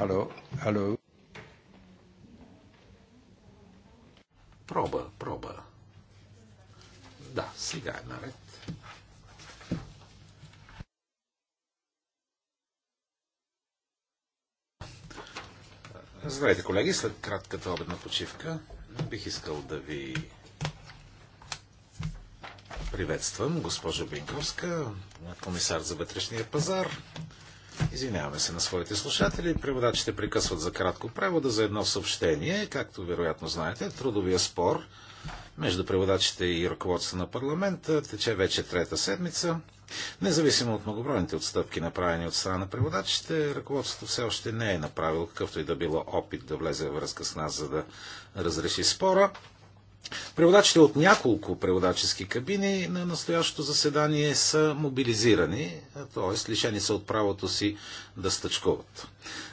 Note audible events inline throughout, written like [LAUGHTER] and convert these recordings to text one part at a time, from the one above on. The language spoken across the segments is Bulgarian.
Hello, hello. Проба, проба. Да, сега е наред. Здравейте, колеги, след кратката обедна почивка бих искал да ви приветствам госпожа Бенковска, комисар за вътрешния пазар. Извиняваме се на своите слушатели. Преводачите прекъсват за кратко превода за едно съобщение. Както вероятно знаете, трудовия спор между преводачите и ръководство на парламента тече вече трета седмица. Независимо от многобройните отстъпки, направени от страна на преводачите, ръководството все още не е направило какъвто и да било опит да влезе във връзка с нас, за да разреши спора. Преводачите от няколко преводачески кабини на настоящото заседание са мобилизирани, т.е. лишени са от правото си да стъчкуват.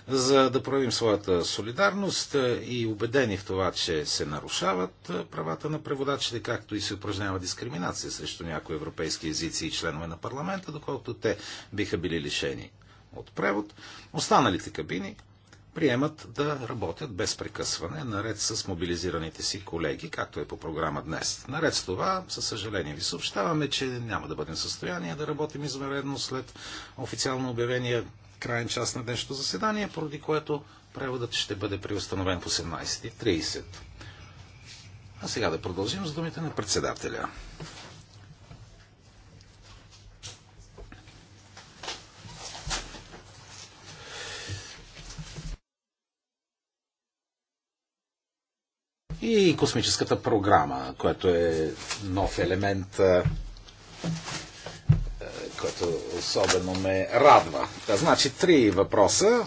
За да проявим своята солидарност и убедени в това, че се нарушават правата на преводачите, както и се упражнява дискриминация срещу някои европейски езици и членове на парламента, доколкото те биха били лишени от превод, останалите кабини приемат да работят без прекъсване, наред с мобилизираните си колеги, както е по програма днес. Наред с това, със съжаление ви съобщаваме, че няма да бъдем в състояние да работим извънредно след официално обявение, крайен час на днешното заседание, поради което преводът ще бъде приустановен в 18.30. А сега да продължим с думите на председателя. и космическата програма, което е нов елемент, който особено ме радва. Та, значи три въпроса.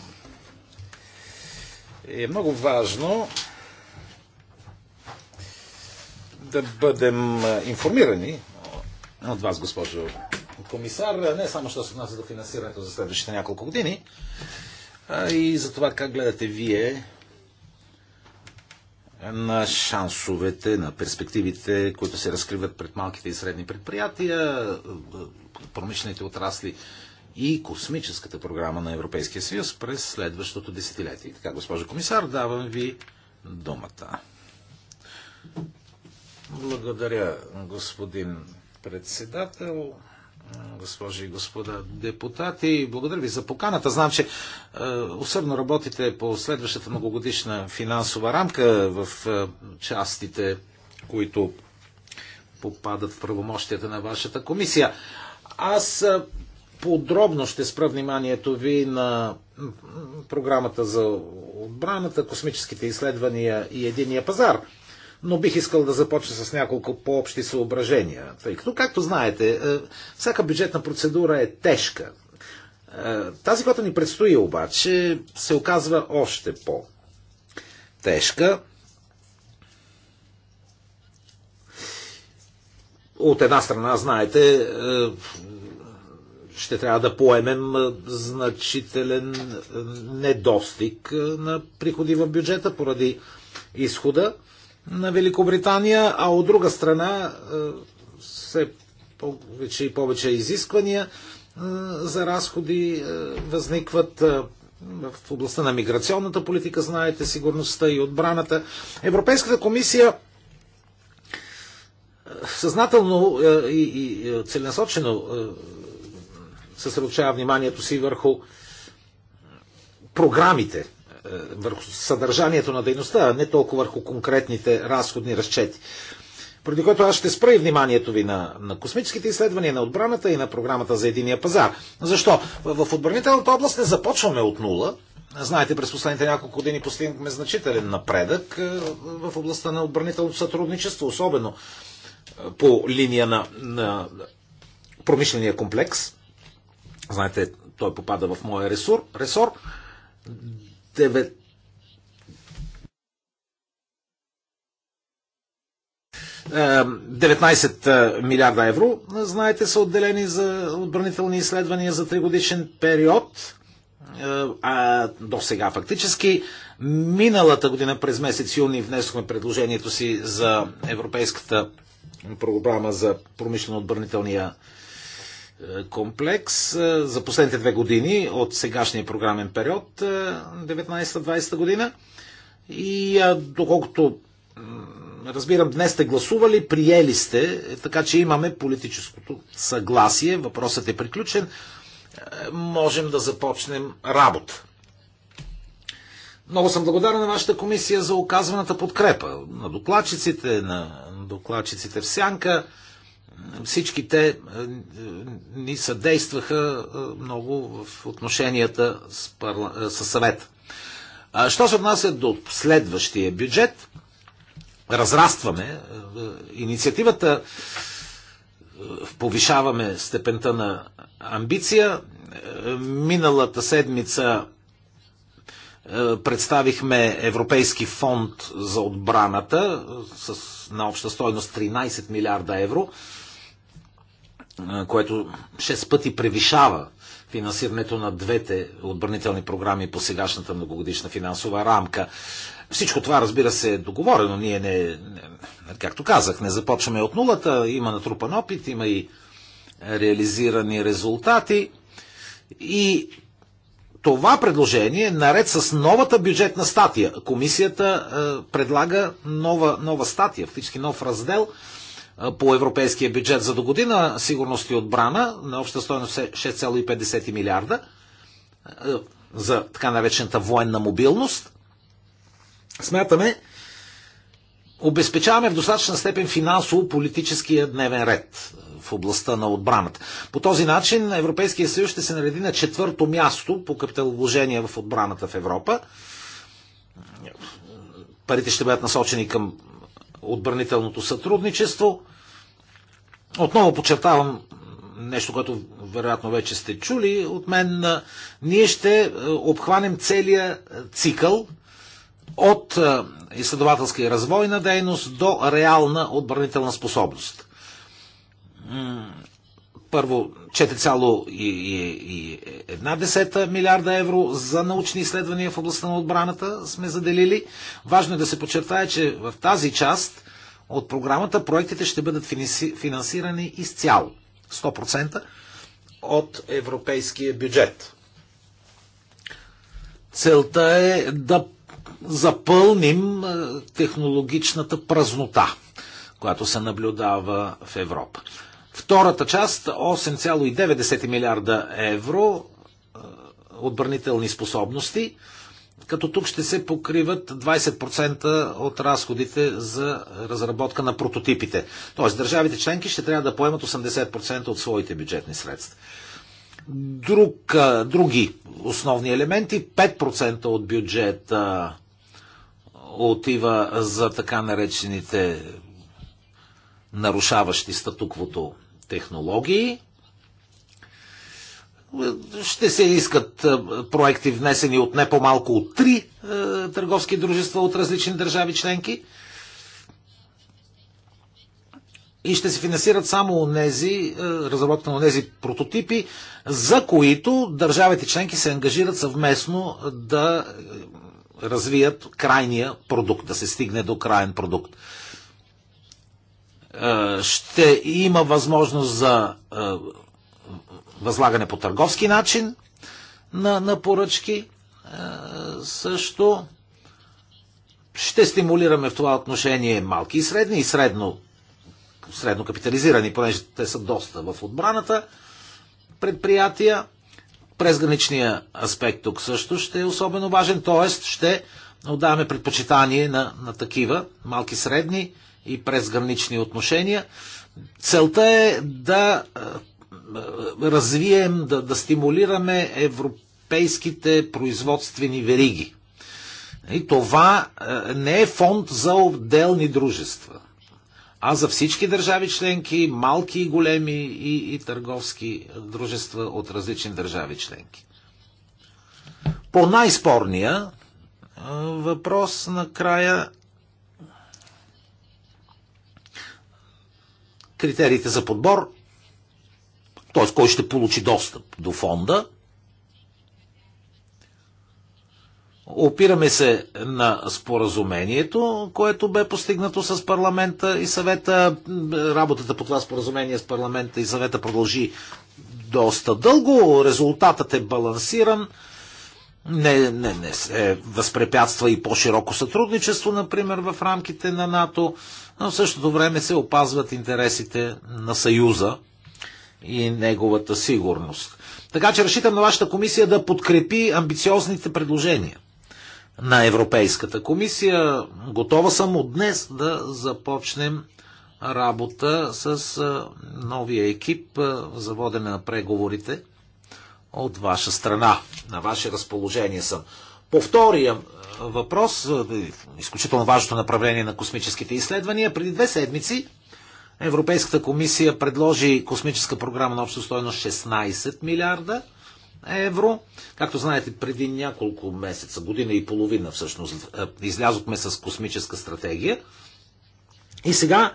Е много важно да бъдем информирани от вас, госпожо комисар, не само що се отнася до финансирането за следващите няколко години, а и за това как гледате вие на шансовете, на перспективите, които се разкриват пред малките и средни предприятия, промишлените отрасли и космическата програма на Европейския съюз през следващото десетилетие. така, госпожо комисар, давам ви думата. Благодаря, господин председател госпожи и господа депутати. Благодаря ви за поканата. Знам, че е, усърдно работите по следващата многогодишна финансова рамка в е, частите, които попадат в правомощията на вашата комисия. Аз е, подробно ще спра вниманието ви на програмата за отбраната, космическите изследвания и единия пазар – но бих искал да започна с няколко по-общи съображения. Тъй като, както знаете, е, всяка бюджетна процедура е тежка. Е, тази, която ни предстои обаче, се оказва още по-тежка. От една страна, знаете, е, ще трябва да поемем значителен недостиг на приходи в бюджета поради изхода на Великобритания, а от друга страна е, все повече и повече изисквания е, за разходи е, възникват в областта на миграционната политика, знаете, сигурността и отбраната. Европейската комисия съзнателно и целенасочено съсредоточава вниманието си върху програмите е, върху съдържанието на дейността, а не толкова върху конкретните разходни разчети. Преди което аз ще спра и вниманието ви на, на космическите изследвания, на отбраната и на програмата за единия пазар. Защо? В, в отбранителната област не започваме от нула. Знаете, през последните няколко години постигнахме значителен напредък е, в областта на отбранителното сътрудничество, особено е, по линия на, на промишления комплекс. Знаете, той попада в моя ресор. 19 е, е, милиарда евро, знаете, са отделени за отбранителни изследвания за тригодишен период. Е, а до сега фактически миналата година през месец юни внесохме предложението си за Европейската програма за промишлено отбранителния комплекс за последните две години от сегашния програмен период 19-20 година. И доколкото разбирам, днес сте гласували, приели сте, е, така че имаме политическото съгласие, въпросът е приключен, можем да започнем работа. Много съм благодарен на вашата комисия за оказваната подкрепа на докладчиците, на докладчиците в Сянка всички те е, е, ни съдействаха е, много в отношенията с, парла... с съвета. Що се отнася до следващия бюджет, разрастваме инициативата, повишаваме степента на амбиция. Миналата седмица представихме Европейски фонд за отбраната с, на обща стойност 13 милиарда евро което 6 пъти превишава финансирането на двете отбранителни програми по сегашната многогодишна финансова рамка. Всичко това, разбира се, е договорено. Ние не, не както казах, не започваме от нулата. Има натрупан опит, има и реализирани резултати. И това предложение, наред с новата бюджетна статия, комисията е, предлага нова, нова статия, фактически нов раздел – по европейския бюджет за до година, сигурност и отбрана, на обща стоеност 6,5 е милиарда за така наречената военна мобилност. Смятаме, обезпечаваме в достатъчна степен финансово-политическия дневен ред в областта на отбраната. По този начин Европейския съюз ще се нареди на четвърто място по капиталовложение в отбраната в Европа. Парите ще бъдат насочени към отбранителното сътрудничество, отново подчертавам нещо, което вероятно вече сте чули от мен. Ние ще е, обхванем целия е, цикъл от е, изследователска и развойна дейност до реална отбранителна способност. Първо 4,1 милиарда евро за научни изследвания в областта на отбраната сме заделили. Важно е да се подчертае, че в тази част – от програмата проектите ще бъдат финансирани изцяло, 100% от европейския бюджет. Целта е да запълним е, технологичната празнота, която се наблюдава в Европа. Втората част 8,9 милиарда евро е, отбранителни способности – като тук ще се покриват 20% от разходите за разработка на прототипите. Тоест държавите членки ще трябва да поемат 80% от своите бюджетни средства. Друг, други основни елементи, 5% от бюджета отива за така наречените нарушаващи статуквото технологии ще се искат е, проекти внесени от не по-малко от три е, търговски дружества от различни държави членки и ще се финансират само нези, е, разработка на тези прототипи, за които държавите членки се ангажират съвместно да развият крайния продукт, да се стигне до крайен продукт. Ще има възможност за възлагане по търговски начин на, на поръчки е, също. Ще стимулираме в това отношение малки и средни и средно, средно капитализирани, понеже те са доста в отбраната предприятия. Презграничния аспект тук също ще е особено важен, т.е. ще отдаваме предпочитание на, на такива малки, средни и презгранични отношения. Целта е да е, развием, да, да стимулираме европейските производствени вериги. И това е, не е фонд за отделни дружества, а за всички държави членки, малки и големи и, и търговски дружества от различни държави членки. По най-спорния е, въпрос накрая критериите за подбор т.е. кой ще получи достъп до фонда. Опираме се на споразумението, което бе постигнато с парламента и съвета. Работата по това споразумение с парламента и съвета продължи доста дълго. Резултатът е балансиран. Не, не, не се възпрепятства и по-широко сътрудничество, например, в рамките на НАТО, но в същото време се опазват интересите на Съюза и неговата сигурност. Така че разчитам на вашата комисия да подкрепи амбициозните предложения на Европейската комисия. Готова съм от днес да започнем работа с новия екип за водене на преговорите от ваша страна. На ваше разположение съм. По втория въпрос, е, изключително важното направление на космическите изследвания, преди две седмици Европейската комисия предложи космическа програма на общо стоеност 16 милиарда евро. Както знаете, преди няколко месеца, година и половина всъщност, е, излязохме с космическа стратегия. И сега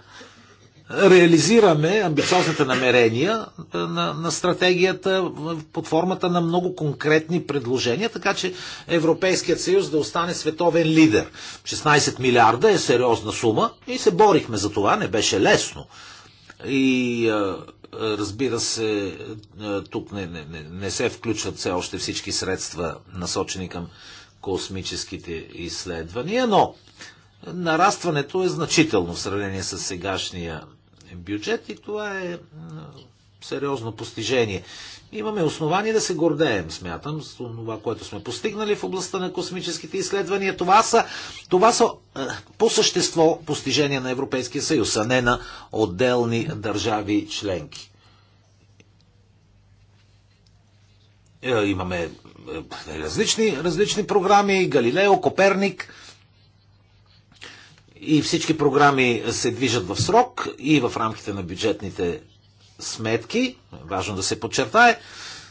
реализираме амбициозните намерения на, на стратегията под формата на много конкретни предложения, така че Европейският съюз да остане световен лидер. 16 милиарда е сериозна сума и се борихме за това, не беше лесно. И разбира се, тук не, не, не се включват все още всички средства насочени към космическите изследвания, но нарастването е значително в сравнение с сегашния бюджет и това е сериозно постижение. Имаме основание да се гордеем, смятам, с това, което сме постигнали в областта на космическите изследвания. Това са, това са е, по същество постижения на Европейския съюз, а не на отделни държави членки. Е, имаме е, различни, различни програми, Галилео, Коперник, и всички програми се движат в срок и в рамките на бюджетните сметки, важно да се подчертае,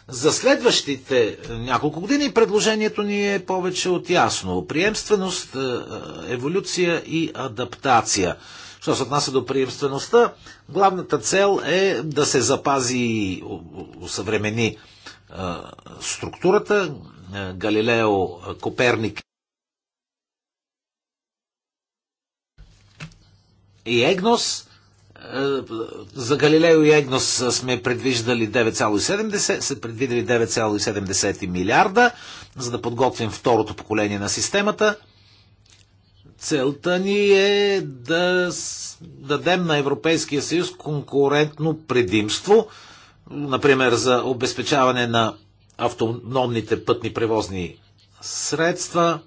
за следващите няколко години предложението ни е повече от ясно. Приемственост, е, еволюция и адаптация. Що се отнася до приемствеността, главната цел е да се запази и усъвремени е, структурата. Е, Галилео Коперник и Егнос. Е, за Галилео и Егнос сме предвиждали 9,70, са предвидели 9,7 милиарда, за да подготвим второто поколение на системата. Целта ни е да дадем на Европейския съюз конкурентно предимство, например за обезпечаване на автономните пътни превозни средства,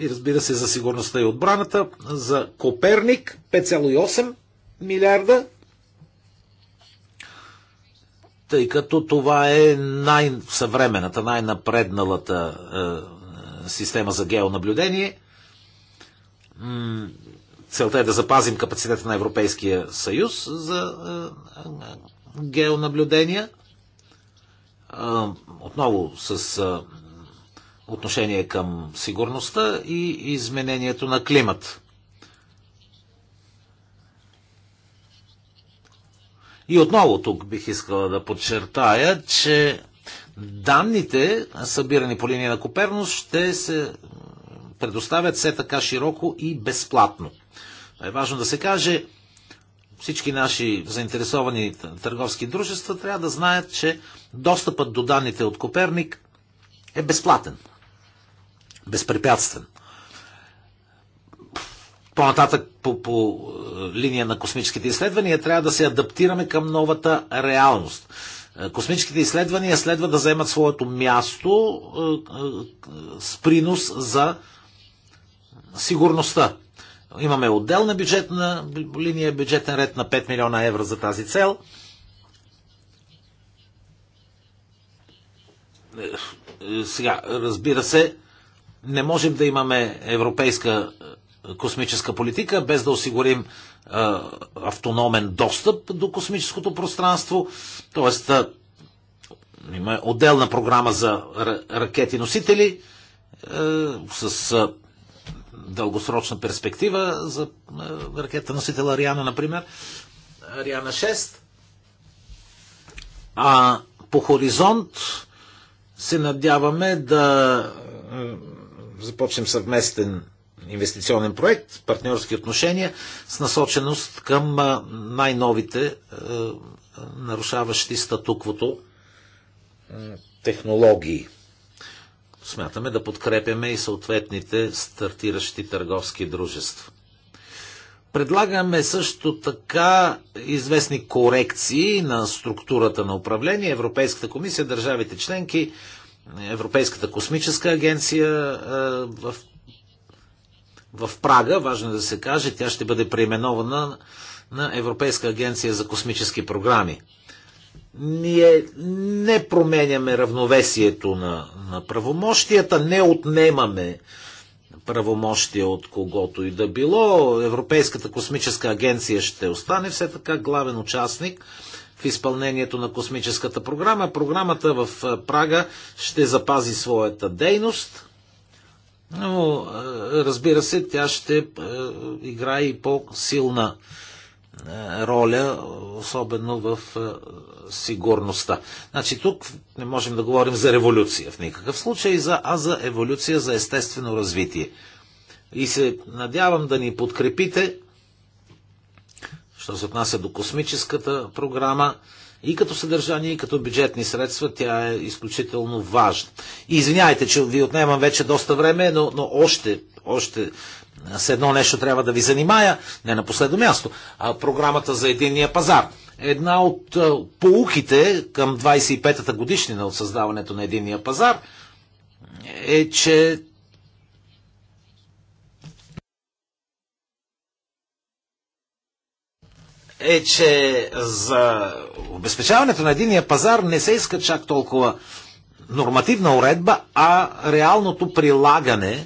и разбира се за сигурността и отбраната. За Коперник 5,8 милиарда, тъй като това е най-съвременната, най-напредналата е, система за геонаблюдение. Целта е да запазим капацитета на Европейския съюз за е, е, геонаблюдения. Е, отново с е, отношение към сигурността и изменението на климат. И отново тук бих искала да подчертая, че данните, събирани по линия на коперност, ще се предоставят все така широко и безплатно. Е важно да се каже, всички наши заинтересовани търговски дружества трябва да знаят, че достъпът до данните от Коперник е безплатен безпрепятствен. По-нататък по, по е, линия на космическите изследвания трябва да се адаптираме към новата реалност. Е, космическите изследвания следва да заемат своето място е, с принос за сигурността. Имаме отделна бюджетна линия, бюджетен ред на 5 милиона евро за тази цел. Сега, разбира се, не можем да имаме европейска е, космическа политика, без да осигурим е, автономен достъп до космическото пространство. Тоест, е, има отделна програма за ракети-носители с дългосрочна перспектива за а, ракета-носител Ариана, например. Ариана 6. А по хоризонт се надяваме да започнем съвместен инвестиционен проект, партньорски отношения с насоченост към най-новите нарушаващи статуквото технологии. Смятаме да подкрепяме и съответните стартиращи търговски дружества. Предлагаме също така известни корекции на структурата на управление. Европейската комисия, държавите членки Европейската космическа агенция е, в, в Прага, важно е да се каже, тя ще бъде преименована на Европейска агенция за космически програми. Ние не променяме равновесието на, на правомощията, не отнемаме правомощия от когото и да било. Европейската космическа агенция ще остане все така главен участник в изпълнението на космическата програма. Програмата в Прага ще запази своята дейност, но разбира се, тя ще играе и по-силна роля, особено в сигурността. Значи тук не можем да говорим за революция в никакъв случай, а за еволюция, за естествено развитие. И се надявам да ни подкрепите що се отнася до космическата програма, и като съдържание, и като бюджетни средства, тя е изключително важна. И извиняйте, че ви отнемам вече доста време, но, но още, още с едно нещо трябва да ви занимая, не на последно място, а програмата за единния пазар. Една от а, полуките към 25-та годишнина от създаването на единния пазар е, че е, че за обезпечаването на единия пазар не се иска чак толкова нормативна уредба, а реалното прилагане е,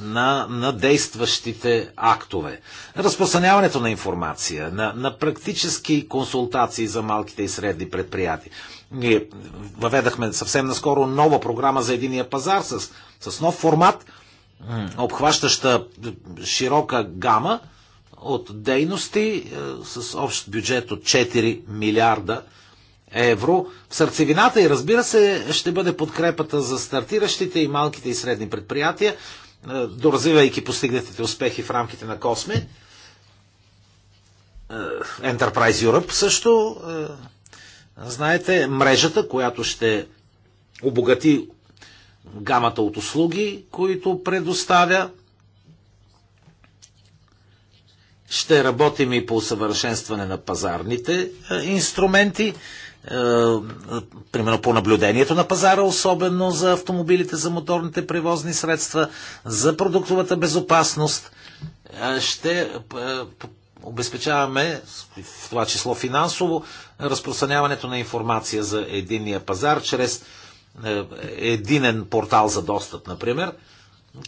на, на действащите актове. Разпространяването на информация, на, на практически консултации за малките и средни предприятия. Ние въведахме съвсем наскоро нова програма за единия пазар с, с нов формат, обхващаща широка гама от дейности е, с общ бюджет от 4 милиарда евро. В сърцевината и разбира се ще бъде подкрепата за стартиращите и малките и средни предприятия, е, доразвивайки постигнатите успехи в рамките на Косме. Е, Enterprise Europe също, знаете, мрежата, която ще обогати гамата от услуги, които предоставя ще работим и по усъвършенстване на пазарните е, инструменти, е, примерно по наблюдението на пазара, особено за автомобилите, за моторните превозни средства, за продуктовата безопасност. Е, ще обезпечаваме, в това число финансово, разпространяването на информация за единния пазар чрез единен портал за достъп, например,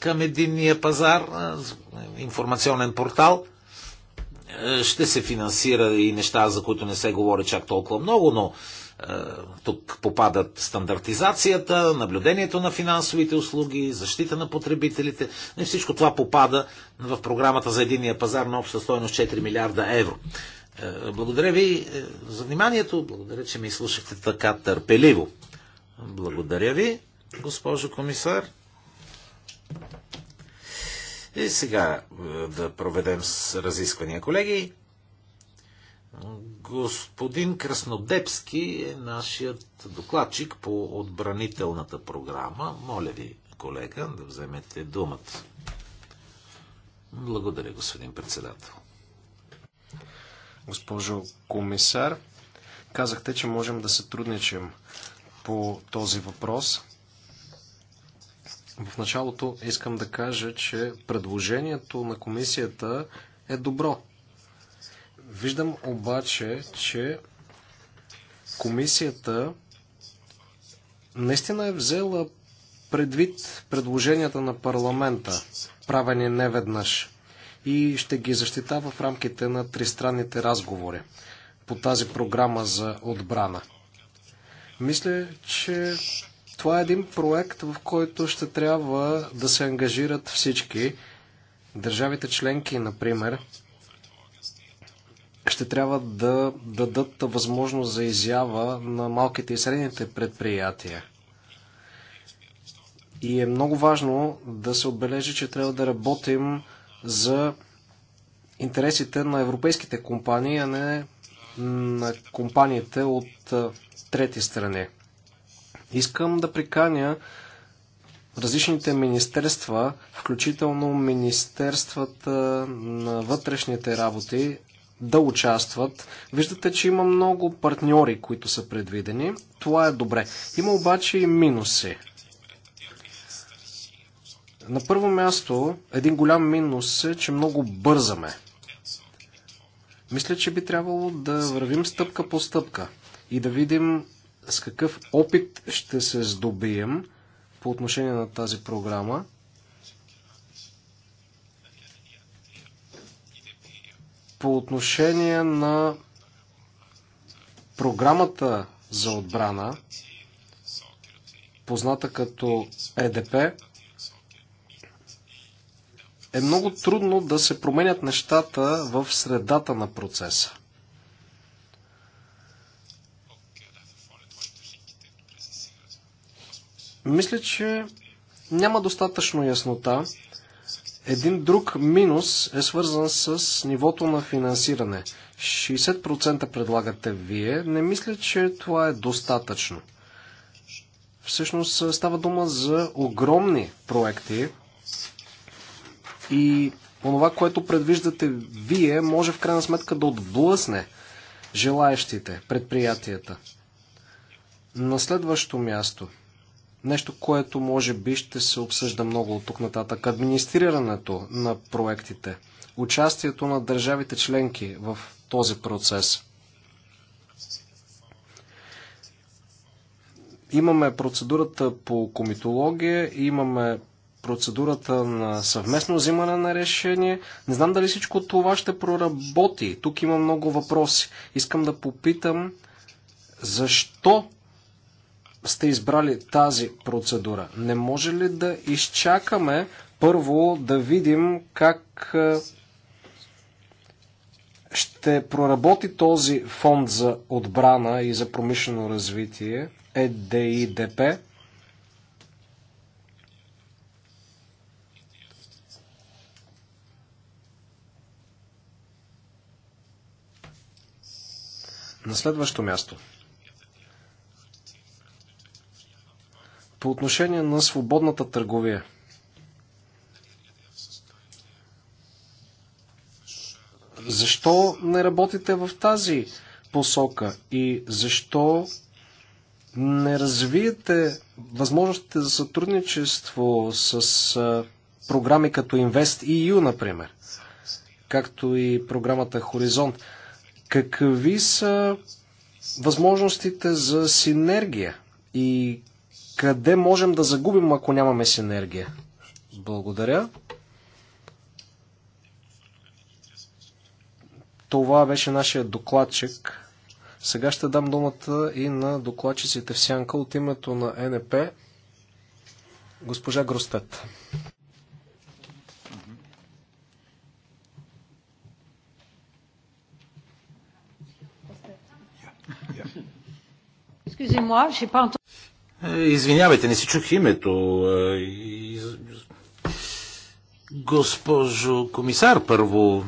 към единния пазар, информационен портал – е, ще се финансира и неща, за които не се говори чак толкова много, но е, тук попадат стандартизацията, наблюдението на финансовите услуги, защита на потребителите. И всичко това попада в програмата за единия пазар на обща стоеност 4 милиарда евро. Е, благодаря ви за вниманието. Благодаря, че ми слушахте така търпеливо. Благодаря ви, госпожо комисар. И е, сега е, да проведем с разисквания, колеги. Господин Краснодепски е нашият докладчик по отбранителната програма. Моля ви, колега, да вземете думата. Благодаря, господин председател. Госпожо комисар, казахте, че можем да сътрудничим по този въпрос. В началото искам да кажа, че предложението на комисията е добро. Виждам обаче, че комисията наистина е взела предвид предложенията на парламента, правени неведнъж, и ще ги защитава в рамките на тристранните разговори по тази програма за отбрана. Мисля, че това е един проект, в който ще трябва да се ангажират всички. Държавите членки, например, ще трябва да дадат възможност за изява на малките и средните предприятия. И е много важно да се отбележи, че трябва да работим за интересите на европейските компании, а не на компаниите от трети страни. Искам да приканя различните министерства, включително Министерствата на вътрешните работи, да участват. Виждате, че има много партньори, които са предвидени. Това е добре. Има обаче и минуси. На първо място, един голям минус е, че много бързаме. Мисля, че би трябвало да вървим стъпка по стъпка и да видим с какъв опит ще се здобием по отношение на тази програма. По отношение на програмата за отбрана, позната като ЕДП, е много трудно да се променят нещата в средата на процеса. Мисля, че няма достатъчно яснота. Един друг минус е свързан с нивото на финансиране. 60% предлагате вие. Не мисля, че това е достатъчно. Всъщност е, става дума за огромни проекти и онова, което предвиждате вие, може в крайна сметка да отблъсне желаящите предприятията. На следващо място – Нещо, което може би ще се обсъжда много от тук нататък. Администрирането на проектите, участието на държавите членки в този процес. Имаме процедурата по комитология, имаме процедурата на съвместно взимане на решение. Не знам дали всичко това ще проработи. Тук има много въпроси. Искам да попитам защо сте избрали тази процедура? Не може ли да изчакаме първо да видим как е, ще проработи този фонд за отбрана и за промишлено развитие, ЕДИДП? На следващо място – По отношение на свободната търговия. Защо не работите в тази посока и защо не развиете възможностите за сътрудничество с програми като Invest EU, например, както и програмата Хоризонт? Какви са възможностите за синергия и къде можем да загубим, ако нямаме синергия. Благодаря. Това беше нашия докладчик. Сега ще дам думата и на докладчиците в сянка от името на НП. Госпожа Гростет. Excusez-moi, n'ai pas entendu. Е, извинявайте, не си чух името. Е, Госпожо комисар, първо,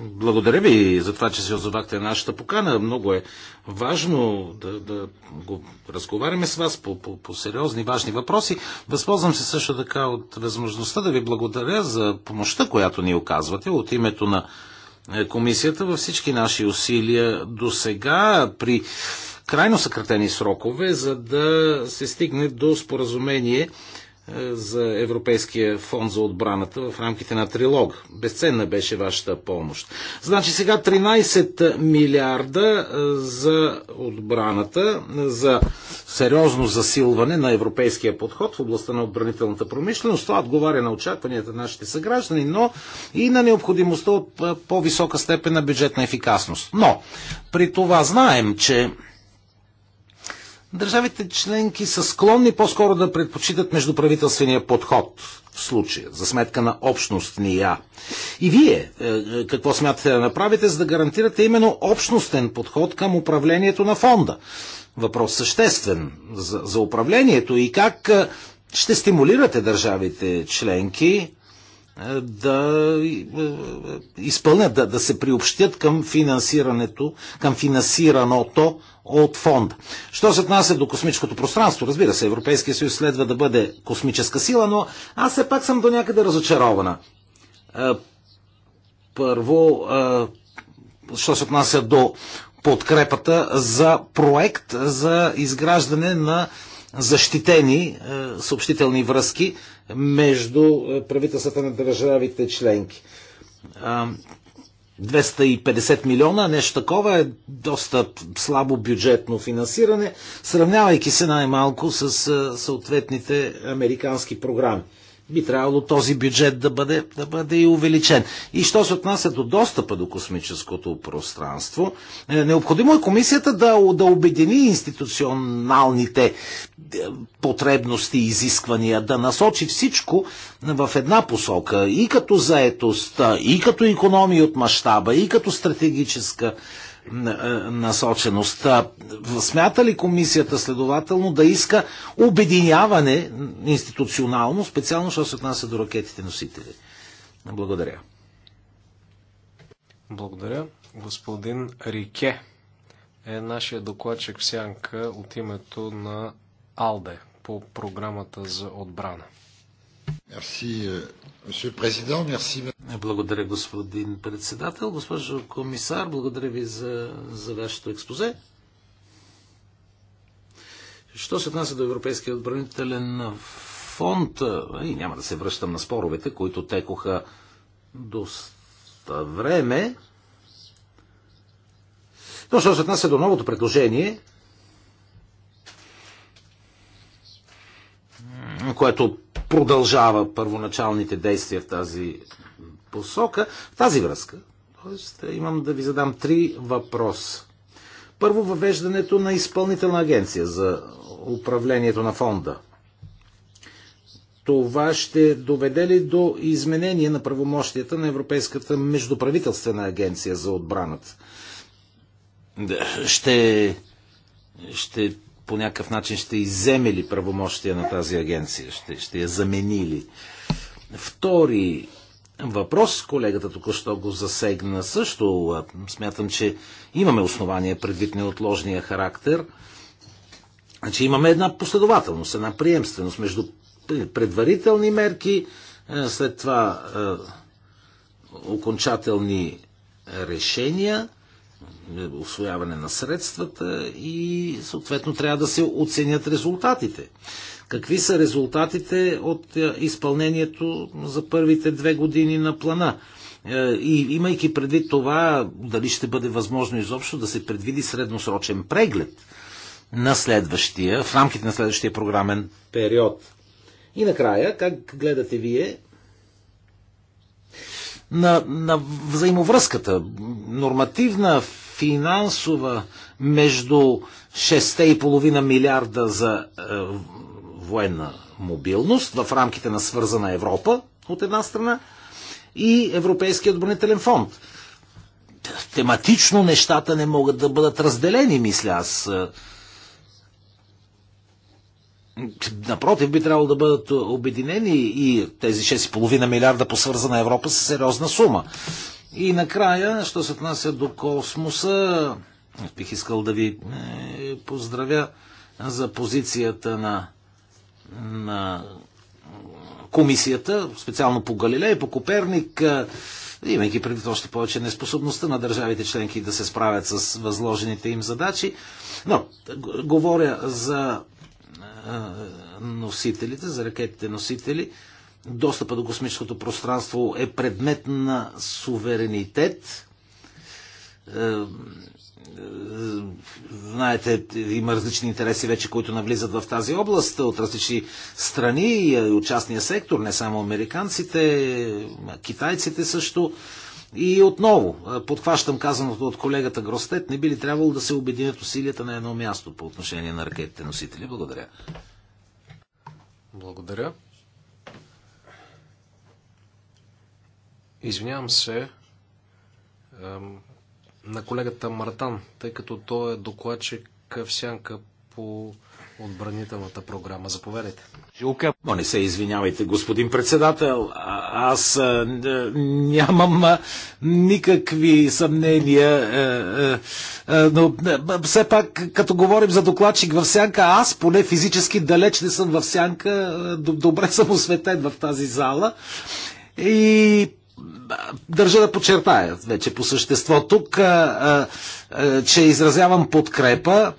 благодаря ви за това, че се озовахте на нашата покана. Много е важно да, да го разговаряме с вас по, по, по сериозни, важни въпроси. Възползвам се също така от възможността да ви благодаря за помощта, която ни оказвате от името на е, комисията във всички наши усилия до сега при крайно съкратени срокове, за да се стигне до споразумение е, за Европейския фонд за отбраната в рамките на трилог. Безценна беше вашата помощ. Значи сега 13 милиарда е, за отбраната, е, за сериозно засилване на европейския подход в областта на отбранителната промишленост. Това отговаря на очакванията на нашите съграждани, но и на необходимостта от по-висока степен на бюджетна ефикасност. Но при това знаем, че Държавите членки са склонни по-скоро да предпочитат междуправителствения подход в случая, за сметка на общностния. И вие е, е, какво смятате да направите, за да гарантирате именно общностен подход към управлението на фонда? Въпрос съществен за, за управлението и как е, ще стимулирате държавите членки да изпълнят, да, да се приобщят към финансирането, към финансираното от фонда. Що се отнася до космическото пространство, разбира се, Европейския съюз следва да бъде космическа сила, но аз все пак съм до някъде разочарована. Е, първо, е, що се отнася до подкрепата за проект за изграждане на защитени е, съобщителни връзки между правителствата на държавите членки. 250 милиона, нещо такова е доста слабо бюджетно финансиране, сравнявайки се най-малко с съответните американски програми. Би трябвало този бюджет да бъде, да бъде и увеличен. И що се отнася до достъпа до космическото пространство, е, необходимо е комисията да, да обедини институционалните потребности и изисквания, да насочи всичко в една посока, и като заетост, и като економия от мащаба, и като стратегическа е, насоченост. Смята ли комисията следователно да иска обединяване институционално, специално, що се отнася до ракетите носители? Благодаря. Благодаря. Господин Рике е нашия докладчик в сянка от името на АЛДЕ по програмата за отбрана. Euh, благодаря, господин председател. Госпожо комисар, благодаря ви за, за вашето експозе. Що се отнася до Европейския отбранителен фонд, и няма да се връщам на споровете, които текоха доста време, но що се отнася до новото предложение, което продължава първоначалните действия в тази посока. В тази връзка, т.е. имам да ви задам три въпроса. Първо, въвеждането на изпълнителна агенция за управлението на фонда. Това ще доведе ли до изменение на правомощията на Европейската междуправителствена агенция за отбраната? Ще, ще по някакъв начин ще иземе ли правомощия на тази агенция? Ще, ще я замени ли? Втори въпрос, колегата току-що го засегна също. Смятам, че имаме основания предвид неотложния характер. Значи имаме една последователност, една приемственост между предварителни мерки, след това е, окончателни решения е, освояване на средствата и съответно трябва да се оценят резултатите. Какви са резултатите от е, изпълнението за първите две години на плана? Е, и имайки предвид това, дали ще бъде възможно изобщо да се предвиди средносрочен преглед на следващия, в рамките на следващия програмен период. И накрая, как гледате вие на, на взаимовръзката, нормативна, финансова между 6,5 милиарда за е, военна мобилност в рамките на свързана Европа, от една страна, и Европейския отбранителен фонд. Тематично нещата не могат да бъдат разделени, мисля аз. Е, напротив, би трябвало да бъдат обединени и тези 6,5 милиарда по свързана Европа са сериозна сума. И накрая, що се отнася до космоса, бих искал да ви е, поздравя за позицията на, на комисията, специално по Галилей, по Коперник, е, имайки предвид още повече неспособността на държавите членки да се справят с възложените им задачи. Но, говоря за носителите, за ракетите носители, достъпа до космическото пространство е предмет на суверенитет. Е, е, знаете, има различни интереси вече, които навлизат в тази област от различни страни и е, от частния сектор, не само американците, китайците също. И отново, подхващам казаното от колегата Гростет, не би ли трябвало да се обединят усилията на едно място по отношение на ракетите носители? Благодаря. Благодаря. Извинявам се ем, на колегата Мартан, тъй като той е докладчик в сянка по отбранителната програма. Заповядайте. Но не се, извинявайте, господин председател. Аз нямам никакви съмнения, но все пак, като говорим за докладчик в сянка, аз поне физически далеч не съм в сянка, добре съм осветен в тази зала. И държа да подчертая вече по същество тук, че изразявам подкрепа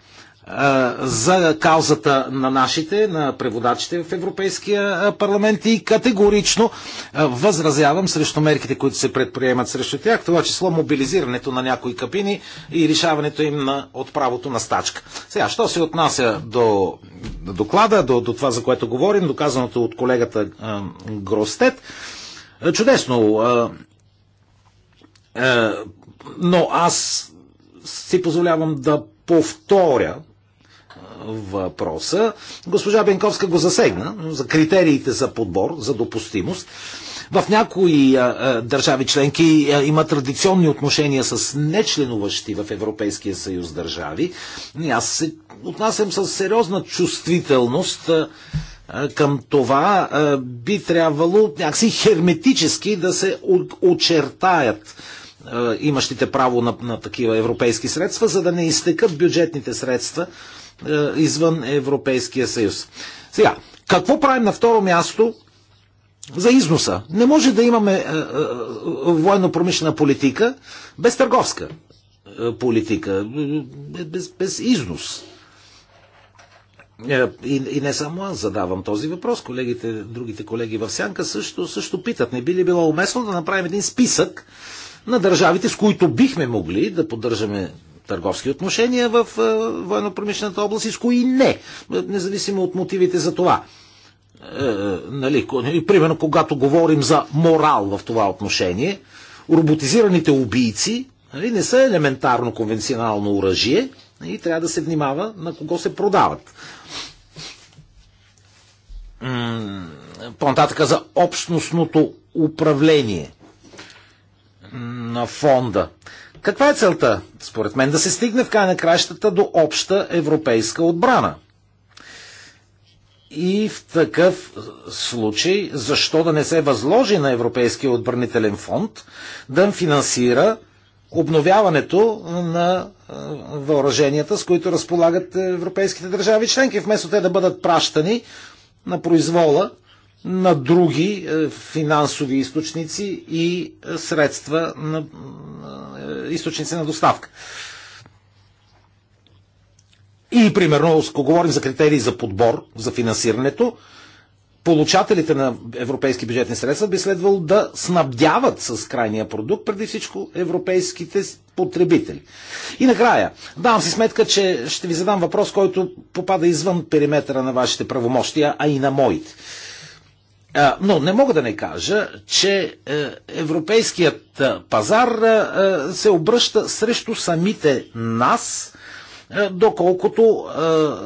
за каузата на нашите, на преводачите в Европейския парламент и категорично възразявам срещу мерките, които се предприемат срещу тях, това число мобилизирането на някои кабини и решаването им на, от правото на стачка. Сега, що се отнася до доклада, до, до това, за което говорим, доказаното от колегата Гростет, чудесно, но аз си позволявам да повторя въпроса. Госпожа Бенковска го засегна за критериите за подбор, за допустимост. В някои а, а, държави членки а, има традиционни отношения с нечленуващи в Европейския съюз държави. И аз се отнасям с сериозна чувствителност а, а, към това. А, би трябвало някакси херметически да се очертаят имащите право на, на такива европейски средства, за да не изтекат бюджетните средства е, извън Европейския съюз. Сега, какво правим на второ място за износа? Не може да имаме е, е, военно-промишлена политика без търговска политика, без, без износ. И, и не само аз задавам този въпрос, колегите, другите колеги в Сянка също, също питат. Не би ли било уместно да направим един списък на държавите, с които бихме могли да поддържаме търговски отношения в е, военно-промишлената област и с кои не, независимо от мотивите за това. Е, е нали, нали, примерно, когато говорим за морал в това отношение, роботизираните убийци нали, не са елементарно конвенционално оръжие и трябва да се внимава на кого се продават. По-нататък за общностното управление на фонда. Каква е целта? Според мен да се стигне в край на кращата до обща европейска отбрана. И в такъв случай, защо да не се възложи на Европейския отбранителен фонд да финансира обновяването на въоръженията, с които разполагат европейските държави членки, вместо те да бъдат пращани на произвола на други е, финансови източници и е, средства на е, източници на доставка. И, примерно, ако говорим за критерии за подбор, за финансирането, получателите на европейски бюджетни средства би следвало да снабдяват с крайния продукт преди всичко европейските потребители. И накрая, давам си сметка, че ще ви задам въпрос, който попада извън периметъра на вашите правомощия, а и на моите. Но не мога да не кажа, че е, европейският е, пазар е, се обръща срещу самите нас, доколкото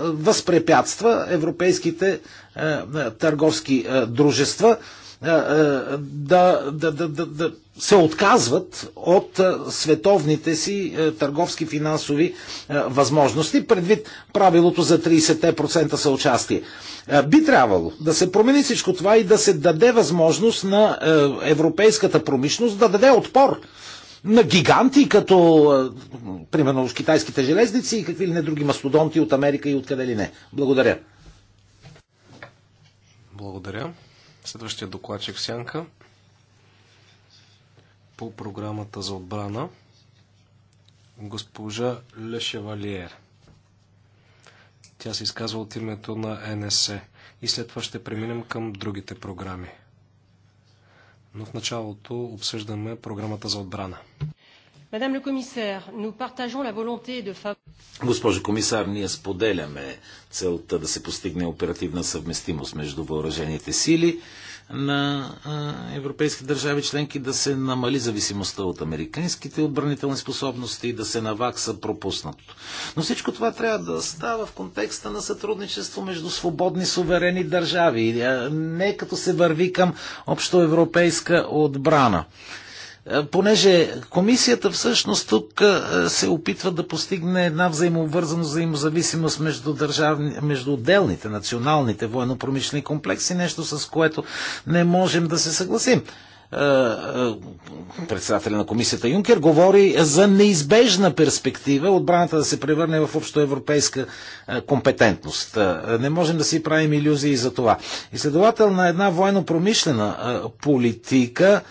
възпрепятства европейските търговски дружества да, да, да, да, да се отказват от световните си търговски финансови възможности, предвид правилото за 30% съучастие. Би трябвало да се промени всичко това и да се даде възможност на европейската промишленост да даде отпор на гиганти, като примерно китайските железници и какви ли не други мастодонти от Америка и откъде ли не. Благодаря. Благодаря. Следващия докладчик Сянка по програмата за отбрана госпожа Лешевалиер. Тя се изказва от името на НСЕ и след това ще преминем към другите програми. Но в началото обсъждаме програмата за отбрана. Madame le commissaire, nous partageons la volonté de Госпожо комисар, ние споделяме целта да се постигне оперативна съвместимост между въоръжените сили на европейски държави членки, да се намали зависимостта от американските отбранителни способности и да се навакса пропуснатото. Но всичко това трябва да става в контекста на сътрудничество между свободни суверени държави, не като се върви към общоевропейска отбрана. Е, понеже комисията всъщност тук е, се опитва да постигне една взаимообвързана взаимозависимост между, държавни, между отделните националните военно-промишлени комплекси, нещо с което не можем да се съгласим. Е, председателя на комисията Юнкер говори за неизбежна перспектива отбраната да се превърне в общоевропейска компетентност. Не можем да си правим иллюзии за това. И на една военно-промишлена политика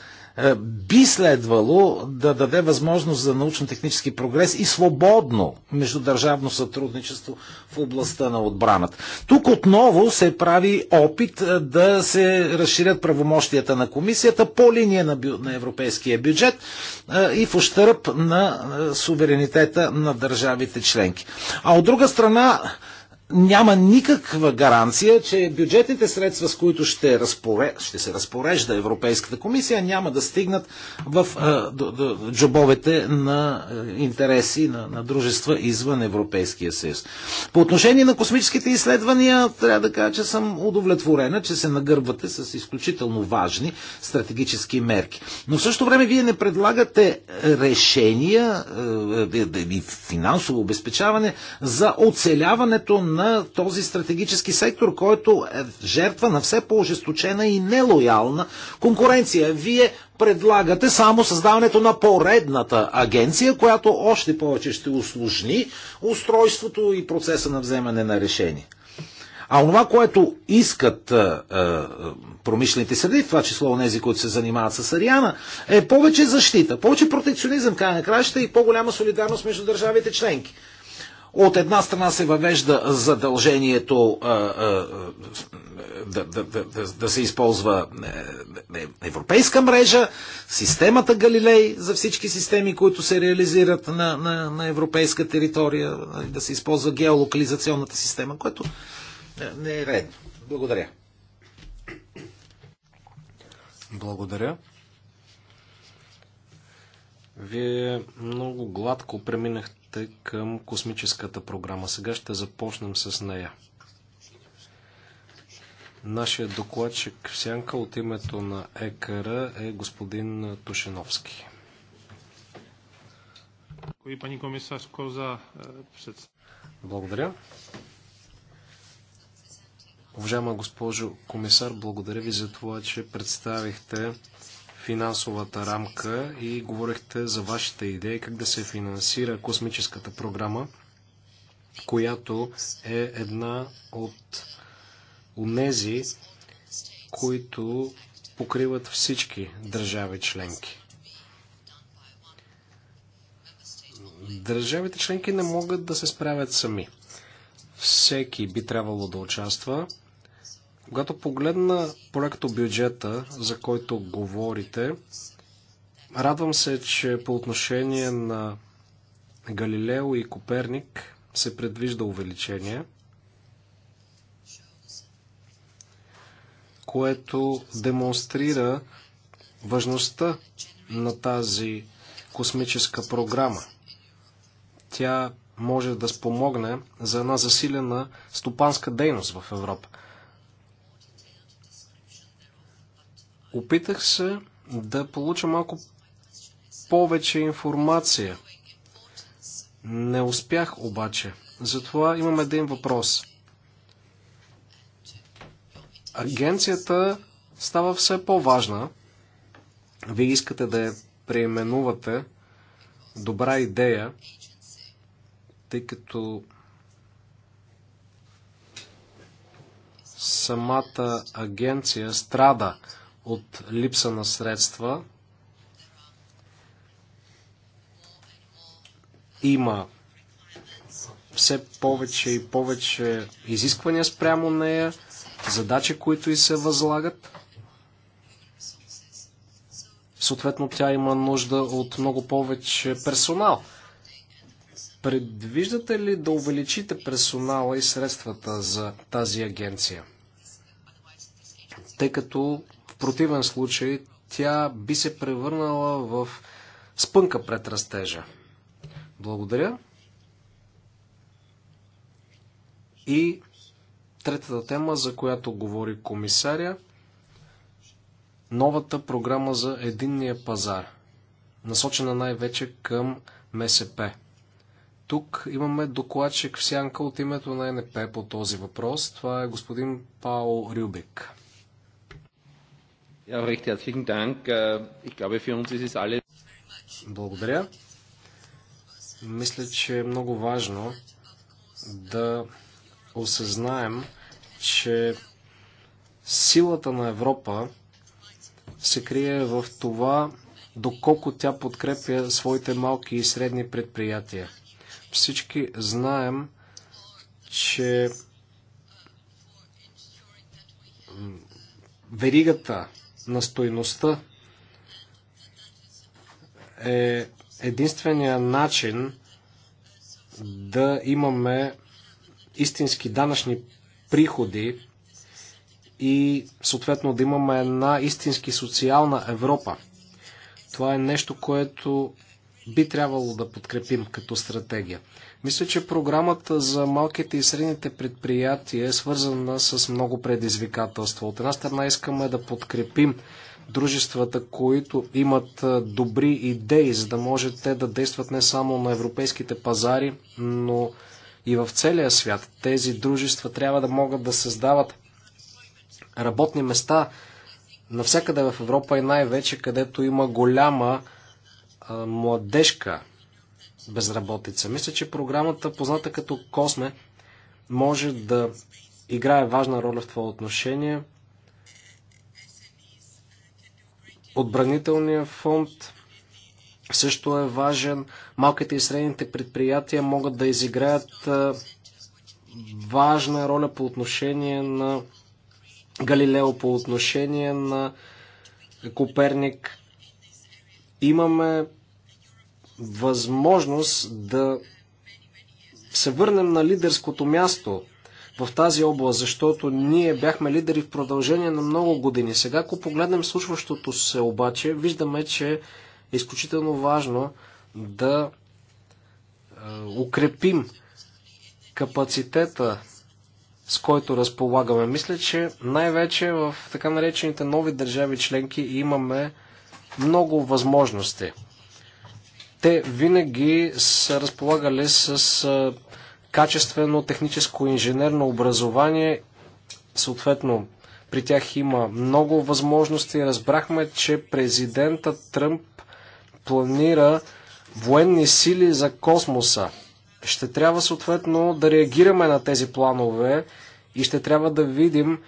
е, би следвало да даде възможност за научно-технически прогрес и свободно междудържавно сътрудничество в областта на отбраната. Тук отново се прави опит е, да се разширят правомощията на комисията по линия на, бю... на европейския бюджет е, и в ущърп на суверенитета на държавите членки. А от друга страна, няма никаква гаранция, че бюджетните средства, с които ще, разпоре... ще се разпорежда Европейската комисия, няма да стигнат в е, до, до, джобовете на интереси на, на дружества извън Европейския съюз. По отношение на космическите изследвания, трябва да кажа, че съм удовлетворена, че се нагърбвате с изключително важни стратегически мерки. Но в същото време вие не предлагате решения и е, е, е, финансово обезпечаване за оцеляването на на този стратегически сектор, който е жертва на все по-ожесточена и нелоялна конкуренция. Вие предлагате само създаването на поредната агенция, която още повече ще усложни устройството и процеса на вземане на решение. А това, което искат а, е, а, е, промишлените среди, в това число нези, които се занимават с Ариана, е повече защита, повече протекционизъм, край на краща и по-голяма солидарност между държавите членки. От една страна се въвежда задължението а, а, да, да, да, да се използва е, е, е, европейска мрежа, системата Галилей за всички системи, които се реализират на, на, на европейска територия, нали, да се използва геолокализационната система, което не е редно. Благодаря. Благодаря. Вие много гладко преминахте още към космическата програма. Сега ще започнем с нея. Нашия докладчик в сянка от името на ЕКР е господин Тушеновски. Eh, благодаря. Уважаема госпожо комисар, благодаря ви за това, че представихте финансовата рамка и говорихте за вашата идея как да се финансира космическата програма, която е една от унези, които покриват всички държави членки. Държавите членки не могат да се справят сами. Всеки би трябвало да участва. Когато погледна проекто бюджета, за който говорите, радвам се, че по отношение на Галилео и Коперник се предвижда увеличение, което демонстрира важността на тази космическа програма. Тя може да спомогне за една засилена стопанска дейност в Европа. Опитах се да получа малко повече информация. Не успях обаче. Затова имам един въпрос. Агенцията става все по-важна. Вие искате да я преименувате. Добра идея, тъй като самата агенция страда от липса на средства. Има все повече и повече изисквания спрямо нея, задачи, които и се възлагат. Съответно, тя има нужда от много повече персонал. Предвиждате ли да увеличите персонала и средствата за тази агенция? Тъй като противен случай тя би се превърнала в спънка пред растежа. Благодаря. И третата тема, за която говори комисаря, новата програма за единния пазар, насочена най-вече към МСП. Тук имаме докладчик в сянка от името на НП по този въпрос. Това е господин Пао Рюбик. Ja, recht herzlichen Dank. Äh, ich glaube, für uns ist es Благодаря. Мисля, че е много важно да осъзнаем, че силата на Европа се крие в това, доколко тя подкрепя своите малки и средни предприятия. Всички знаем, че веригата на стойността е единствения начин да имаме истински данъчни приходи и съответно да имаме една истински социална Европа. Това е нещо, което би трябвало да подкрепим като стратегия. Мисля, че програмата за малките и средните предприятия е свързана с много предизвикателства. От една страна искаме да подкрепим дружествата, които имат добри идеи, за да може те да действат не само на европейските пазари, но и в целия свят. Тези дружества трябва да могат да създават работни места навсякъде в Европа и най-вече където има голяма а, младежка безработица. Мисля, че програмата, позната като Косме, може да играе важна роля в това отношение. Отбранителният фонд също е важен. Малките и средните предприятия могат да изиграят важна роля по отношение на Галилео, по отношение на Коперник. Имаме възможност да се върнем на лидерското място в тази област, защото ние бяхме лидери в продължение на много години. Сега, ако погледнем случващото се обаче, виждаме, че е изключително важно да е, укрепим капацитета, с който разполагаме. Мисля, че най-вече в така наречените нови държави членки имаме много възможности те винаги са разполагали с качествено техническо инженерно образование. Съответно, при тях има много възможности. Разбрахме, че президента Тръмп планира военни сили за космоса. Ще трябва съответно да реагираме на тези планове и ще трябва да видим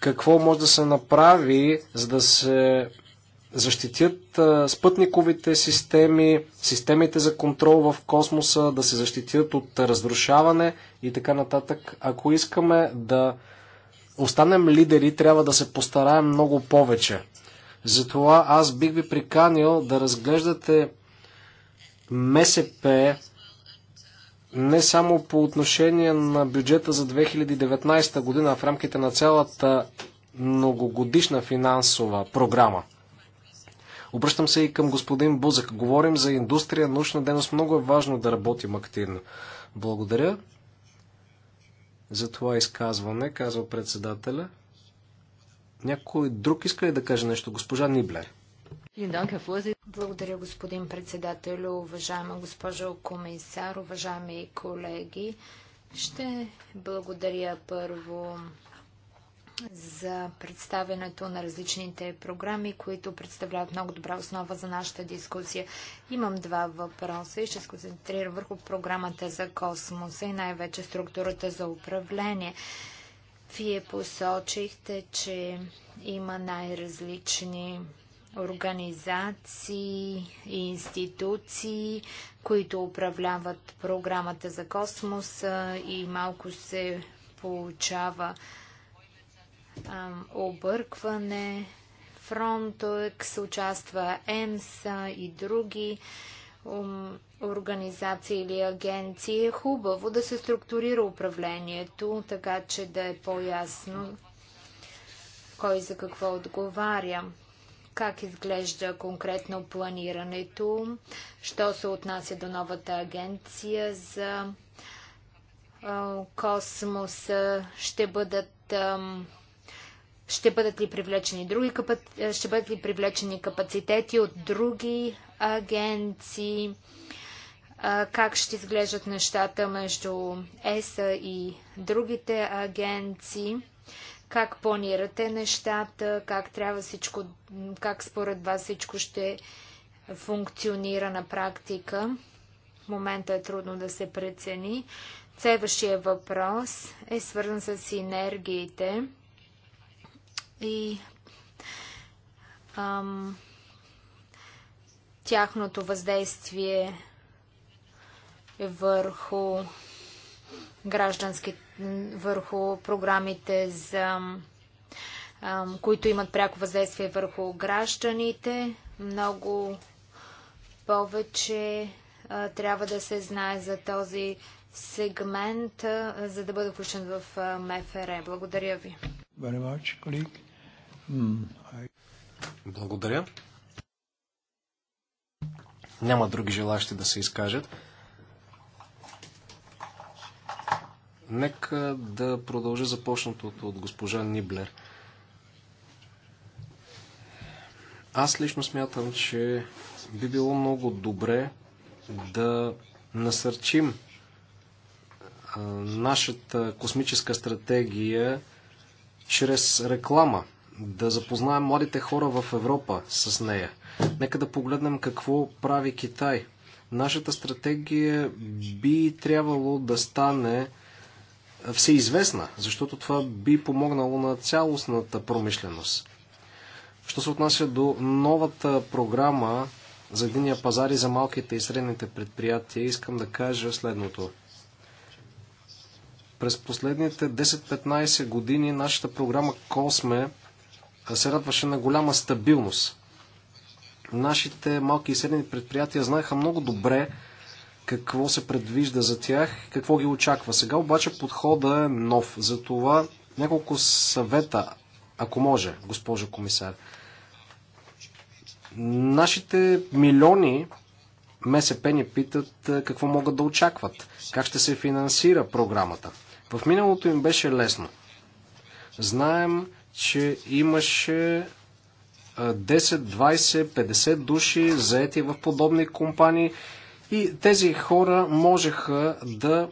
какво може да се направи, за да се защитят спътниковите системи, системите за контрол в космоса, да се защитят от разрушаване и така нататък. Ако искаме да останем лидери, трябва да се постараем много повече. Затова аз бих ви приканил да разглеждате МСП не само по отношение на бюджета за 2019 година, а в рамките на цялата многогодишна финансова програма. Обръщам се и към господин Бузък. Говорим за индустрия, научна дейност. Много е важно да работим активно. Благодаря за това изказване, казва председателя. Някой друг иска ли да каже нещо? Госпожа Ниблер. Благодаря, господин председател, уважаема госпожо комисар, уважаеми колеги. Ще благодаря първо за представянето на различните програми, които представляват много добра основа за нашата дискусия. Имам два въпроса и ще се концентрирам върху програмата за космоса и най-вече структурата за управление. Вие посочихте, че има най-различни организации и институции, които управляват програмата за космоса и малко се получава а, объркване. Frontex участва ЕМС и други организации или агенции. Е хубаво да се структурира управлението, така че да е по-ясно кой за какво отговаря как изглежда конкретно планирането, що се отнася до новата агенция за космоса, ще бъдат ще бъдат ли привлечени, други капаци... Е, ще бъдат ли привлечени капацитети от други агенции? Как ще изглеждат нещата между ЕСА и другите агенции? Как планирате нещата? Как трябва всичко, как според вас всичко ще функционира на практика? В момента е трудно да се прецени. Следващия въпрос е свързан с синергиите и ам, тяхното въздействие върху граждански, върху програмите за ам, които имат пряко въздействие върху гражданите. Много повече а, трябва да се знае за този сегмент, а, за да бъде включен в МФР. Благодаря ви. Very much, colleague. Благодаря. Няма други желащи да се изкажат. Нека да продължа започнатото от госпожа Ниблер. Аз лично смятам, че би било много добре да насърчим нашата космическа стратегия чрез реклама да запознаем младите хора в Европа с нея. Нека да погледнем какво прави Китай. Нашата стратегия би трябвало да стане всеизвестна, защото това би помогнало на цялостната промишленост. Що се отнася до новата програма за единия пазар и за малките и средните предприятия, искам да кажа следното. През последните 10-15 години нашата програма Косме се радваше на голяма стабилност. Нашите малки и средни предприятия знаеха много добре какво се предвижда за тях, какво ги очаква. Сега обаче подхода е нов. Затова няколко съвета, ако може, госпожо комисар. Нашите милиони МСП ни питат е, какво могат да очакват, как ще се финансира програмата. В миналото им беше лесно. Знаем че имаше 10, 20, 50 души заети в подобни компании и тези хора можеха да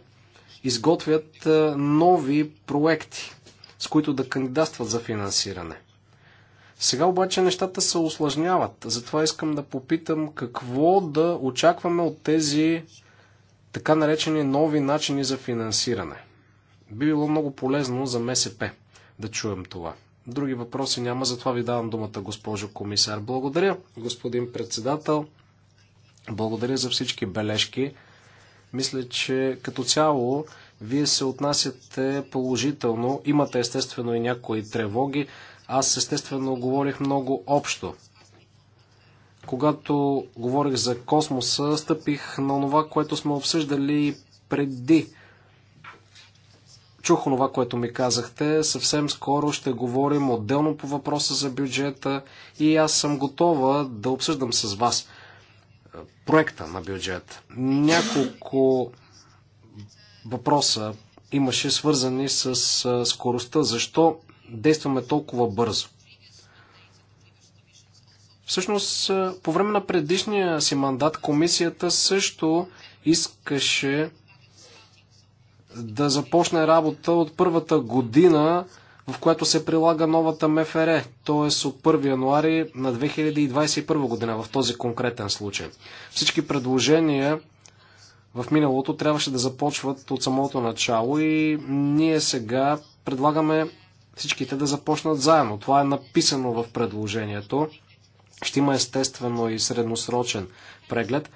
изготвят нови проекти, с които да кандидатстват за финансиране. Сега обаче нещата се осложняват, затова искам да попитам какво да очакваме от тези така наречени нови начини за финансиране. Би било много полезно за МСП да чуем това. Други въпроси няма, затова ви давам думата, госпожо комисар. Благодаря, господин председател. Благодаря за всички бележки. Мисля, че като цяло вие се отнасяте положително. Имате естествено и някои тревоги. Аз естествено говорих много общо. Когато говорих за космоса, стъпих на това, което сме обсъждали преди чух онова, което ми казахте. Съвсем скоро ще говорим отделно по въпроса за бюджета и аз съм готова да обсъждам с вас проекта на бюджет. Няколко въпроса имаше свързани с скоростта. Защо действаме толкова бързо? Всъщност, по време на предишния си мандат комисията също искаше да започне работа от първата година, в която се прилага новата МФР, т.е. от 1 януари на 2021 година в този конкретен случай. Всички предложения в миналото трябваше да започват от самото начало и ние сега предлагаме всичките да започнат заедно. Това е написано в предложението. Ще има естествено и средносрочен преглед.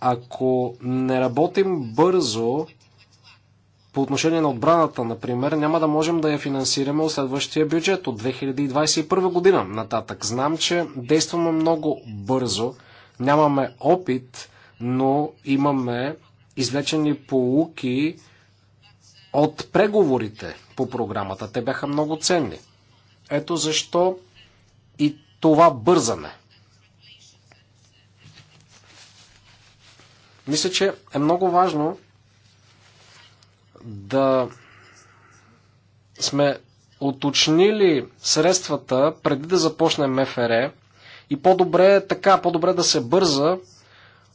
Ако не работим бързо, по отношение на отбраната, например, няма да можем да я финансираме от следващия бюджет от 2021 година нататък. Знам, че действаме много бързо, нямаме опит, но имаме извлечени полуки от преговорите по програмата. Те бяха много ценни. Ето защо и това бързане. Мисля, че е много важно да сме уточнили средствата преди да започнем МФР и по-добре е така, по-добре да се бърза,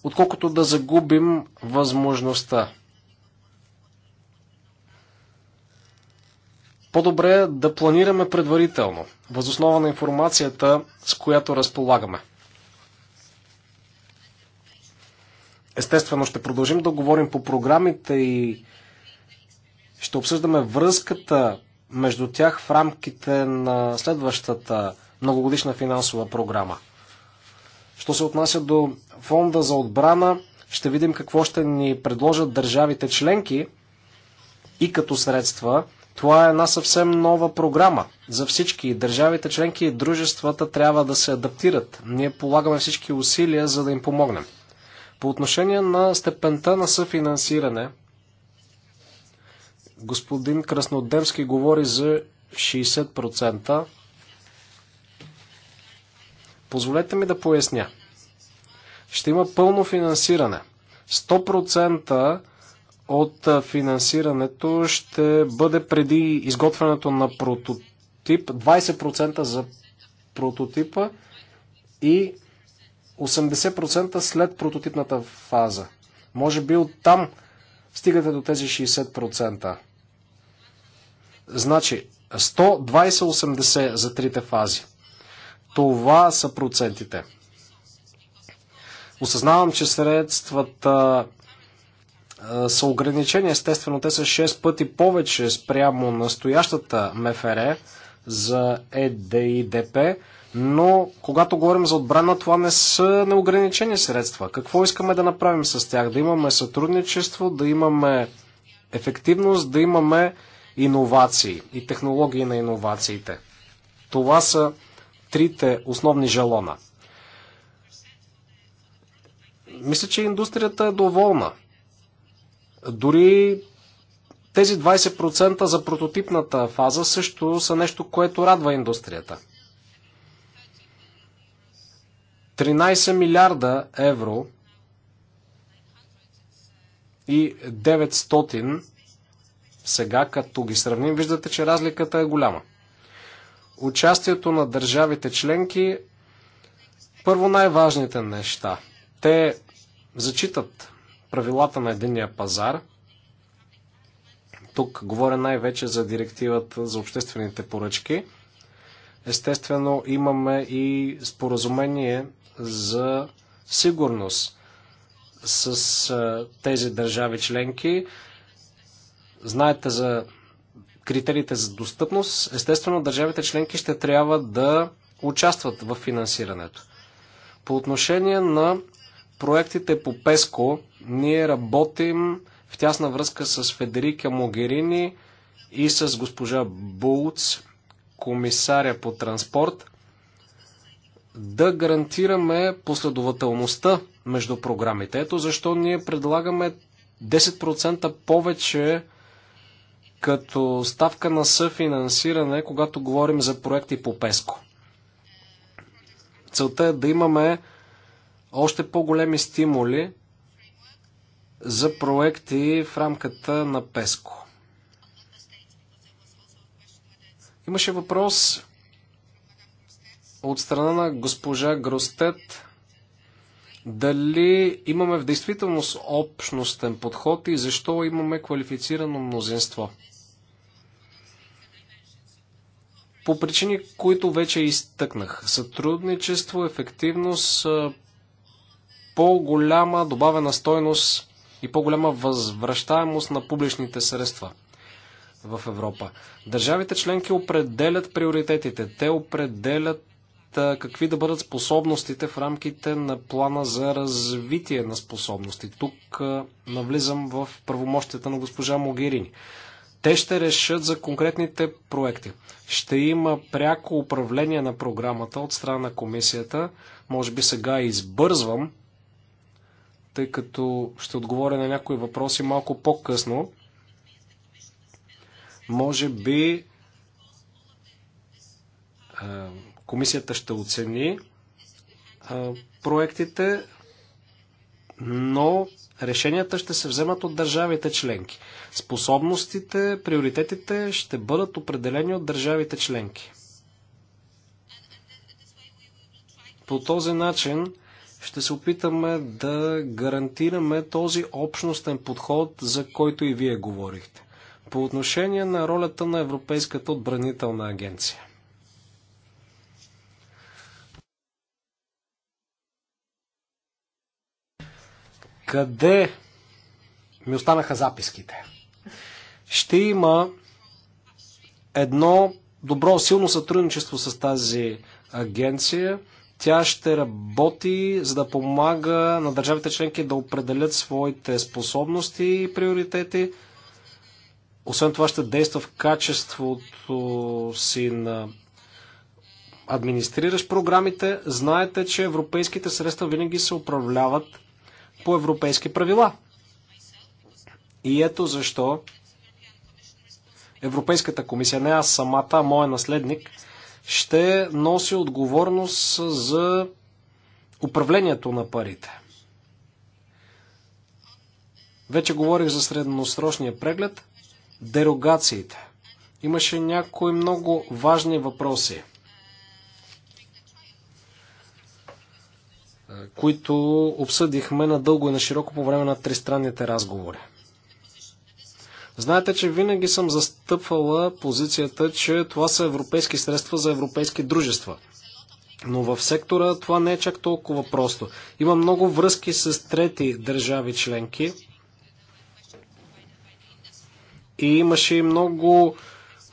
отколкото да загубим възможността. По-добре е да планираме предварително, възоснова на информацията, с която разполагаме. Естествено, ще продължим да говорим по програмите и ще обсъждаме връзката между тях в рамките на следващата многогодишна финансова програма. Що се отнася до фонда за отбрана, ще видим какво ще ни предложат държавите членки и като средства. Това е една съвсем нова програма за всички. Държавите членки и дружествата трябва да се адаптират. Ние полагаме всички усилия, за да им помогнем. По отношение на степента на съфинансиране, Господин Краснодемски говори за 60%. Позволете ми да поясня. Ще има пълно финансиране. 100% от финансирането ще бъде преди изготвянето на прототип, 20% за прототипа и 80% след прототипната фаза. Може би оттам стигате до тези 60%. Значи 120-80 за трите фази. Това са процентите. Осъзнавам, че средствата са ограничени. Естествено, те са 6 пъти повече спрямо настоящата МФР за ЕДИДП, но когато говорим за отбрана, това не са неограничени средства. Какво искаме да направим с тях? Да имаме сътрудничество, да имаме ефективност, да имаме иновации и технологии на иновациите. Това са трите основни жалона. Мисля, че индустрията е доволна. Дори тези 20% за прототипната фаза също са нещо, което радва индустрията. 13 милиарда евро и 900 сега, като ги сравним, виждате, че разликата е голяма. Участието на държавите членки, първо най-важните неща. Те зачитат правилата на единния пазар. Тук говоря най-вече за директивата за обществените поръчки. Естествено, имаме и споразумение за сигурност с тези държави членки. Знаете за критериите за достъпност. Естествено, държавите членки ще трябва да участват в финансирането. По отношение на проектите по ПЕСКО, ние работим в тясна връзка с Федерика Могерини и с госпожа Булц, комисаря по транспорт, да гарантираме последователността между програмите. Ето защо ние предлагаме 10% повече като ставка на съфинансиране, когато говорим за проекти по ПЕСКО. Целта е да имаме още по-големи стимули за проекти в рамката на ПЕСКО. Имаше въпрос от страна на госпожа Гростет дали имаме в действителност общностен подход и защо имаме квалифицирано мнозинство. по причини, които вече изтъкнах. Сътрудничество, ефективност, по-голяма добавена стойност и по-голяма възвръщаемост на публичните средства в Европа. Държавите членки определят приоритетите. Те определят какви да бъдат способностите в рамките на плана за развитие на способности. Тук навлизам в правомощията на госпожа Могерини. Те ще решат за конкретните проекти. Ще има пряко управление на програмата от страна на комисията. Може би сега избързвам, тъй като ще отговоря на някои въпроси малко по-късно. Може би комисията ще оцени проектите, но Решенията ще се вземат от държавите членки. Способностите, приоритетите ще бъдат определени от държавите членки. По този начин ще се опитаме да гарантираме този общностен подход, за който и вие говорихте. По отношение на ролята на Европейската отбранителна агенция. къде ми останаха записките. Ще има едно добро, силно сътрудничество с тази агенция. Тя ще работи, за да помага на държавите членки да определят своите способности и приоритети. Освен това ще действа в качеството си на администрираш програмите. Знаете, че европейските средства винаги се управляват по европейски правила. И ето защо Европейската комисия, не аз самата, а моя наследник, ще носи отговорност за управлението на парите. Вече говорих за средносрочния преглед, дерогациите. Имаше някои много важни въпроси. които обсъдихме надълго и на широко по време на тристранните разговори. Знаете, че винаги съм застъпвала позицията, че това са европейски средства за европейски дружества. Но в сектора това не е чак толкова просто. Има много връзки с трети държави членки. И имаше и много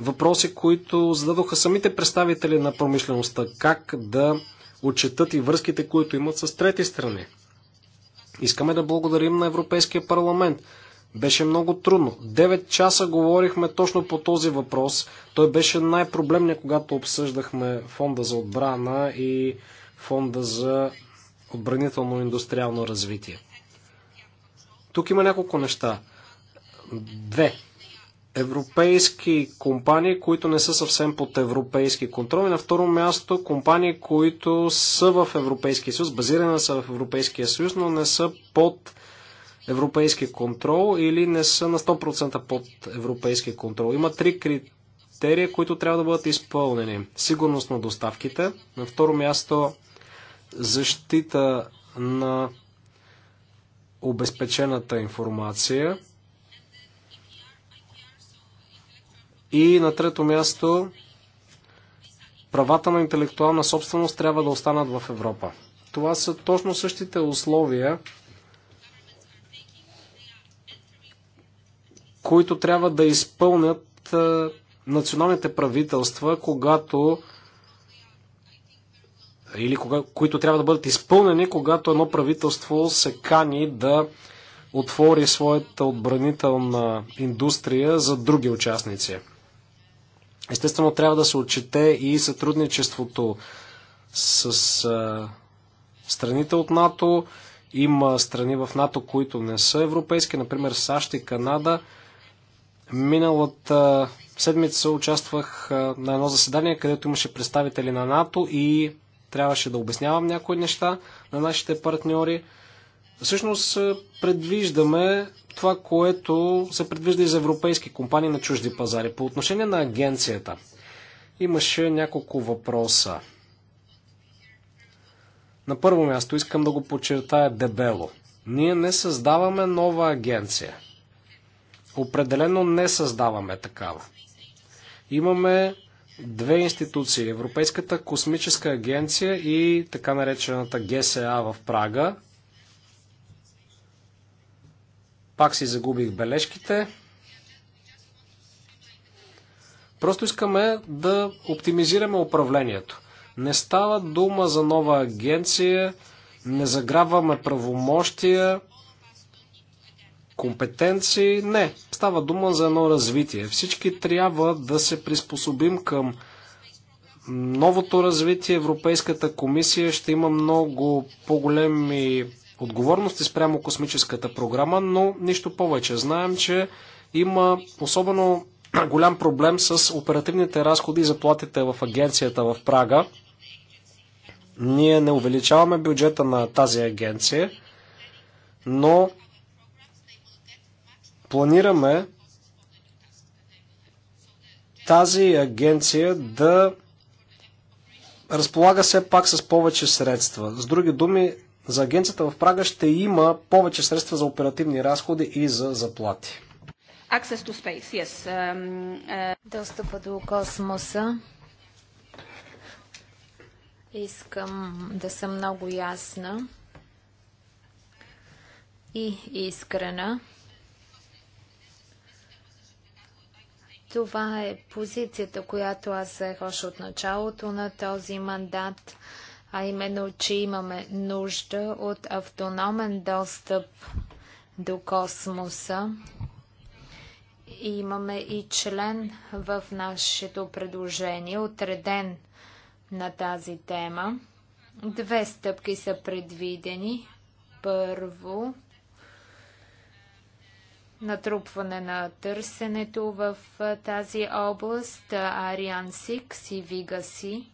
въпроси, които зададоха самите представители на промишлеността. Как да отчетат и връзките, които имат с трети страни. Искаме да благодарим на Европейския парламент. Беше много трудно. 9 часа говорихме точно по този въпрос. Той беше най-проблемният, когато обсъждахме фонда за отбрана и фонда за отбранително индустриално развитие. Тук има няколко неща. Две европейски компании, които не са съвсем под европейски контрол и на второ място компании, които са в Европейския съюз, базирани са в Европейския съюз, но не са под европейски контрол или не са на 100% под европейски контрол. Има три критерия, които трябва да бъдат изпълнени. Сигурност на доставките, на второ място защита на обезпечената информация, И на трето място, правата на интелектуална собственост трябва да останат в Европа. Това са точно същите условия, които трябва да изпълнят националните правителства, когато или кога, които трябва да бъдат изпълнени, когато едно правителство се кани да отвори своята отбранителна индустрия за други участници. Естествено, трябва да се отчете и сътрудничеството с а, страните от НАТО. Има страни в НАТО, които не са европейски, например САЩ и Канада. Миналата седмица участвах на едно заседание, където имаше представители на НАТО и трябваше да обяснявам някои неща на нашите партньори. Всъщност е, предвиждаме това, което се предвижда и за европейски компании на чужди пазари. По отношение на агенцията, имаше няколко въпроса. На първо място искам да го подчертая дебело. Ние не създаваме нова агенция. Определено не създаваме такава. Имаме две институции Европейската космическа агенция и така наречената ГСА в Прага – Пак си загубих бележките. Просто искаме да оптимизираме управлението. Не става дума за нова агенция, не заграбваме правомощия, компетенции. Не, става дума за едно развитие. Всички трябва да се приспособим към новото развитие. Европейската комисия ще има много по-големи отговорности спрямо космическата програма, но нищо повече. Знаем, че има особено [CLEARS THROAT] голям проблем с оперативните разходи и заплатите в агенцията в Прага. Ние не увеличаваме бюджета на тази агенция, но планираме тази агенция да разполага все пак с повече средства. С други думи, за агенцията в Прага ще има повече средства за оперативни разходи и за заплати. to space, yes. Um, uh... Достъпа до космоса. Искам да съм много ясна и искрена. Това е позицията, която аз взех още от началото на този мандат а именно, че имаме нужда от автономен достъп до космоса. И имаме и член в нашето предложение, отреден на тази тема. Две стъпки са предвидени. Първо, натрупване на търсенето в тази област, Ариан Сикс и Вигаси.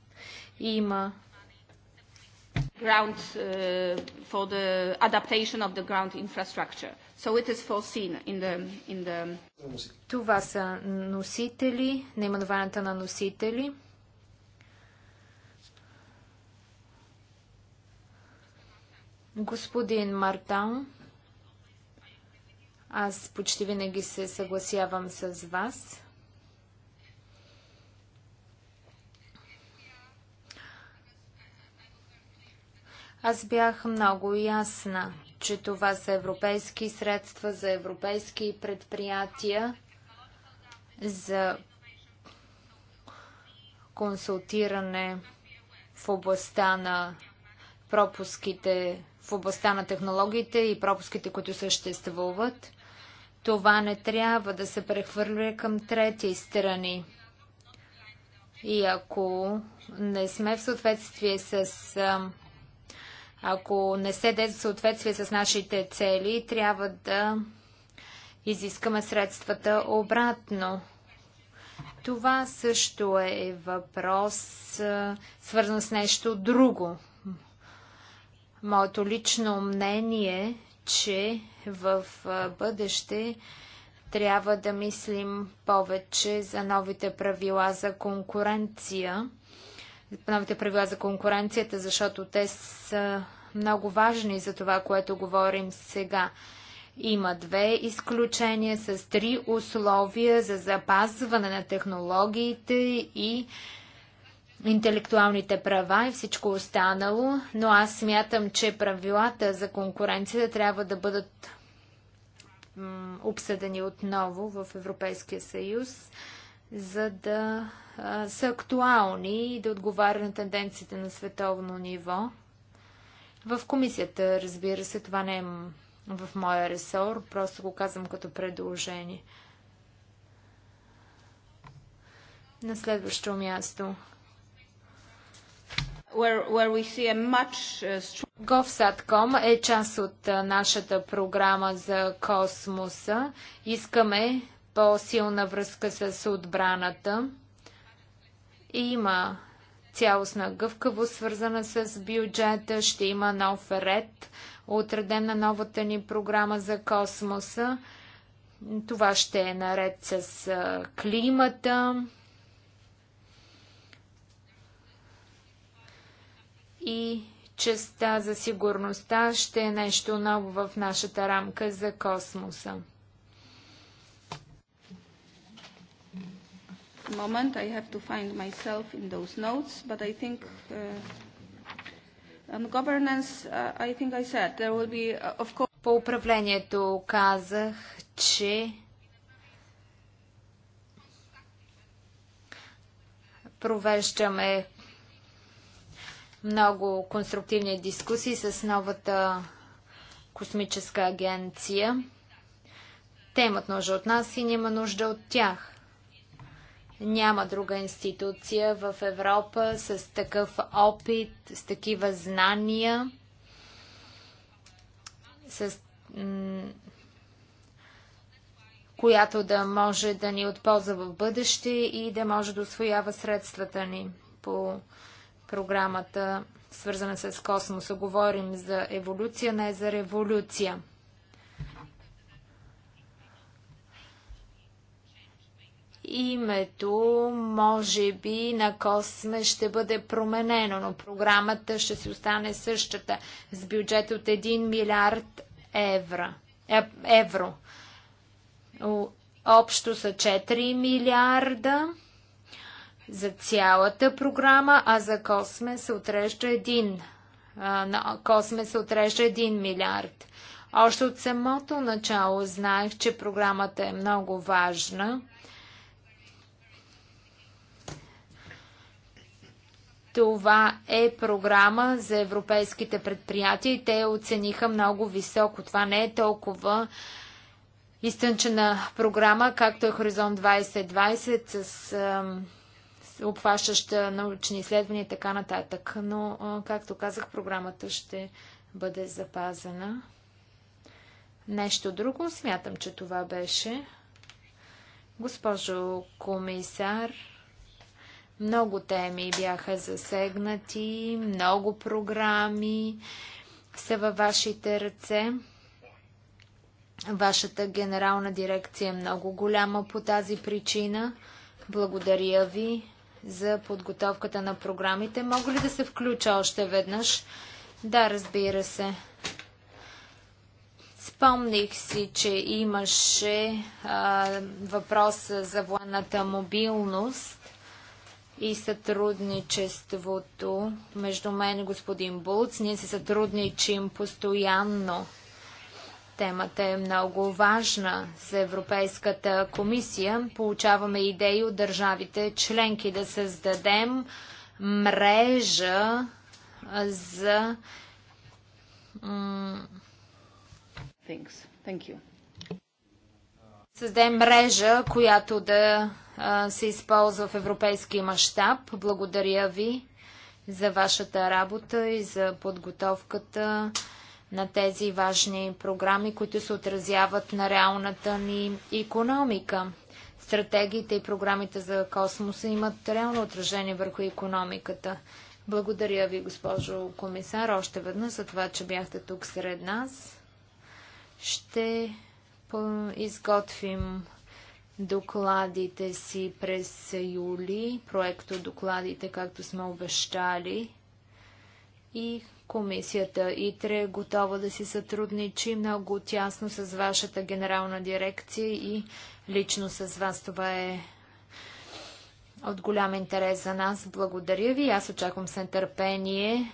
Има ground uh, for the adaptation of the ground infrastructure. So it is foreseen in the, in the... Това са носители, наименованията на носители. Господин Мартан, аз почти винаги се съгласявам с вас. Аз бях много ясна, че това са европейски средства за европейски предприятия, за консултиране в областта на пропуските, в областта на технологиите и пропуските, които съществуват. Това не трябва да се прехвърля към трети страни. И ако не сме в съответствие с ако не се действа в съответствие с нашите цели, трябва да изискаме средствата обратно. Това също е въпрос, свързан с нещо друго. Моето лично мнение, че в бъдеще трябва да мислим повече за новите правила за конкуренция – новите правила за конкуренцията, защото те са много важни за това, което говорим сега. Има две изключения с три условия за запазване на технологиите и интелектуалните права и всичко останало, но аз смятам, че правилата за конкуренцията трябва да бъдат обсъдени отново в Европейския съюз за да а, са актуални и да отговаря на тенденциите на световно ниво. В комисията, разбира се, това не е в моя ресор, просто го казвам като предложение. На следващо място. Much... Uh, GovSatcom е част от нашата програма за космоса. Искаме по-силна връзка с отбраната. И има цялостна гъвкавост, свързана с бюджета. Ще има нов ред, отреден на новата ни програма за космоса. Това ще е наред с климата. И частта за сигурността ще е нещо ново в нашата рамка за космоса. moment. I have to find myself in those notes, but I think uh, on governance, uh, I think I said there will be, uh, of course. По управлението казах, че провеждаме много конструктивни дискусии с новата космическа агенция. Те имат нужда от нас и няма нужда от тях. Няма друга институция в Европа с такъв опит, с такива знания, с която да може да ни отползва в бъдеще и да може да освоява средствата ни по програмата, свързана с космоса. Говорим за еволюция, не за революция. Името, може би, на Косме ще бъде променено, но програмата ще си остане същата с бюджет от 1 милиард евро. Е, евро. Общо са 4 милиарда за цялата програма, а за Косме се отрежда 1. На Косме се отрежда 1 милиард. Още от самото начало знаех, че програмата е много важна Това е програма за европейските предприятия и те оцениха много високо. Това не е толкова изтънчена програма, както е Хоризонт 2020 с а, обхващаща научни изследвания и така нататък. Но, а, както казах, програмата ще бъде запазена. Нещо друго, смятам, че това беше. Госпожо комисар, много теми бяха засегнати, много програми са във вашите ръце. Вашата генерална дирекция е много голяма по тази причина. Благодаря ви за подготовката на програмите. Мога ли да се включа още веднъж? Да, разбира се. Спомних си, че имаше а, въпрос за военната мобилност и сътрудничеството между мен и господин Булц. Ние се сътрудничим постоянно. Темата е много важна за Европейската комисия. Получаваме идеи от държавите членки да създадем мрежа за Thank you. Създадем мрежа, която да се използва в европейски мащаб. Благодаря ви за вашата работа и за подготовката на тези важни програми, които се отразяват на реалната ни економика. Стратегиите и програмите за космоса имат реално отражение върху економиката. Благодаря ви, госпожо комисар, още веднъж за това, че бяхте тук сред нас. Ще изготвим докладите си през юли, проекто докладите, както сме обещали. И комисията ИТРЕ е готова да си сътрудничи много тясно с вашата генерална дирекция и лично с вас. Това е от голям интерес за нас. Благодаря ви. Аз очаквам с нетърпение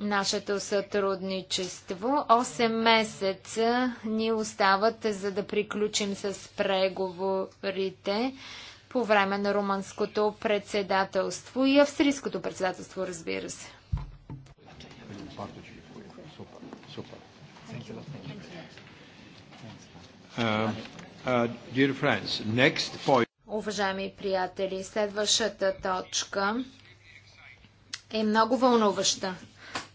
нашето сътрудничество. 8 месеца ни остават за да приключим с преговорите по време на румънското председателство и австрийското председателство, разбира се. Уважаеми приятели, следващата точка е много вълнуваща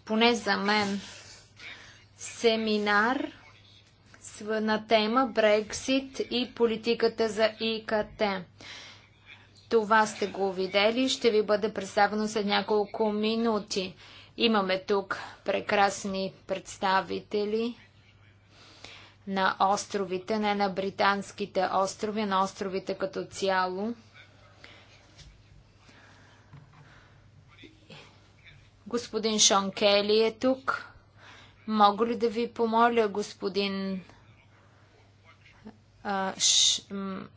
поне за мен, семинар на тема Брексит и политиката за ИКТ. Това сте го видели, ще ви бъде представено след няколко минути. Имаме тук прекрасни представители на островите, не на британските острови, на островите като цяло. Господин Шон Кели е тук. Мога ли да ви помоля, господин а, ш, м,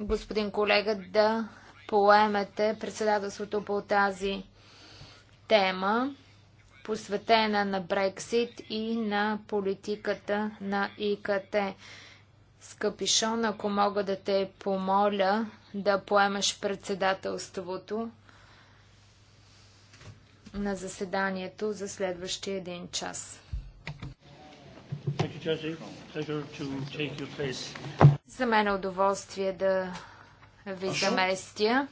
господин колега, да поемете председателството по тази тема, посветена на Брексит и на политиката на ИКТ. Скъпи Шон, ако мога да те помоля да поемеш председателството, на заседанието за следващия един час. За мен е удоволствие да ви заместя.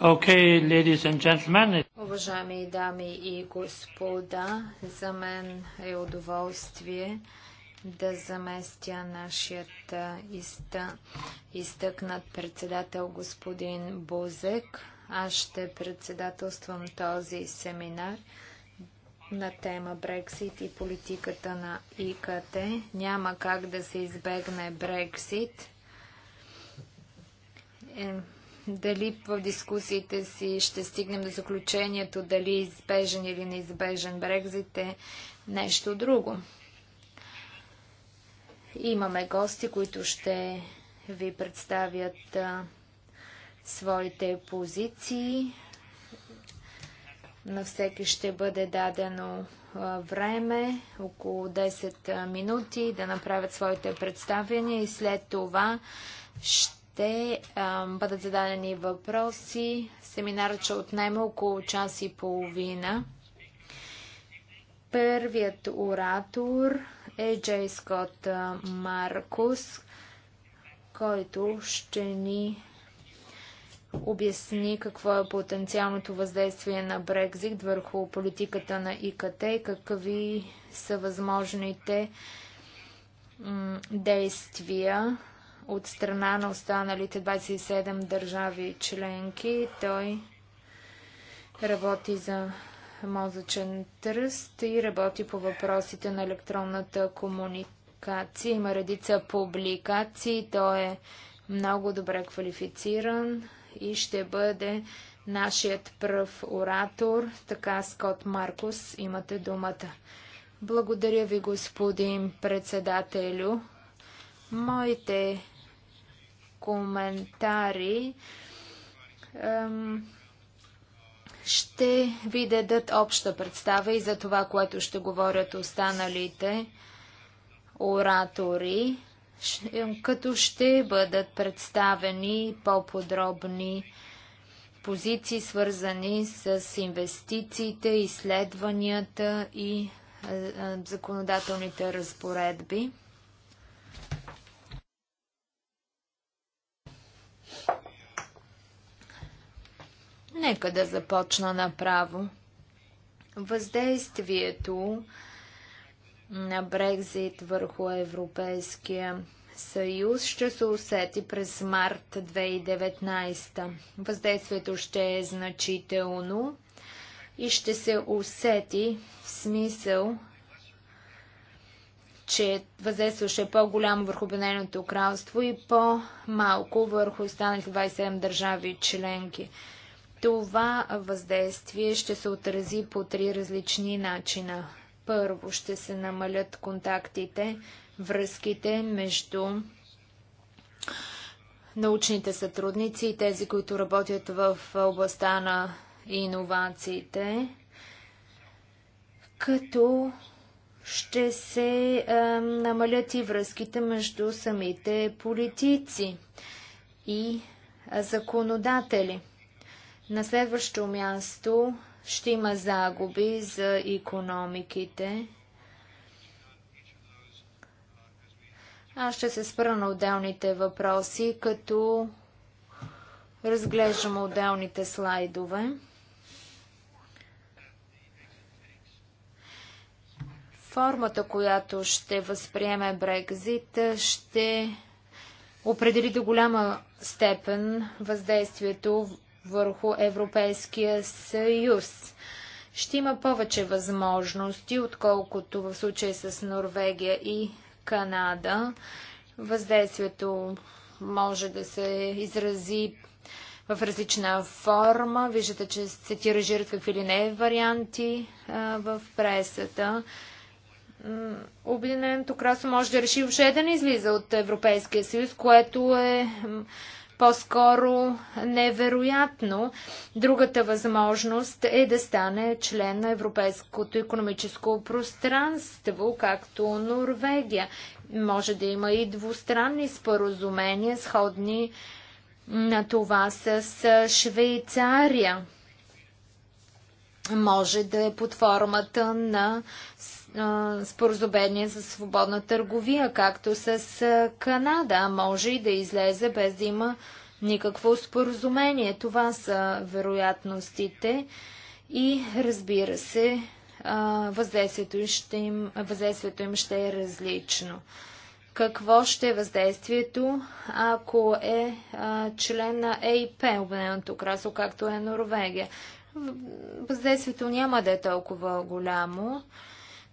Okay, ladies and gentlemen. Уважаеми дами и господа, за мен е удоволствие да заместя нашият изтъ... изтъкнат председател господин Бузек. Аз ще председателствам този семинар на тема Брексит и политиката на ИКТ. Няма как да се избегне Брексит. Е дали в дискусиите си ще стигнем до заключението дали избежен или неизбежен Брекзит е нещо друго. Имаме гости, които ще ви представят а, своите позиции. На всеки ще бъде дадено а, време, около 10 минути, да направят своите представяния и след това ще ще бъдат зададени въпроси. Семинарът ще отнеме около час и половина. Първият оратор е Джей Скот Маркус, който ще ни обясни какво е потенциалното въздействие на Брекзит върху политиката на ИКТ и какви са възможните действия от страна на останалите 27 държави членки. Той работи за мозъчен тръст и работи по въпросите на електронната комуникация. Има редица публикации. Той е много добре квалифициран и ще бъде нашият пръв оратор. Така, Скот Маркус, имате думата. Благодаря ви, господин председателю. Моите коментари ще ви дадат обща представа и за това, което ще говорят останалите оратори, като ще бъдат представени по-подробни позиции, свързани с инвестициите, изследванията и законодателните разпоредби. Нека да започна направо. Въздействието на Брекзит върху Европейския съюз ще се усети през март 2019. Въздействието ще е значително и ще се усети в смисъл, че въздействието ще е по-голямо върху Обединеното кралство и по-малко върху останалите 27 държави членки. Това въздействие ще се отрази по три различни начина. Първо ще се намалят контактите, връзките между научните сътрудници и тези, които работят в областта на иновациите, като ще се е, намалят и връзките между самите политици и законодатели. На следващо място ще има загуби за економиките. Аз ще се спра на отделните въпроси, като разглеждам отделните слайдове. Формата, която ще възприеме Брекзит, ще определи до голяма степен въздействието върху Европейския съюз. Ще има повече възможности, отколкото в случая с Норвегия и Канада. Въздействието може да се изрази в различна форма. Виждате, че се тиражират какви ли не варианти а, в пресата. Обединеното красо може да реши въобще да не излиза от Европейския съюз, което е по-скоро невероятно. Другата възможност е да стане член на Европейското економическо пространство, както Норвегия. Може да има и двустранни споразумения, сходни на това с Швейцария. Може да е под формата на споразумение за свободна търговия, както с Канада. Може и да излезе без да има никакво споразумение. Това са вероятностите и разбира се, въздействието им ще, им, въздействието им ще е различно. Какво ще е въздействието, ако е а, член на ЕИП, Обединеното красо, както е Норвегия? Въздействието няма да е толкова голямо.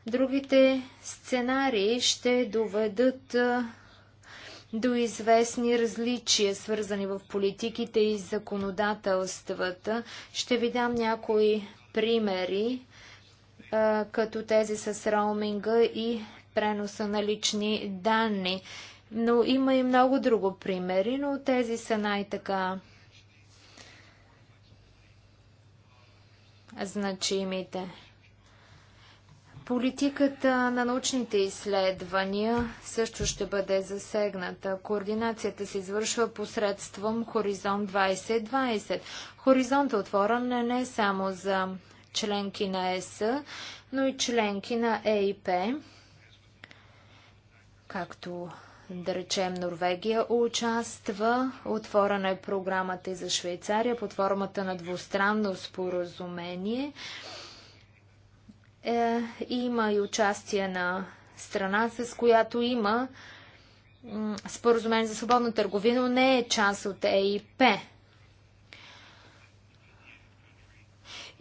Другите сценарии ще доведат до известни различия, свързани в политиките и законодателствата. Ще ви дам някои примери, като тези с роуминга и преноса на лични данни. Но има и много друго примери, но тези са най-така значимите. Политиката на научните изследвания също ще бъде засегната. Координацията се извършва посредством Хоризонт 2020. Хоризонт е отворен не, само за членки на ЕС, но и членки на ЕИП, както да речем Норвегия участва. Отворена е програмата и за Швейцария под формата на двустранно споразумение е, има и участие на страна, с която има споразумение за свободна търговия, но не е част от ЕИП.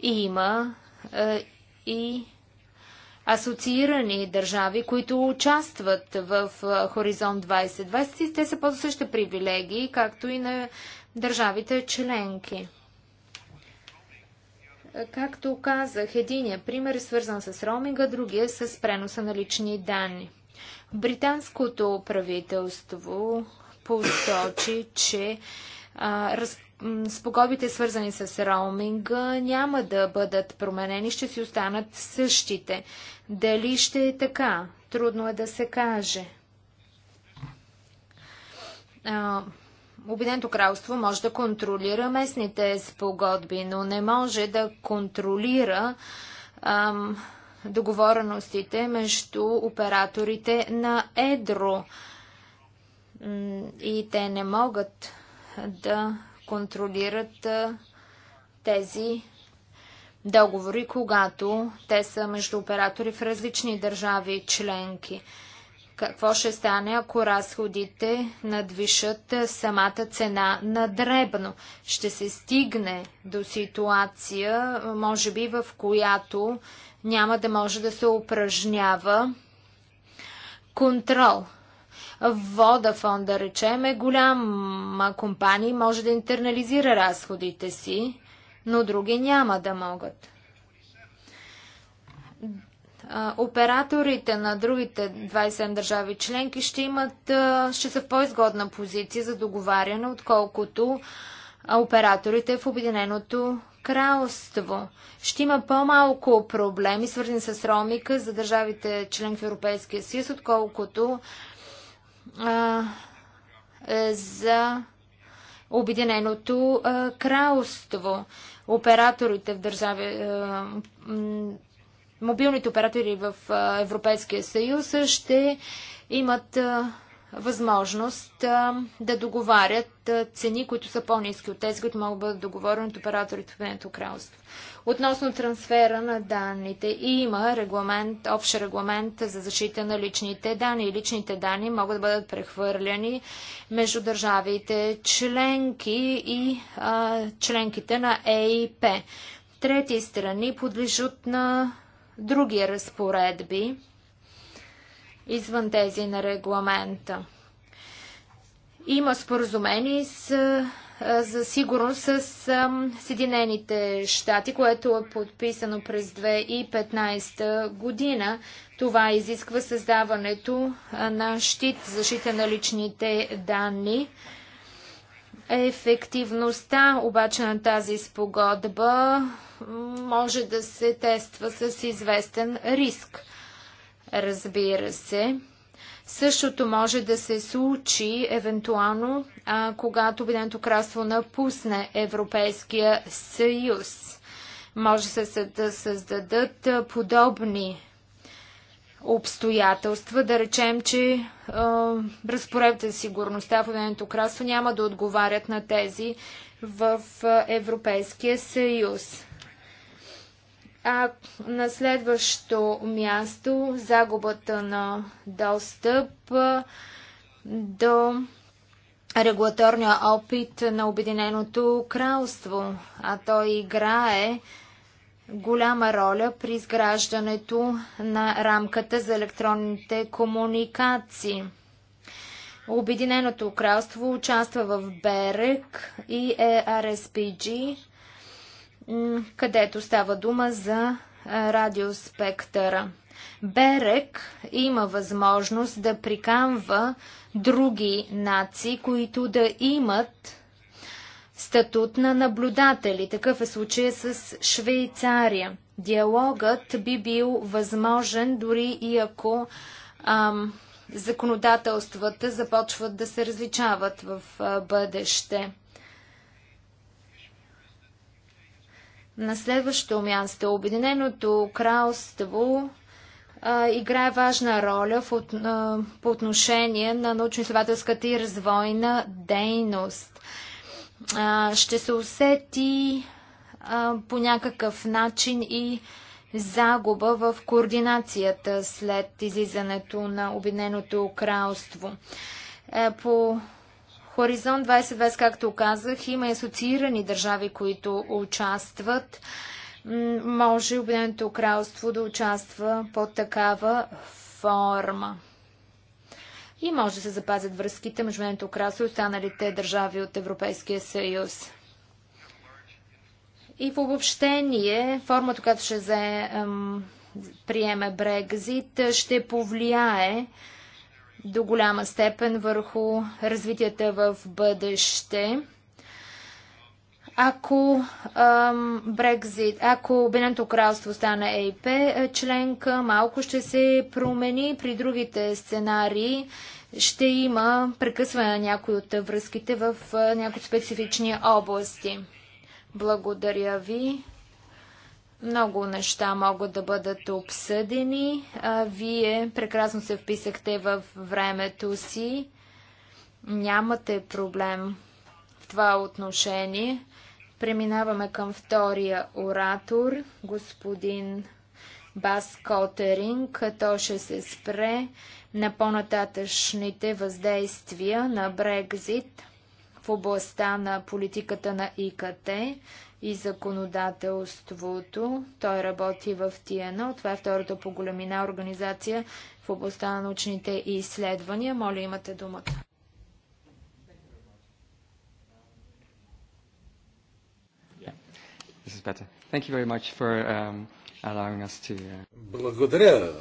И има е, и асоциирани държави, които участват в е, Хоризонт 2020 и те са под същите привилегии, както и на държавите членки. Както казах, единия пример е свързан с роуминга, другия с преноса на лични данни. Британското правителство посочи, че а, спогобите свързани с роуминга няма да бъдат променени, ще си останат същите. Дали ще е така? Трудно е да се каже. А, Обединеното кралство може да контролира местните спогодби, но не може да контролира ам, договореностите между операторите на Едро. И те не могат да контролират а, тези договори, когато те са между оператори в различни държави членки. Какво ще стане, ако разходите надвишат е, самата цена на дребно? Ще се стигне до ситуация, е, може би, в която няма да може да се упражнява контрол. Водафон, да речем, е голяма компания може да интернализира разходите си, но други няма да могат операторите на другите 27 държави членки ще имат, ще са в по-изгодна позиция за договаряне, отколкото операторите в Обединеното кралство. Ще има по-малко проблеми, свързани с ромика за държавите член в Европейския съюз, отколкото а, е, за Обединеното кралство. Операторите в държави, мобилните оператори в Европейския съюз ще имат възможност да договарят цени, които са по-низки от тези, които могат да бъдат договорени от операторите в Обединеното кралство. Относно трансфера на данните, и има регламент, общ регламент за защита на личните данни. Личните данни могат да бъдат прехвърляни между държавите членки и а, членките на ЕИП. Трети страни подлежат на други разпоредби извън тези на регламента. Има споразумение с, за сигурност с Съединените щати, което е подписано през 2015 година. Това изисква създаването на щит защита на личните данни. Ефективността обаче на тази спогодба може да се тества с известен риск. Разбира се. Същото може да се случи евентуално, а, когато Обединеното кралство напусне Европейския съюз. Може се да създадат подобни обстоятелства. Да речем, че е, разпоредите за сигурността в Обединеното кралство няма да отговарят на тези в Европейския съюз. А на следващо място загубата на достъп до регулаторния опит на Обединеното кралство, а той играе голяма роля при изграждането на рамката за електронните комуникации. Обединеното кралство участва в БЕРЕК и ЕРСПГ, където става дума за радиоспектъра. Берек има възможност да приканва други нации, които да имат статут на наблюдатели. Такъв е случая с Швейцария. Диалогът би бил възможен дори и ако ам, законодателствата започват да се различават в а, бъдеще. На следващо място Обединеното кралство а, играе важна роля в, а, по отношение на научно-изследователската и развойна дейност ще се усети по някакъв начин и загуба в координацията след излизането на Обединеното кралство. Е, по Хоризонт 2020, както казах, има асоциирани държави, които участват. Може Обединеното кралство да участва под такава форма и може да се запазят връзките между Венето красо и останалите държави от Европейския съюз. И в обобщение, формата, която ще приеме Брекзит, ще повлияе до голяма степен върху развитията в бъдеще. Ако Брекзит, ако Обединеното кралство стане ЕИП е, членка, малко ще се промени. При другите сценарии ще има прекъсване на някои от връзките в е, някои специфични области. Благодаря ви. Много неща могат да бъдат обсъдени. Вие прекрасно се вписахте в времето си. Нямате проблем в това отношение. Преминаваме към втория оратор, господин Бас Котеринг. Той ще се спре на по-нататъчните въздействия на Брекзит в областта на политиката на ИКТ и законодателството. Той работи в ТИЕНО. Това е втората по големина организация в областта на научните изследвания. Моля, имате думата. This is better. Thank you very much for um, allowing us to... Uh, благодаря.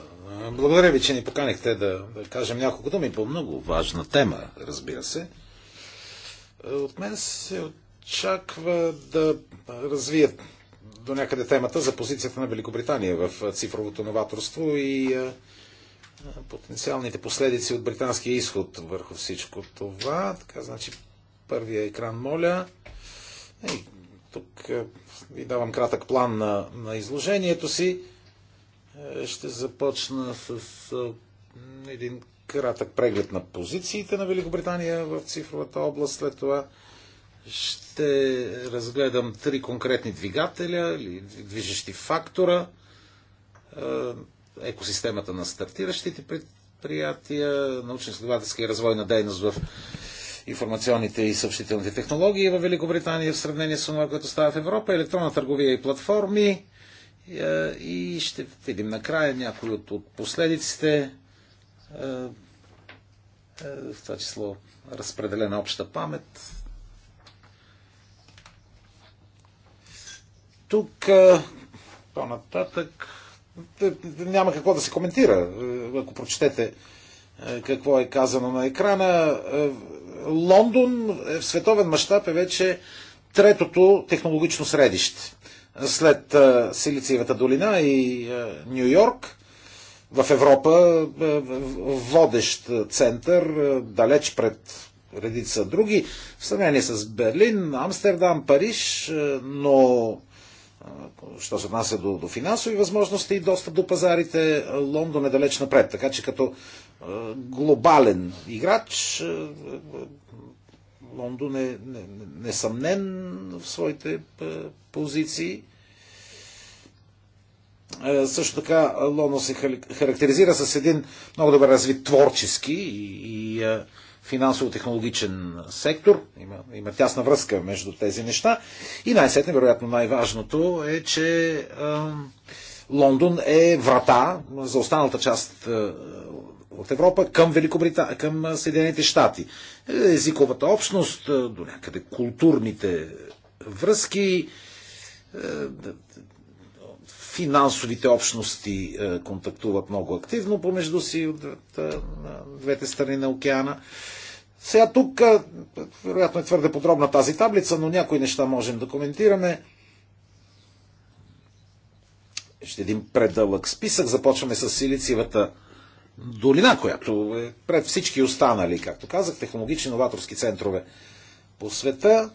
Благодаря ви, че ни поканихте да, да кажем няколко думи по много важна тема, разбира се. Е, от мен се очаква да развият до някъде темата за позицията на Великобритания в цифровото новаторство и потенциалните последици от британския изход върху всичко това. Така, значи, първия екран, моля. Ей, тук е, ви давам кратък план на, на изложението си. Е, ще започна с е, един кратък преглед на позициите на Великобритания в цифровата област. След това ще разгледам три конкретни двигателя или движещи фактора, екосистемата на стартиращите предприятия, научно следователския развой на дейност в информационните и съобщителните технологии в Великобритания в сравнение с това, което става в Европа, електронна търговия и платформи. Е, и ще видим накрая някои от, последиците, е, е, в това число разпределена обща памет. Тук по-нататък няма какво да се коментира. Ако прочетете какво е казано на екрана, Лондон е в световен мащаб е вече третото технологично средище. След Силициевата долина и Нью Йорк, в Европа водещ център, далеч пред редица други, в сравнение с Берлин, Амстердам, Париж, но що се отнася до, до финансови възможности и достъп до пазарите, Лондон е далеч напред. Така че като глобален играч. Лондон е несъмнен в своите позиции. Също така Лондон се характеризира с един много добре развит творчески и финансово-технологичен сектор. Има, има тясна връзка между тези неща. И най-сетне, вероятно най-важното е, че Лондон е врата за останалата част от Европа към, Великобрита... към Съединените щати. Езиковата общност, до някъде културните връзки, финансовите общности контактуват много активно помежду си от двете страни на океана. Сега тук, вероятно е твърде подробна тази таблица, но някои неща можем да коментираме. Ще един предълъг списък. Започваме с силициевата долина, която е пред всички останали, както казах, технологични новаторски центрове по света.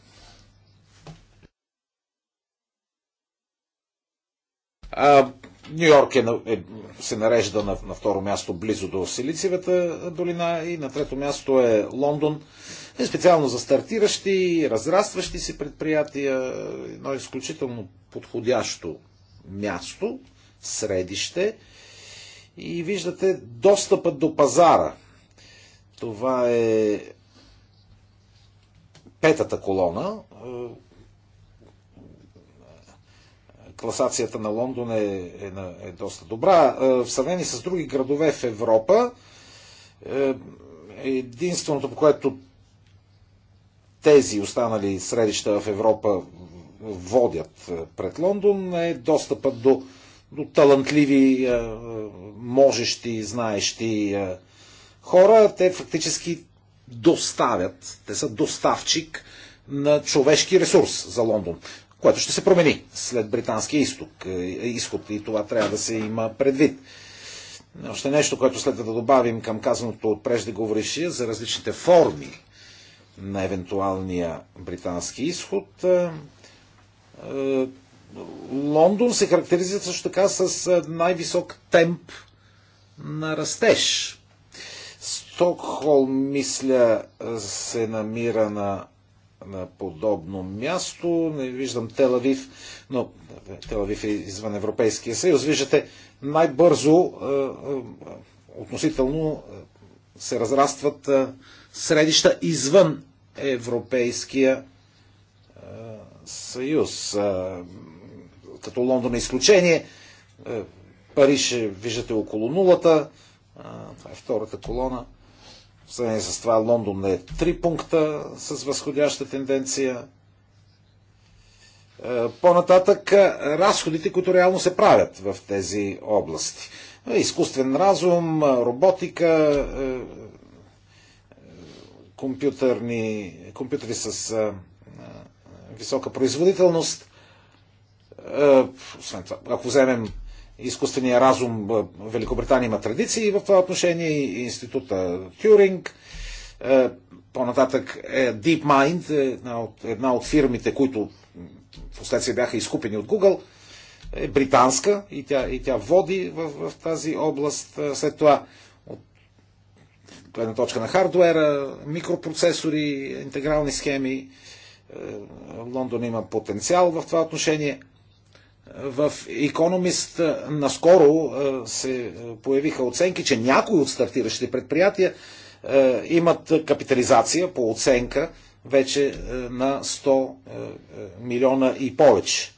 Нью Йорк е, е, се нарежда на, на второ място близо до Силицевата долина и на трето място е Лондон. Е специално за стартиращи, разрастващи се предприятия, едно изключително подходящо място, средище и виждате достъпът до пазара. Това е петата колона. Класацията на Лондон е, е, е доста добра. Е, в сравнение с други градове в Европа, е, единственото, по което тези останали средища в Европа водят е, пред Лондон е достъпът до талантливи, е, е, можещи, знаещи е, хора. Те фактически доставят, те са доставчик на човешки ресурс за Лондон, което ще се промени след британския изток, изход и това трябва да се има предвид. Още нещо, което следва да добавим към казаното от преждеговорившия за различните форми на евентуалния британски изход. Лондон се характеризира също така с най-висок темп на растеж. Стокхолм, мисля, се намира на, на подобно място. Не виждам Телавив, но е, Телавив е извън Европейския съюз. Виждате, най-бързо относително се разрастват средища извън Европейския съюз като Лондон е изключение. Е, Париж, е, виждате, около нулата. Е, това е втората колона. В сравнение с това Лондон е 3 пункта с възходяща тенденция. По-нататък разходите, които реално се правят в тези области. Изкуствен разум, роботика, компютърни, компютъри с висока производителност. Е, ако вземем изкуствения разум, е, Великобритания има традиции в това отношение, института Тюринг, е, по-нататък е DeepMind, една от, една от фирмите, които в последствие бяха изкупени от Google, е британска и тя, и тя води в, в тази област. След това от гледна точка на хардуера, микропроцесори, интегрални схеми. Лондон има потенциал в това отношение – в Economist е, наскоро е, се е, появиха оценки, че някои от стартиращите предприятия имат капитализация по оценка вече на 100 милиона и повече.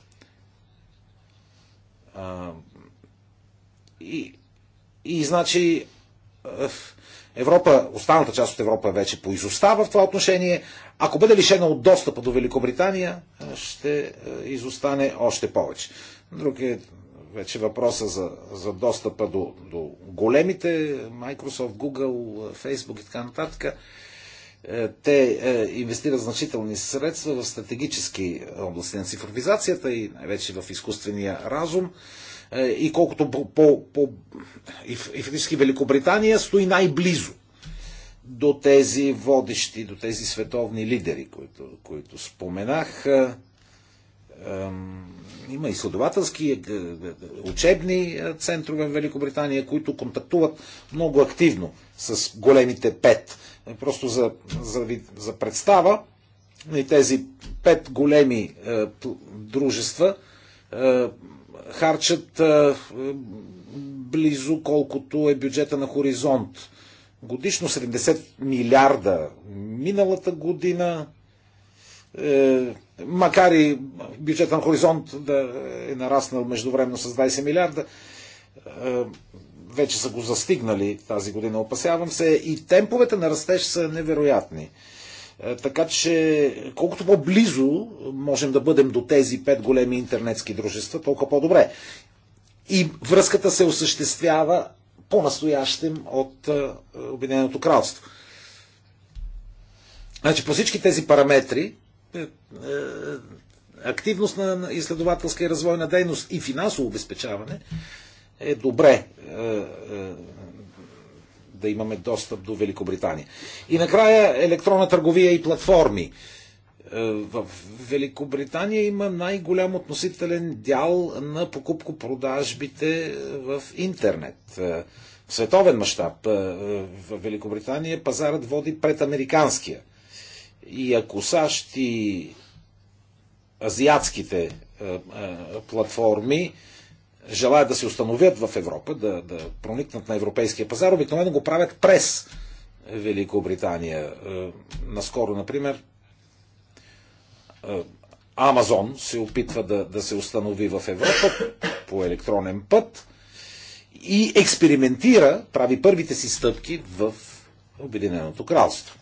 И, и значи Европа, останалата част от Европа вече поизостава в това отношение, ако бъде лишена от достъпа до Великобритания, ще изостане още повече. Друг е вече въпроса за, за достъпа до, до големите, Microsoft, Google, Facebook и така нататък. Е, те е, инвестират значителни средства в стратегически области на цифровизацията и най вече в изкуствения разум. Е, и колкото по, по, по и, и фактически Великобритания стои най-близо до тези водещи, до тези световни лидери, които, които споменах. Е, има изследователски, е, е, учебни центрове в Великобритания, които контактуват много активно с големите пет. Просто за, за, за представа, и тези пет големи е, дружества е, харчат е, близо колкото е бюджета на Хоризонт годишно 70 милиарда миналата година, е, макар и бюджетът на Хоризонт да е нараснал междувременно с 20 милиарда, е, вече са го застигнали тази година, опасявам се, и темповете на растеж са невероятни. Е, така че, колкото по-близо можем да бъдем до тези пет големи интернетски дружества, толкова по-добре. И връзката се осъществява по-настоящем от е, Обединеното кралство. Значи по всички тези параметри е, е, активност на изследователска и развойна дейност и финансово обезпечаване е добре да имаме достъп до Великобритания. И накрая електронна търговия и платформи. Е, в Великобритания има най-голям относителен дял на покупко-продажбите в интернет. Е, в световен мащаб е, в Великобритания пазарът води пред американския. И ако САЩ и азиатските платформи желаят да се установят в Европа, да, да проникнат на европейския пазар, обикновено го правят през Великобритания. Наскоро, например, е, Амазон се опитва да, да се установи в Европа по електронен път и експериментира, прави първите си стъпки в Обединеното кралство.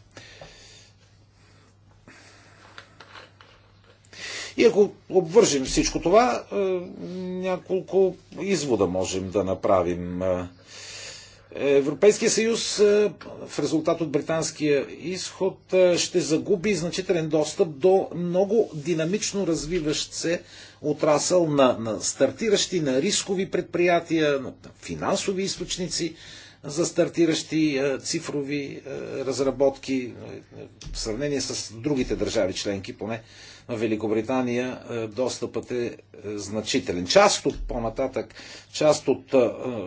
И ако обвържим всичко това, е, няколко извода можем да направим. Е, Европейския съюз в резултат от британския изход ще загуби значителен достъп до много динамично развиващ се отрасъл на, на стартиращи, на рискови предприятия, на финансови източници за стартиращи е, цифрови е, разработки е, в сравнение с другите държави членки, поне в Великобритания достъпът е значителен. Част от по-нататък, част от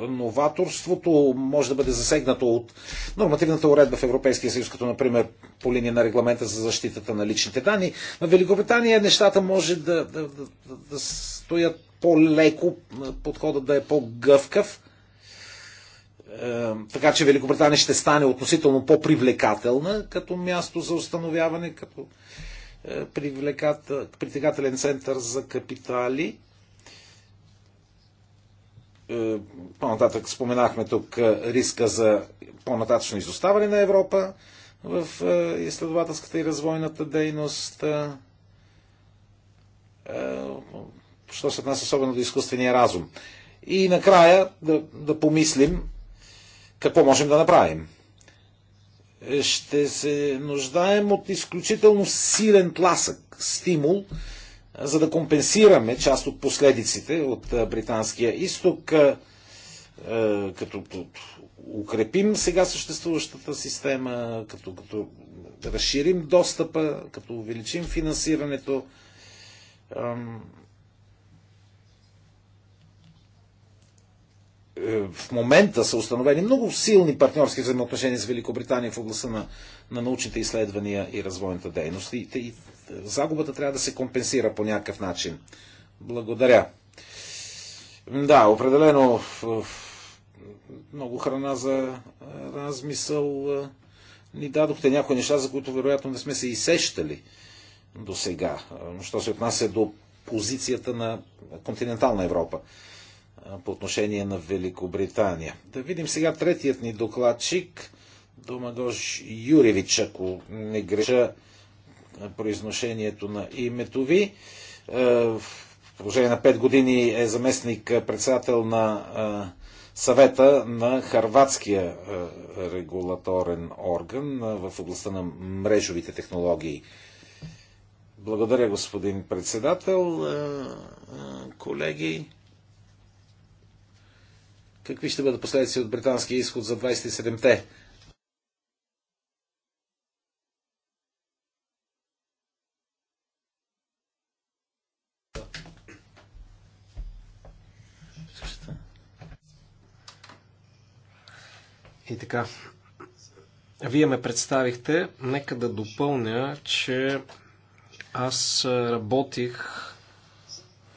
новаторството може да бъде засегнато от нормативната уредба в Европейския съюз, като например по линия на регламента за защитата на личните данни. В Великобритания нещата може да, да, да, да стоят по-леко, подходът да е по-гъвкав така че Великобритания ще стане относително по-привлекателна като място за установяване, като е, притегателен център за капитали. Е, по-нататък споменахме тук е, риска за по-нататъчно изоставане на Европа в изследователската и развойната дейност. Що се отнася особено до изкуствения разум. И накрая да, да помислим какво можем да направим? Ще се нуждаем от изключително силен тласък, стимул, за да компенсираме част от последиците от британския изток, като укрепим сега съществуващата система, като, като разширим достъпа, като увеличим финансирането. Е, в момента са установени много силни партньорски взаимоотношения с Великобритания в областта на, на научните изследвания и развойната дейност. И, и загубата трябва да се компенсира по някакъв начин. Благодаря. Да, определено много храна за размисъл е, ни дадохте някои неща, за които вероятно не сме се изсещали до сега, е, що се отнася до позицията на континентална Европа по отношение на Великобритания. Да видим сега третият ни докладчик, Домагош Юревич, ако не греша произношението на името ви. В продължение на 5 години е заместник председател на съвета на харватския регулаторен орган в областта на мрежовите технологии. Благодаря, господин председател. Колеги, какви ще бъдат последици от британския изход за 27-те. И така. Вие ме представихте. Нека да допълня, че аз работих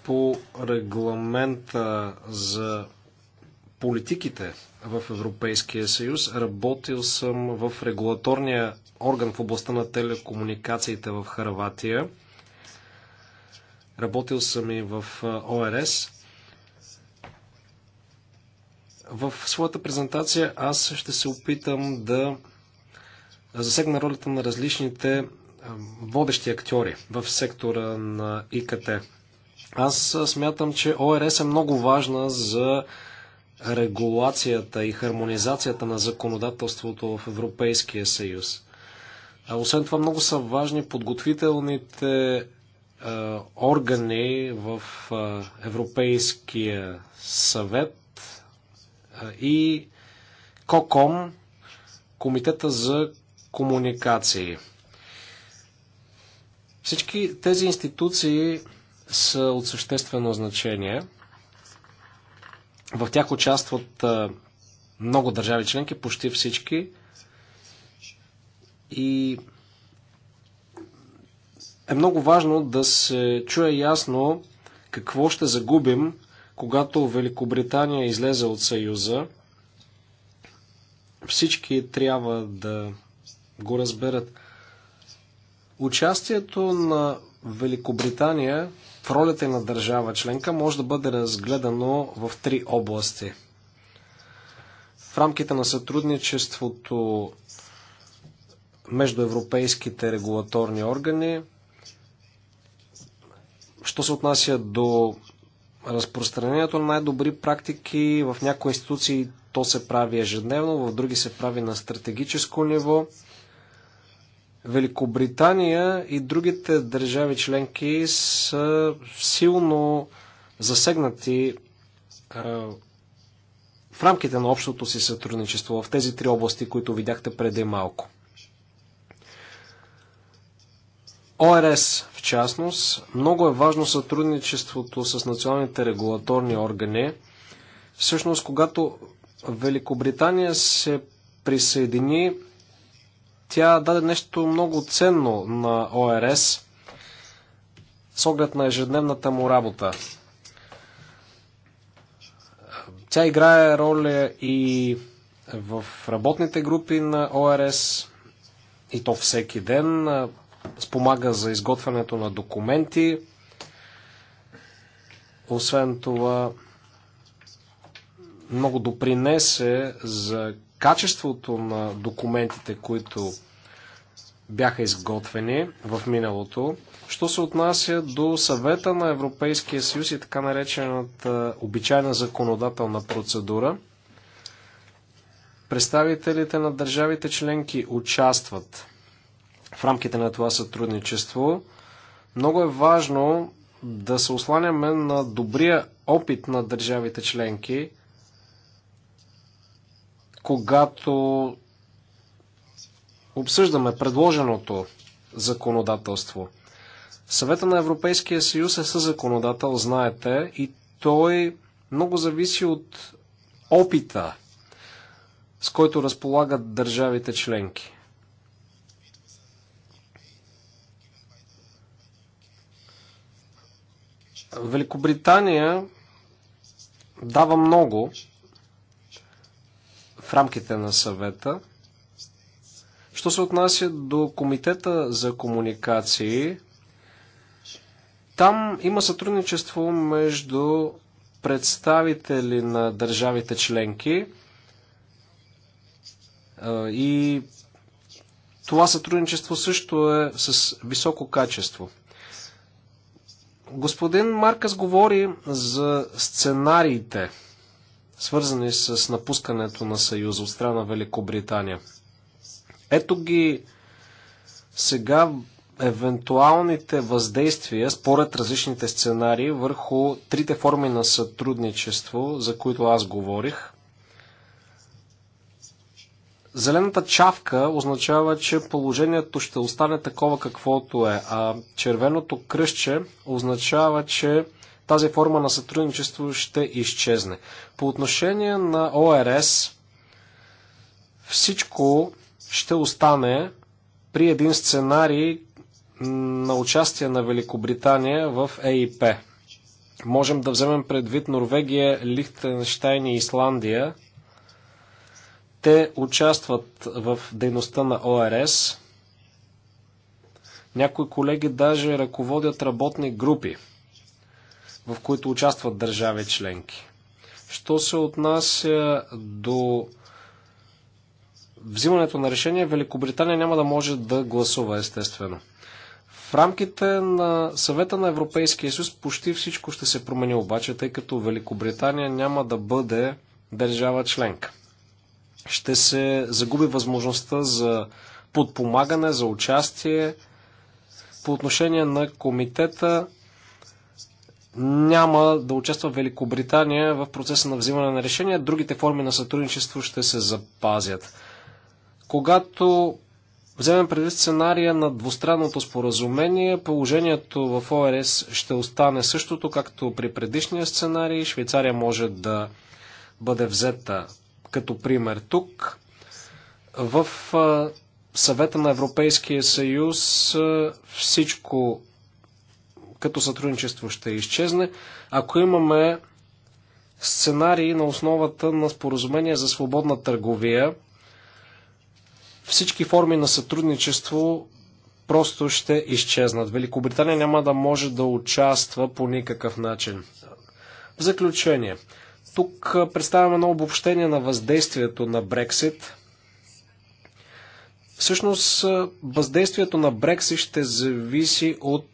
по регламента за политиките в Европейския съюз. Работил съм в регулаторния орган в областта на телекомуникациите в Харватия. Работил съм и в ОРС. В своята презентация аз ще се опитам да засегна ролята на различните водещи актьори в сектора на ИКТ. Аз смятам, че ОРС е много важна за регулацията и хармонизацията на законодателството в Европейския съюз. А освен това много са важни подготвителните е, органи в е, Европейския съвет е, и КОКОМ, Комитета за комуникации. Всички тези институции са от съществено значение – в тях участват много държави членки, почти всички. И е много важно да се чуе ясно какво ще загубим, когато Великобритания излезе от Съюза. Всички трябва да го разберат. Участието на Великобритания в ролята на държава членка може да бъде разгледано в три области. В рамките на сътрудничеството между европейските регулаторни органи, що се отнася до разпространението на най-добри практики, в някои институции то се прави ежедневно, в други се прави на стратегическо ниво. Великобритания и другите държави членки са силно засегнати е, в рамките на общото си сътрудничество в тези три области, които видяхте преди малко. ОРС, в частност, много е важно сътрудничеството с националните регулаторни органи. Всъщност, когато Великобритания се присъедини, тя даде нещо много ценно на ОРС с оглед на ежедневната му работа. Тя играе роля и в работните групи на ОРС и то всеки ден. Спомага за изготвянето на документи. Освен това, много допринесе за качеството на документите, които бяха изготвени в миналото, що се отнася до съвета на Европейския съюз и така наречената обичайна законодателна процедура, представителите на държавите членки участват в рамките на това сътрудничество. Много е важно да се осланяме на добрия опит на държавите членки – когато обсъждаме предложеното законодателство. Съвета на Европейския съюз е със законодател, знаете, и той много зависи от опита, с който разполагат държавите членки. Великобритания дава много, рамките на съвета. Що се отнася до Комитета за комуникации, там има сътрудничество между представители на държавите членки и това сътрудничество също е с високо качество. Господин Маркас говори за сценариите – свързани с напускането на Съюза от страна Великобритания. Ето ги сега евентуалните въздействия според различните сценарии върху трите форми на сътрудничество, за които аз говорих. Зелената чавка означава, че положението ще остане такова каквото е, а червеното кръще означава, че тази форма на сътрудничество ще изчезне. По отношение на ОРС, всичко ще остане при един сценарий на участие на Великобритания в ЕИП. Можем да вземем предвид Норвегия, Лихтенштайн и Исландия. Те участват в дейността на ОРС. Някои колеги даже ръководят работни групи в които участват държави членки. Що се отнася до взимането на решение, Великобритания няма да може да гласува, естествено. В рамките на съвета на Европейския съюз почти всичко ще се промени обаче, тъй като Великобритания няма да бъде държава членка. Ще се загуби възможността за подпомагане, за участие. По отношение на комитета няма да участва Великобритания в процеса на взимане на решения. Другите форми на сътрудничество ще се запазят. Когато вземем преди сценария на двустранното споразумение, положението в ОРС ще остане същото, както при предишния сценарий. Швейцария може да бъде взета като пример тук. В съвета на Европейския съюз всичко като сътрудничество ще изчезне, ако имаме сценарии на основата на споразумение за свободна търговия, всички форми на сътрудничество просто ще изчезнат. Великобритания няма да може да участва по никакъв начин. В заключение, тук представяме едно обобщение на въздействието на Брексит. Всъщност, въздействието на Брексит ще зависи от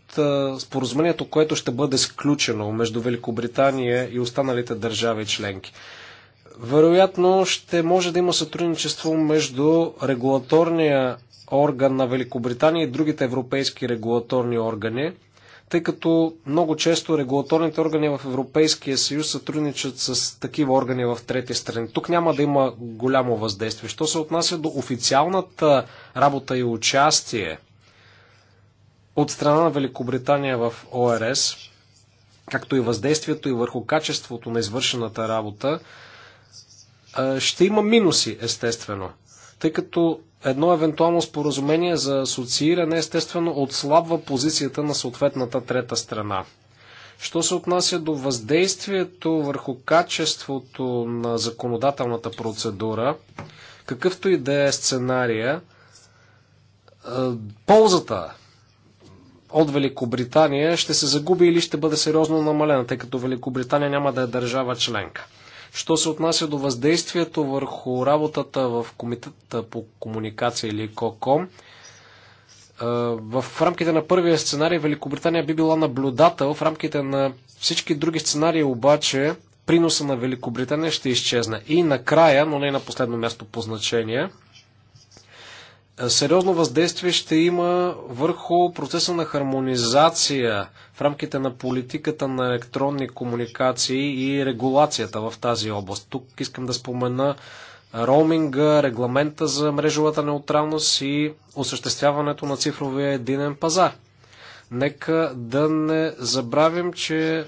споразумението, което ще бъде сключено между Великобритания и останалите държави членки. Вероятно ще може да има сътрудничество между регулаторния орган на Великобритания и другите европейски регулаторни органи, тъй като много често регулаторните органи в Европейския съюз сътрудничат с такива органи в трети страни. Тук няма да има голямо въздействие. Що се отнася до официалната работа и участие от страна на Великобритания в ОРС, както и въздействието и върху качеството на извършената работа, ще има минуси, естествено. Тъй като едно евентуално споразумение за асоцииране, естествено, отслабва позицията на съответната трета страна. Що се отнася до въздействието върху качеството на законодателната процедура, какъвто и да е сценария, ползата от Великобритания ще се загуби или ще бъде сериозно намалена, тъй като Великобритания няма да е държава членка. Що се отнася до въздействието върху работата в Комитета по комуникация или КОКОМ, в рамките на първия сценарий Великобритания би била наблюдател, в рамките на всички други сценарии обаче приноса на Великобритания ще изчезне. И накрая, но не на последно място по значение, е, сериозно въздействие ще има върху процеса на хармонизация в рамките на политиката на електронни комуникации и регулацията в тази област. Тук искам да спомена роуминга, регламента за мрежовата неутралност и осъществяването на цифровия единен пазар. Нека да не забравим, че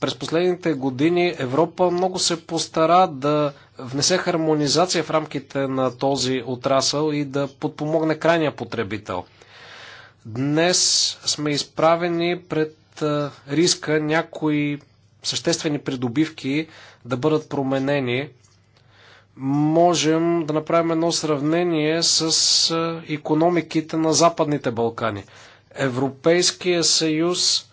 през последните години Европа много се постара да внесе хармонизация в рамките на този отрасъл и да подпомогне крайния потребител. Днес сме изправени пред риска някои съществени придобивки да бъдат променени. Можем да направим едно сравнение с економиките на Западните Балкани. Европейския съюз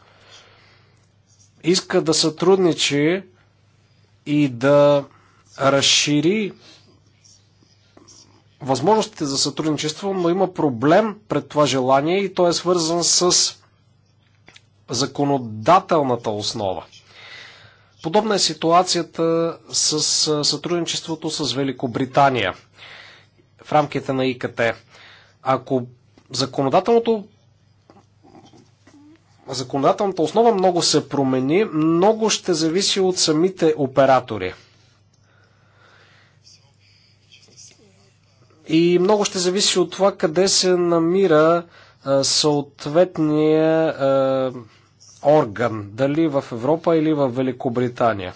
иска да сътрудничи и да разшири възможностите за сътрудничество, но има проблем пред това желание и то е свързан с законодателната основа. Подобна е ситуацията с сътрудничеството с Великобритания в рамките на ИКТ. Ако законодателното законодателната основа много се промени, много ще зависи от самите оператори. И много ще зависи от това къде се намира съответния орган, дали в Европа или в Великобритания.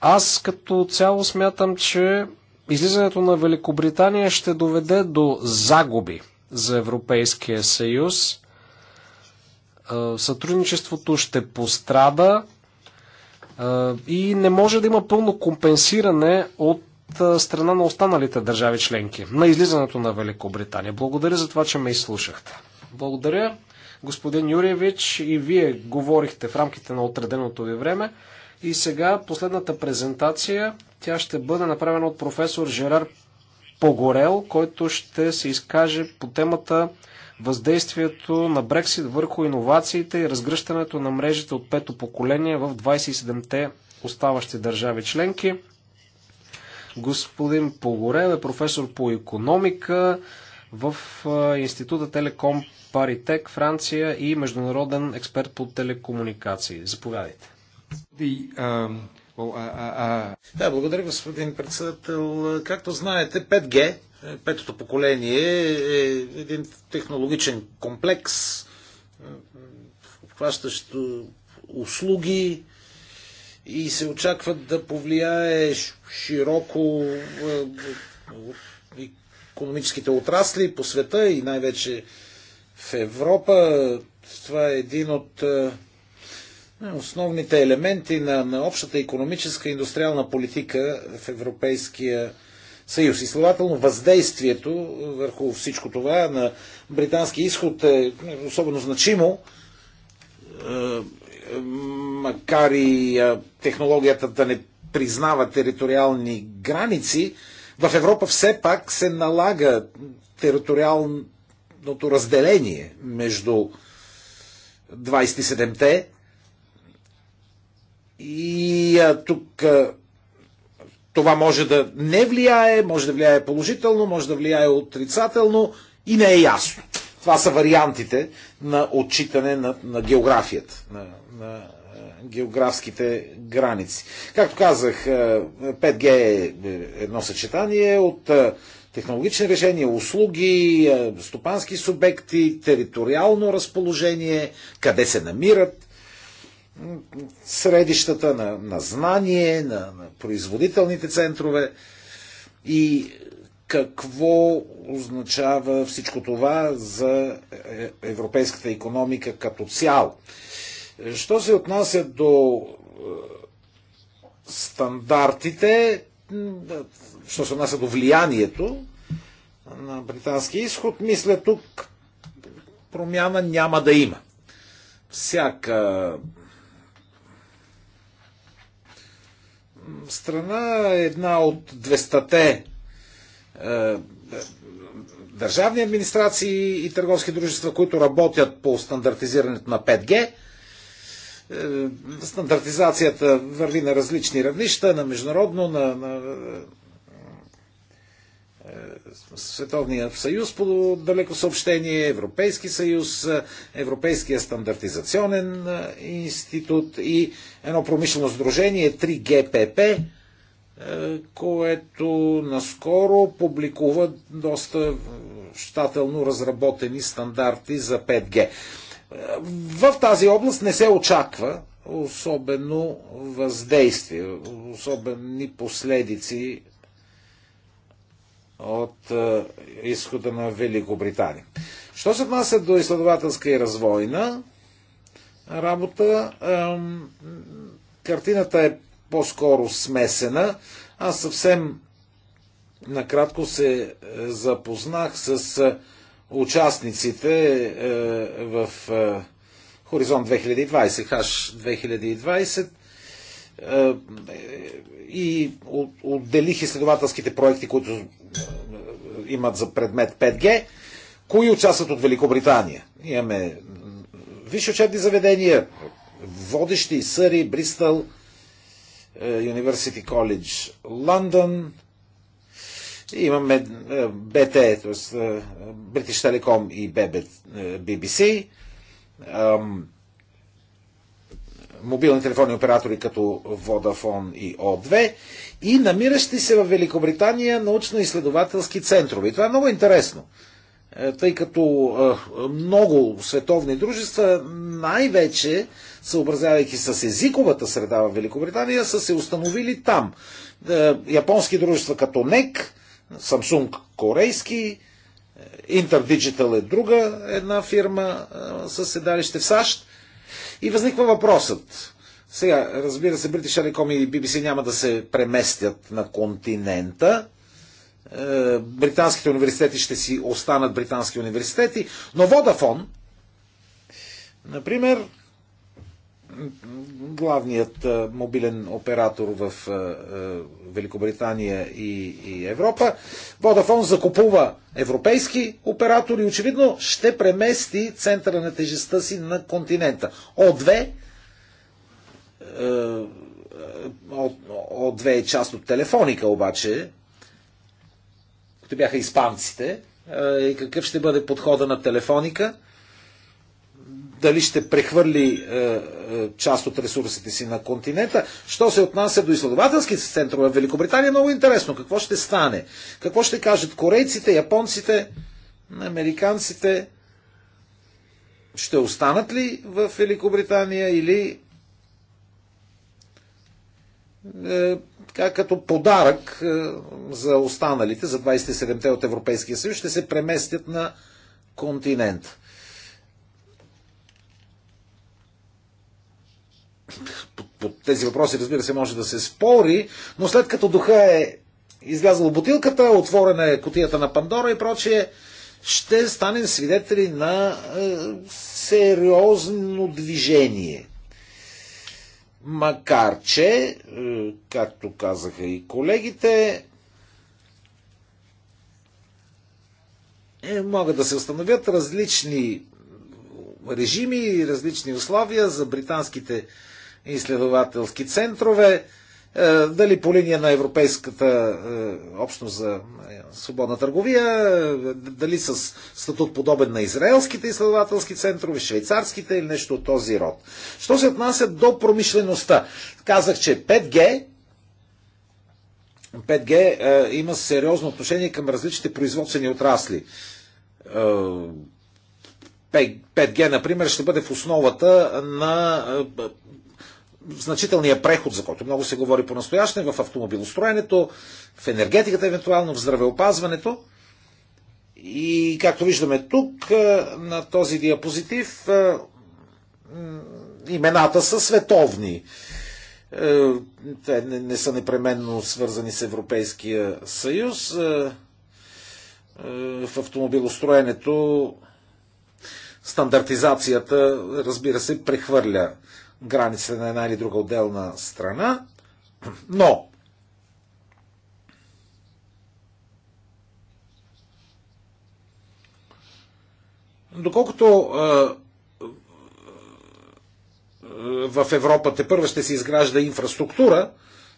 Аз като цяло смятам, че излизането на Великобритания ще доведе до загуби за Европейския съюз. сътрудничеството ще пострада и не може да има пълно компенсиране от страна на останалите държави членки на излизането на Великобритания. Благодаря за това, че ме изслушахте. Благодаря, господин Юриевич, и вие говорихте в рамките на отреденото ви време. И сега последната презентация, тя ще бъде направена от професор Жерар Погорел, който ще се изкаже по темата въздействието на Брексит върху иновациите и разгръщането на мрежите от пето поколение в 27-те оставащи държави членки. Господин Погорев е професор по економика в Института Телеком Паритек, Франция и международен експерт по телекомуникации. Заповядайте. Um, uh, uh, uh, да, благодаря, господин председател. Както знаете, 5G, е, петото поколение, е един технологичен комплекс, е, обхващащ е, услуги, и се очаква да повлияе широко е, економическите отрасли по света и най-вече в Европа. Това е един от е, е, основните елементи на, на общата економическа и индустриална политика в Европейския съюз. И следователно въздействието върху всичко това на британски изход е особено значимо макар и технологията да не признава териториални граници, в Европа все пак се налага териториалното разделение между 27-те и а, тук а, това може да не влияе, може да влияе положително, може да влияе отрицателно и не е ясно. Това са вариантите на отчитане на, на географията, на, на е, географските граници. Както казах, 5G е, е, е едно съчетание от технологични решения, услуги, стопански субекти, териториално разположение, къде се намират средищата на, на знание, на, на производителните центрове. И какво означава всичко това за е, европейската економика като цяло. Що се отнася до е, стандартите, що се отнася до влиянието на британския изход, мисля тук промяна няма да има. Всяка страна е една от 200-те е, държавни администрации и търговски дружества, които работят по стандартизирането на 5G. Е, стандартизацията върви на различни равнища, на международно, на, на е, Световния съюз по далеко съобщение, Европейски съюз, Европейския стандартизационен институт и едно промишлено сдружение 3GPP, е, което наскоро публикува доста е, щателно разработени стандарти за 5G. Е, в тази област не се очаква особено въздействие, особени последици от изхода на Великобритания. Що се отнася до изследователска и развойна работа, картината е по-скоро смесена. Аз съвсем накратко се е, запознах с е, участниците е, в Хоризонт 2020, Хаш 2020 и отделих изследователските проекти, които имат за предмет 5G, кои участват от Великобритания. Имаме висши учебни заведения, водещи, Съри, Бристъл, е, University College London. И имаме BT, е, т.е. Е, British Telecom и BBC. Мобилни телефонни оператори като Vodafone и O2 и намиращи се в Великобритания научно-изследователски центрове. И това е много интересно тъй като много световни дружества най-вече съобразявайки с езиковата среда в Великобритания, са се установили там. Е, японски дружества като НЕК, Samsung корейски, е, Interdigital е друга една фирма е, със седалище в САЩ. И възниква въпросът. Сега, разбира се, British Telecom и BBC няма да се преместят на континента, британските университети ще си останат британски университети, но Водафон, например, главният мобилен оператор в Великобритания и Европа. Водафон закупува европейски оператори и очевидно ще премести центъра на тежестта си на континента. О2 О2 е част от телефоника обаче, които бяха испанците, и какъв ще бъде подхода на телефоника – дали ще прехвърли е, е, част от ресурсите си на континента. Що се отнася до изследователските центрове в Великобритания, много интересно. Какво ще стане? Какво ще кажат корейците, японците, американците? Ще останат ли в Великобритания или е, така, като подарък е, за останалите, за 27-те от Европейския съюз, ще се преместят на континент? по, по тези въпроси, разбира се, може да се спори, но след като духа е излязъл бутилката, отворена е котията на Пандора и прочие, ще станем свидетели на е, сериозно движение. Макар че, е, както казаха и колегите, е, могат да се установят различни режими и различни условия за британските изследователски центрове, е, дали по линия на Европейската е, общност за е, свободна търговия, дали с статут подобен на израелските изследователски центрове, швейцарските или нещо от този род. Що се отнася до промишлеността? Казах, че 5G 5G е, има сериозно отношение към различните производствени отрасли. Е, 5G, например, ще бъде в основата на значителния преход, за който много се говори по-настояще, в автомобилостроенето, в енергетиката, евентуално в здравеопазването. И както виждаме тук е, на този диапозитив, е, имената са световни. Е, те не са непременно свързани с Европейския съюз. В автомобилостроенето стандартизацията, разбира се, прехвърля граница на една или друга отделна страна, но доколкото в Европа те първо ще се изгражда инфраструктура,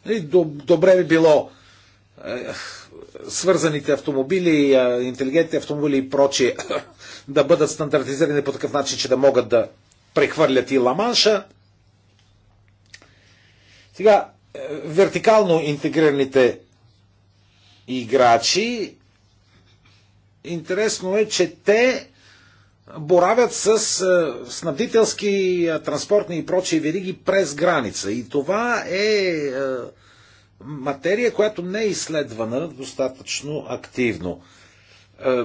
и нали, добре би било свързаните автомобили, интелигентните автомобили и прочие [LAUGHS] да бъдат стандартизирани по такъв начин, че да могат да прехвърлят и Ламанша. Сега, е, вертикално интегрираните играчи, интересно е, че те боравят с е, снабдителски, е, транспортни и прочие вериги през граница. И това е материя, която не е изследвана достатъчно активно.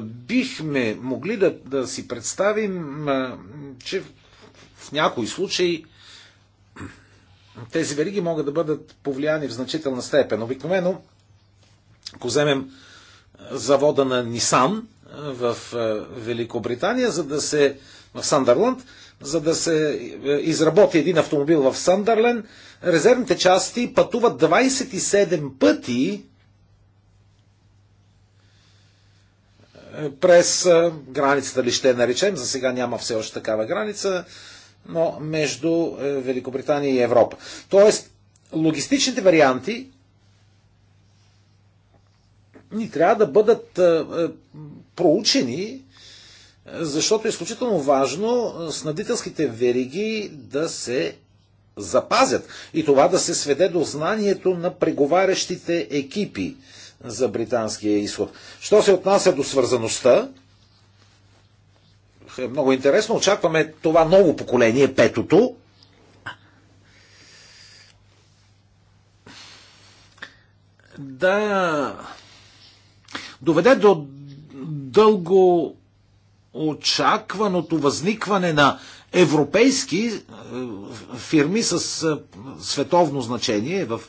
Бихме могли да, да си представим, че в някои случаи тези вериги могат да бъдат повлияни в значителна степен. Обикновено, ако вземем завода на Нисан в Великобритания, за да се в Сандърланд, за да се изработи един автомобил в Сандърлен, резервните части пътуват 27 пъти през границата ли ще наречем, за сега няма все още такава граница, но между е, Великобритания и Европа. Тоест, логистичните варианти ни трябва да бъдат е, е, проучени, защото е изключително важно снабдителските вериги да се запазят и това да се сведе до знанието на преговарящите екипи за британския изход. Що се отнася до свързаността, е много интересно. Очакваме това ново поколение, петото. Да доведе до дълго очакваното възникване на европейски е, фирми с е, световно значение в,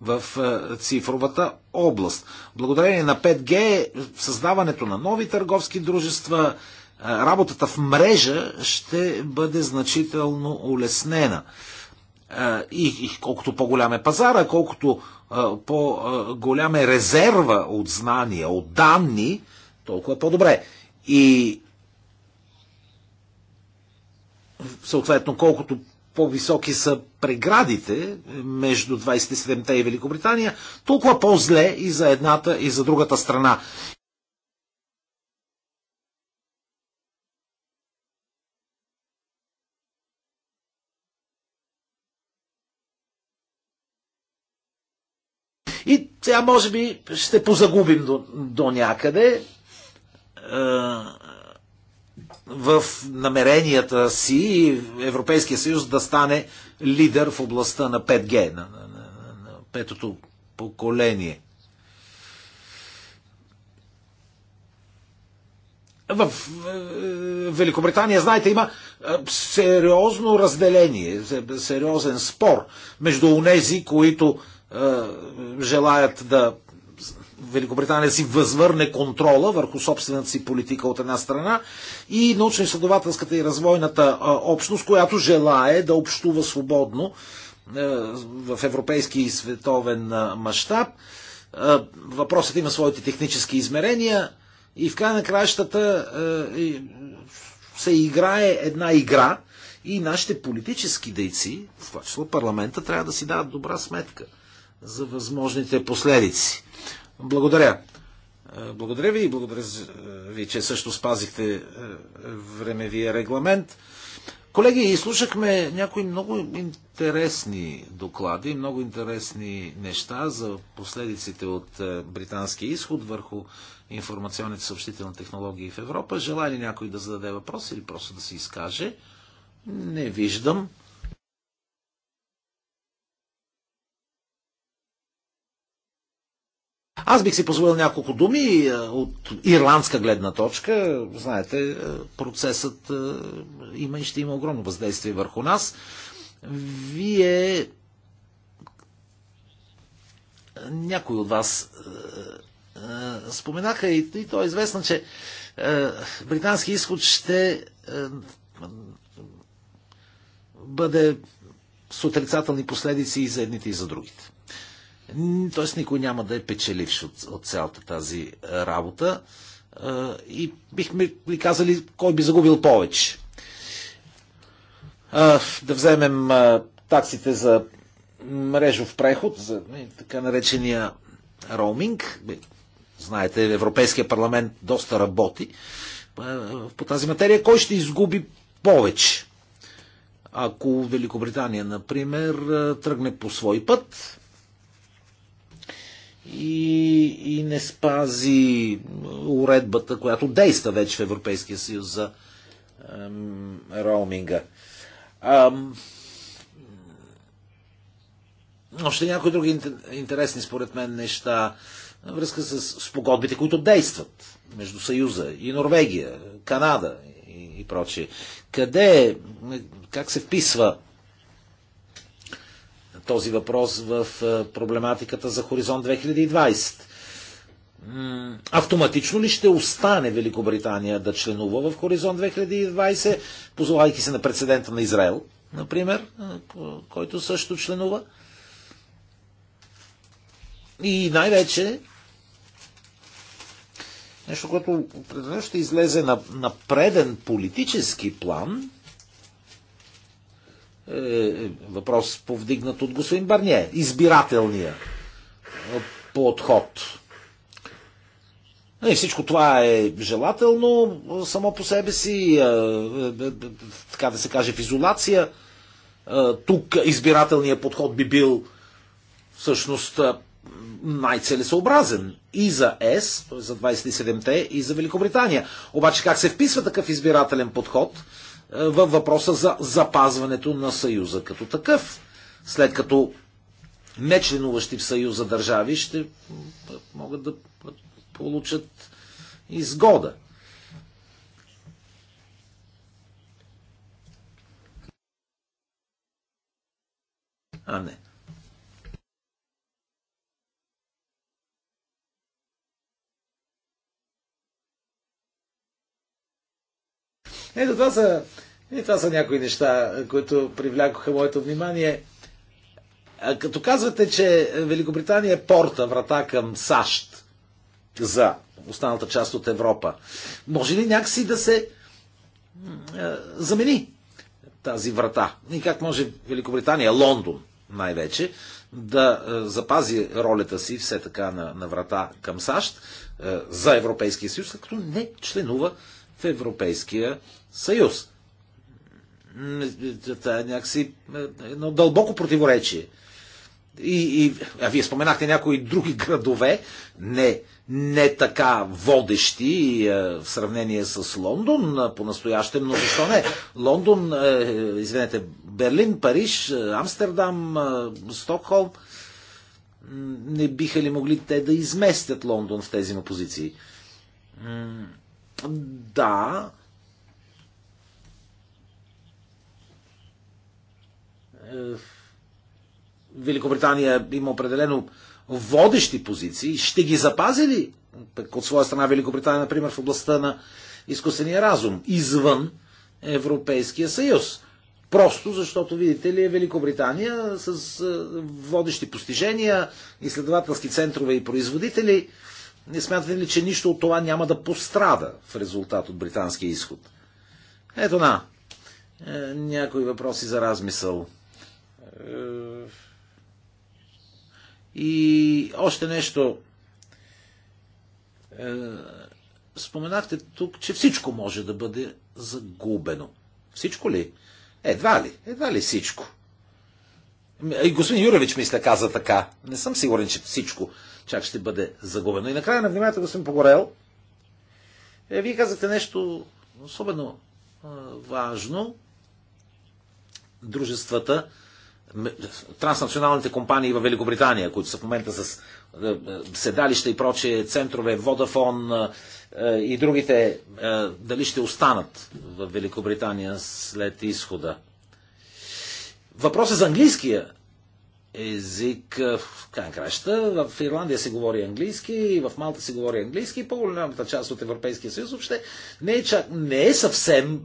в е, цифровата област. Благодарение на 5G, създаването на нови търговски дружества, е, работата в мрежа ще бъде значително улеснена. Е, и, и колкото по-голям е пазара, колкото е, по-голям е резерва от знания, от данни, толкова по-добре. И съответно, колкото по-високи са преградите между 27-те и Великобритания, толкова по-зле и за едната и за другата страна. Сега може би ще позагубим до, до някъде е, в намеренията си Европейския съюз да стане лидер в областта на 5G, на, на, на, на петото поколение. В е, Великобритания, знаете, има е, сериозно разделение, сериозен спор между онези, които е, желаят да Великобритания си възвърне контрола върху собствената си политика от една страна и научно-изследователската и развойната е, общност, която желае да общува свободно е, в европейски и световен мащаб. Въпросът има своите технически измерения и в край на краищата се играе една игра и нашите политически дейци, в това число парламента, трябва да си дадат добра сметка – за възможните последици. Благодаря. Е, благодаря ви и благодаря е, ви, че също спазихте е, времевия регламент. Колеги, изслушахме някои много интересни доклади, много интересни неща за последиците от британския изход върху информационните съобщителни технологии в Европа. Желая ли някой да зададе въпрос или просто да се изкаже? Не виждам. Аз бих си позволил няколко думи е, от ирландска гледна точка. Знаете, е, процесът е, има и ще има огромно въздействие върху нас. Вие някой от вас споменаха и, и то е известно, че британски изход ще бъде с отрицателни последици и за едните и за другите т.е. никой няма да е печеливш от, от цялата тази е, работа е, и бихме ли казали кой би загубил повече. Е, да вземем таксите за мрежов преход, за така наречения роуминг. Знаете, Европейския парламент доста работи по тази материя. Кой ще изгуби повече? Ако Великобритания, например, тръгне по свой път, и, и не спази уредбата, която действа вече в Европейския съюз за ем, роуминга. Ам, още някои други интересни, според мен, неща връзка с спогодбите, които действат между Съюза и Норвегия, Канада и, и прочие. Къде, как се вписва този въпрос в е, проблематиката за Хоризонт 2020. Автоматично ли ще остане Великобритания да членува в Хоризонт 2020, позовайки се на прецедента на Израел, например, е, който също членува? И най-вече нещо, което определено ще излезе на, на преден политически план, е, въпрос повдигнат от господин Барние, избирателния подход. И е, всичко това е желателно само по себе си, е, така да се каже, в изолация. Тук избирателният подход би бил всъщност най-целесообразен и за ЕС, за 27-те, и за Великобритания. Обаче как се вписва такъв избирателен подход е, във въпроса за запазването на Съюза като такъв. След като нечленуващи в Съюза държави ще могат да получат изгода. А не. Ето това са, и това са някои неща, които привлякоха моето внимание. Като казвате, че Великобритания е порта, врата към САЩ за останалата част от Европа, може ли някакси да се замени тази врата? И как може Великобритания, Лондон най-вече, да запази ролята си все така на, на врата към САЩ за Европейския съюз, като не членува в Европейския съюз. Това е някакси е, едно дълбоко противоречие. И, и, а вие споменахте някои други градове, не, не така водещи е, в сравнение с Лондон по-настоящем, но защо не? Лондон, е, извинете, Берлин, Париж, е, Амстердам, е, Стокхолм, не биха ли могли те да изместят Лондон в тези му позиции? Да, Е, Великобритания има определено водещи позиции, ще ги запази ли пък от своя страна Великобритания, например, в областта на изкусения разум, извън Европейския съюз? Просто защото, видите ли, е Великобритания с е, водещи постижения, изследователски центрове и производители, не смятате ли, че нищо от това няма да пострада в резултат от британския изход? Ето на, някои въпроси за размисъл. Е, и още нещо. Е, споменахте тук, че всичко може да бъде загубено. Всичко ли? Едва ли? Едва ли всичко? И господин Юревич, мисля, каза така. Не съм сигурен, че всичко чак ще бъде загубено. И накрая на внимателно съм Погорел, е, вие казахте нещо особено важно. Дружествата транснационалните компании в Великобритания, които са в момента с е, е, седалища и прочие центрове, Водафон е, и другите, дали ще останат в Великобритания след изхода. Въпросът за английския език, в крайна краща, в Ирландия се говори английски, и в Малта се говори английски, по-голямата част от Европейския съюз въобще не е, чак, не е съвсем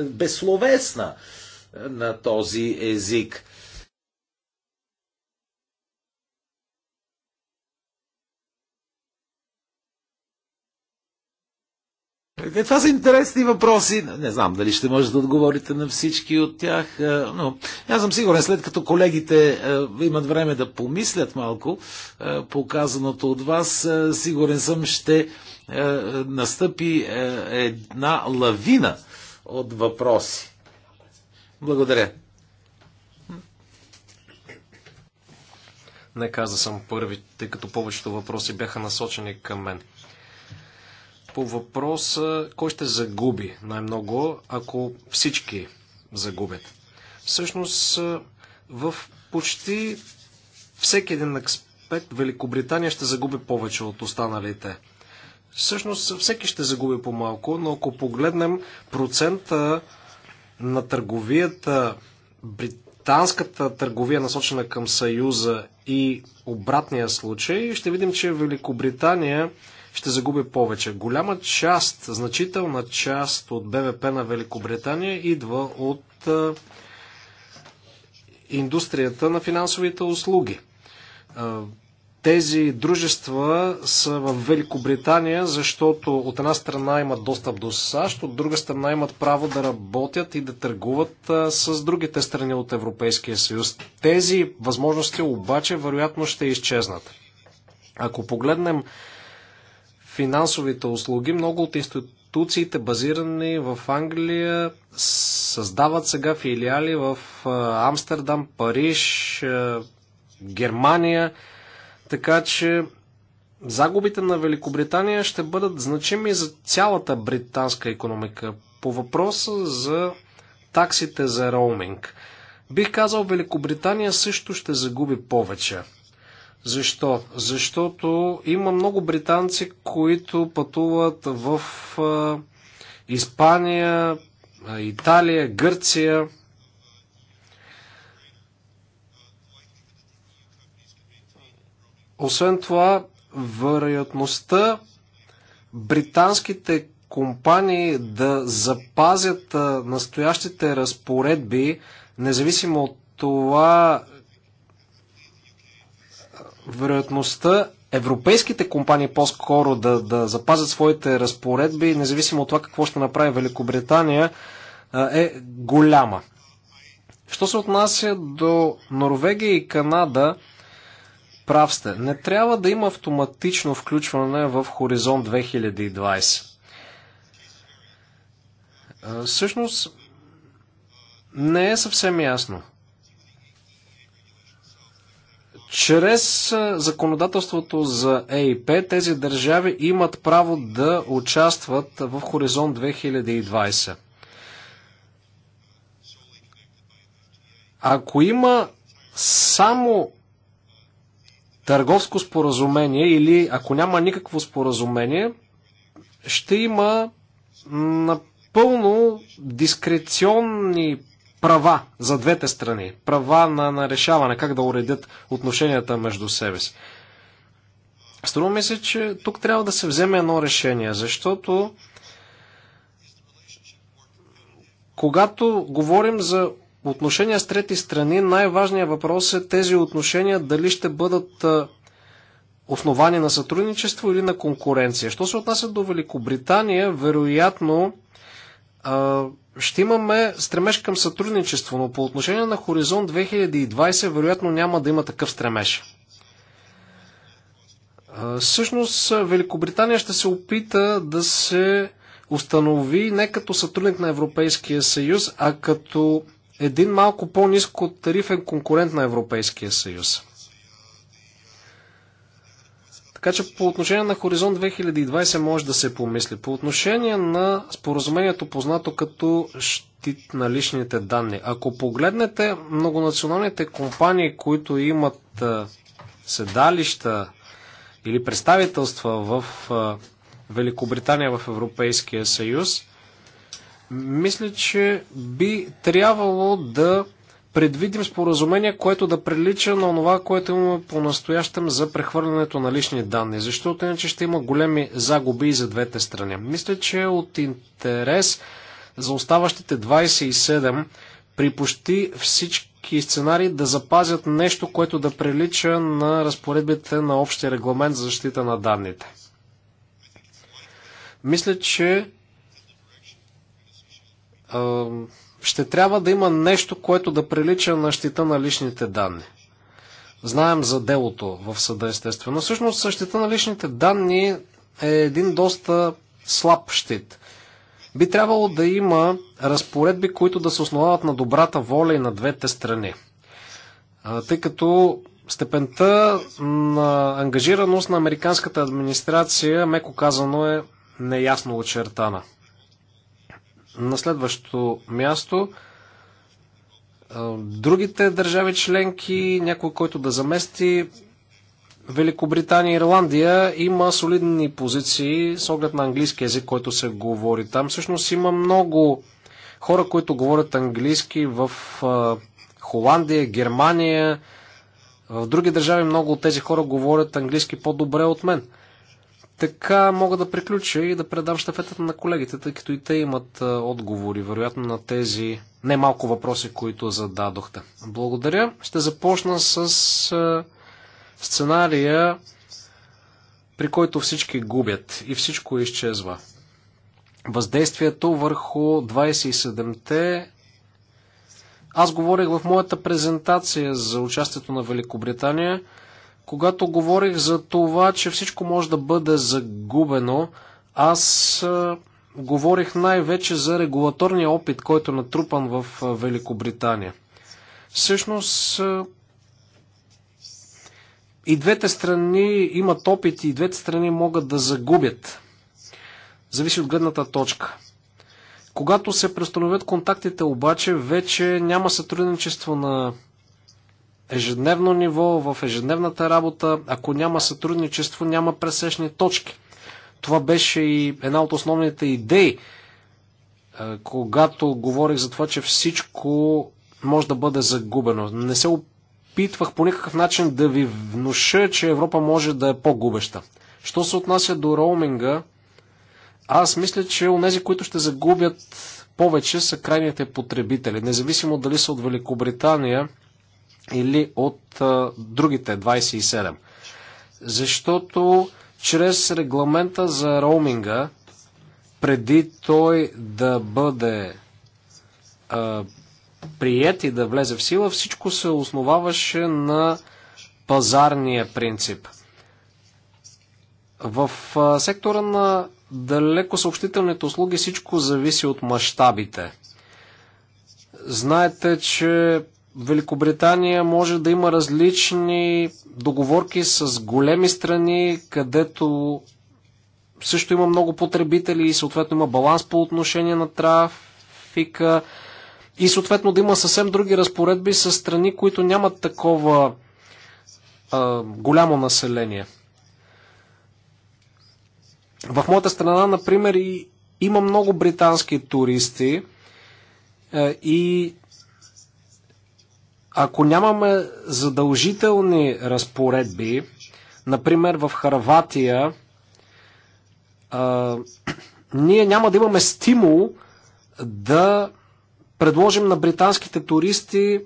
безсловесна на този език. Е, това са интересни въпроси. Не знам дали ще можете да отговорите на всички от тях, е, но аз съм сигурен, след като колегите е, имат време да помислят малко по казаното от вас, сигурен съм, ще настъпи една лавина от въпроси. Благодаря. Не каза съм първи, тъй като повечето въпроси бяха насочени към мен. По въпроса, кой ще загуби най-много, ако всички загубят? Всъщност, в почти всеки един аспект Великобритания ще загуби повече от останалите. Всъщност, всеки ще загуби по-малко, но ако погледнем процента на търговията, британската търговия насочена към Съюза и обратния случай, ще видим, че Великобритания ще загуби повече. Голяма част, значителна част от БВП на Великобритания идва от индустрията на финансовите услуги. Тези дружества са в Великобритания, защото от една страна имат достъп до САЩ, от друга страна имат право да работят и да търгуват с другите страни от Европейския съюз. Тези възможности обаче вероятно ще изчезнат. Ако погледнем финансовите услуги, много от институциите, базирани в Англия, създават сега филиали в Амстердам, Париж, Германия – така че загубите на Великобритания ще бъдат значими за цялата британска економика. По въпроса за таксите за роуминг. Бих казал, Великобритания също ще загуби повече. Защо? Защото има много британци, които пътуват в Испания, Италия, Гърция. Освен това, вероятността британските компании да запазят настоящите разпоредби, независимо от това, вероятността европейските компании по-скоро да, да запазят своите разпоредби, независимо от това какво ще направи Великобритания, е голяма. Що се отнася до Норвегия и Канада, Прав сте. Не трябва да има автоматично включване в Хоризонт 2020. Всъщност, не е съвсем ясно. Чрез законодателството за ЕИП тези държави имат право да участват в Хоризонт 2020. Ако има само търговско споразумение или ако няма никакво споразумение, ще има напълно дискреционни права за двете страни. Права на, на решаване, как да уредят отношенията между себе си. Струва ми се, че тук трябва да се вземе едно решение, защото когато говорим за отношения с трети страни най-важният въпрос е тези отношения дали ще бъдат основани на сътрудничество или на конкуренция. Що се отнася до Великобритания, вероятно ще имаме стремеж към сътрудничество, но по отношение на Хоризонт 2020 вероятно няма да има такъв стремеж. Всъщност Великобритания ще се опита да се установи не като сътрудник на Европейския съюз, а като един малко по-низко тарифен конкурент на Европейския съюз. Така че по отношение на Хоризонт 2020 може да се помисли. По отношение на споразумението познато като щит на личните данни. Ако погледнете многонационалните компании, които имат седалища или представителства в Великобритания в Европейския съюз, мисля, че би трябвало да предвидим споразумение, което да прилича на това, което имаме по-настоящем за прехвърлянето на лични данни, защото иначе ще има големи загуби и за двете страни. Мисля, че е от интерес за оставащите 27 при почти всички сценарии да запазят нещо, което да прилича на разпоредбите на общия регламент за защита на данните. Мисля, че ще трябва да има нещо, което да прилича на щита на личните данни. Знаем за делото в съда, естествено. Всъщност, същита на личните данни е един доста слаб щит. Би трябвало да има разпоредби, които да се основават на добрата воля и на двете страни. Тъй като степента на ангажираност на американската администрация, меко казано, е неясно очертана. На следващо място другите държави членки, някой, който да замести Великобритания и Ирландия има солидни позиции с оглед на английски язик, който се говори там. Всъщност има много хора, които говорят английски в Холандия, Германия, в други държави много от тези хора говорят английски по-добре от мен. Така мога да приключа и да предам щафетата на колегите, тъй като и те имат отговори, вероятно, на тези немалко въпроси, които зададохте. Благодаря. Ще започна с сценария, при който всички губят и всичко изчезва. Въздействието върху 27-те. Аз говорих в моята презентация за участието на Великобритания – когато говорих за това, че всичко може да бъде загубено, аз говорих най-вече за регулаторния опит, който е натрупан в Великобритания. Всъщност, и двете страни имат опит и двете страни могат да загубят. Зависи от гледната точка. Когато се престановят контактите обаче, вече няма сътрудничество на ежедневно ниво, в ежедневната работа. Ако няма сътрудничество, няма пресечни точки. Това беше и една от основните идеи, е, когато говорих за това, че всичко може да бъде загубено. Не се опитвах по никакъв начин да ви внуша, че Европа може да е по-губеща. Що се отнася до роуминга, аз мисля, че онези, които ще загубят повече, са крайните потребители. Независимо дали са от Великобритания или от а, другите 27. Защото чрез регламента за роуминга, преди той да бъде а, прият и да влезе в сила, всичко се основаваше на пазарния принцип. В а, сектора на далеко съобщителните услуги всичко зависи от мащабите. Знаете, че Великобритания може да има различни договорки с големи страни, където също има много потребители и съответно има баланс по отношение на трафика и съответно да има съвсем други разпоредби с страни, които нямат такова а, голямо население. В моята страна, например, и, има много британски туристи и ако нямаме задължителни разпоредби, например в Харватия, а, ние няма да имаме стимул да предложим на британските туристи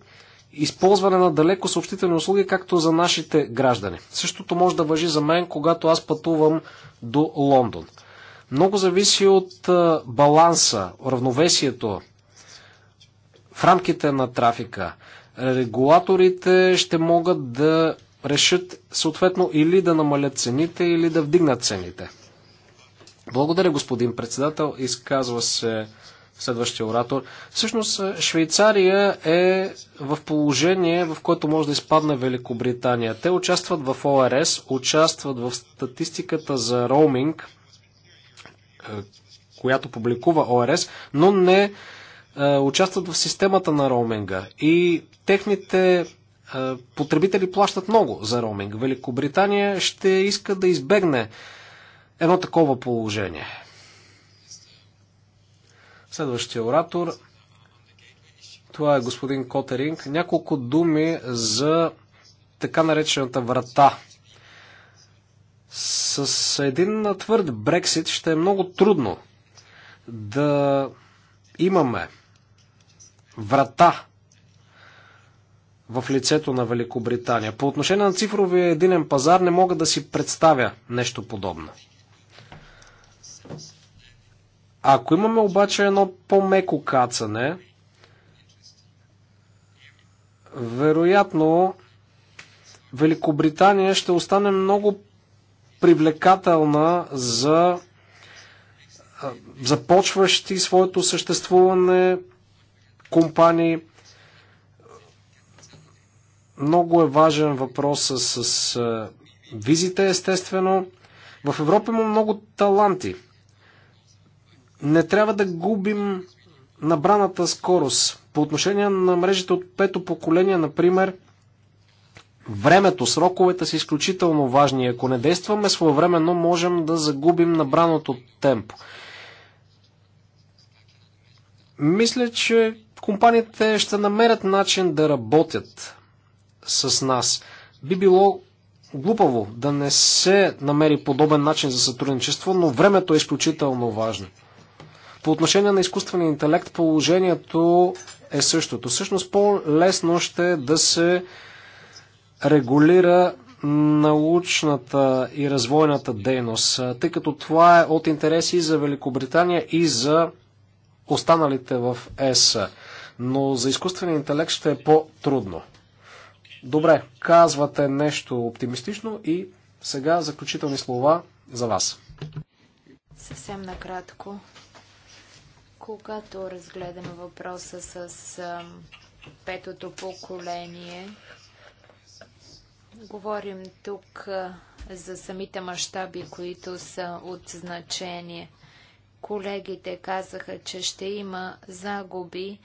използване на далеко съобщителни услуги, както за нашите граждани. Същото може да въжи за мен, когато аз пътувам до Лондон. Много зависи от баланса, равновесието в рамките на трафика регулаторите ще могат да решат съответно или да намалят цените, или да вдигнат цените. Благодаря, господин председател. Изказва се следващия оратор. Всъщност Швейцария е в положение, в което може да изпадне Великобритания. Те участват в ОРС, участват в статистиката за роуминг, е, която публикува ОРС, но не е, участват в системата на роуминга и техните е, потребители плащат много за роуминг. Великобритания ще иска да избегне едно такова положение. Следващия оратор. Това е господин Котеринг. Няколко думи за така наречената врата. С един твърд Брексит ще е много трудно да имаме врата в лицето на Великобритания. По отношение на цифровия единен пазар не мога да си представя нещо подобно. Ако имаме обаче едно по-меко кацане, вероятно Великобритания ще остане много привлекателна за започващи своето съществуване компании. Много е важен въпрос с, с визите, естествено. В Европа има много таланти. Не трябва да губим набраната скорост. По отношение на мрежите от пето поколение, например, времето, сроковете са изключително важни. Ако не действаме своевременно, можем да загубим набраното темпо. Мисля, че компаниите ще намерят начин да работят с нас. Би било глупаво да не се намери подобен начин за сътрудничество, но времето е изключително важно. По отношение на изкуствения интелект положението е същото. Всъщност по-лесно ще е да се регулира научната и развойната дейност, тъй като това е от интереси и за Великобритания и за останалите в ЕС но за изкуствения интелект ще е по-трудно. Добре, казвате нещо оптимистично и сега заключителни слова за вас. Съвсем накратко. Когато разгледаме въпроса с петото поколение, говорим тук за самите мащаби, които са от значение. Колегите казаха, че ще има загуби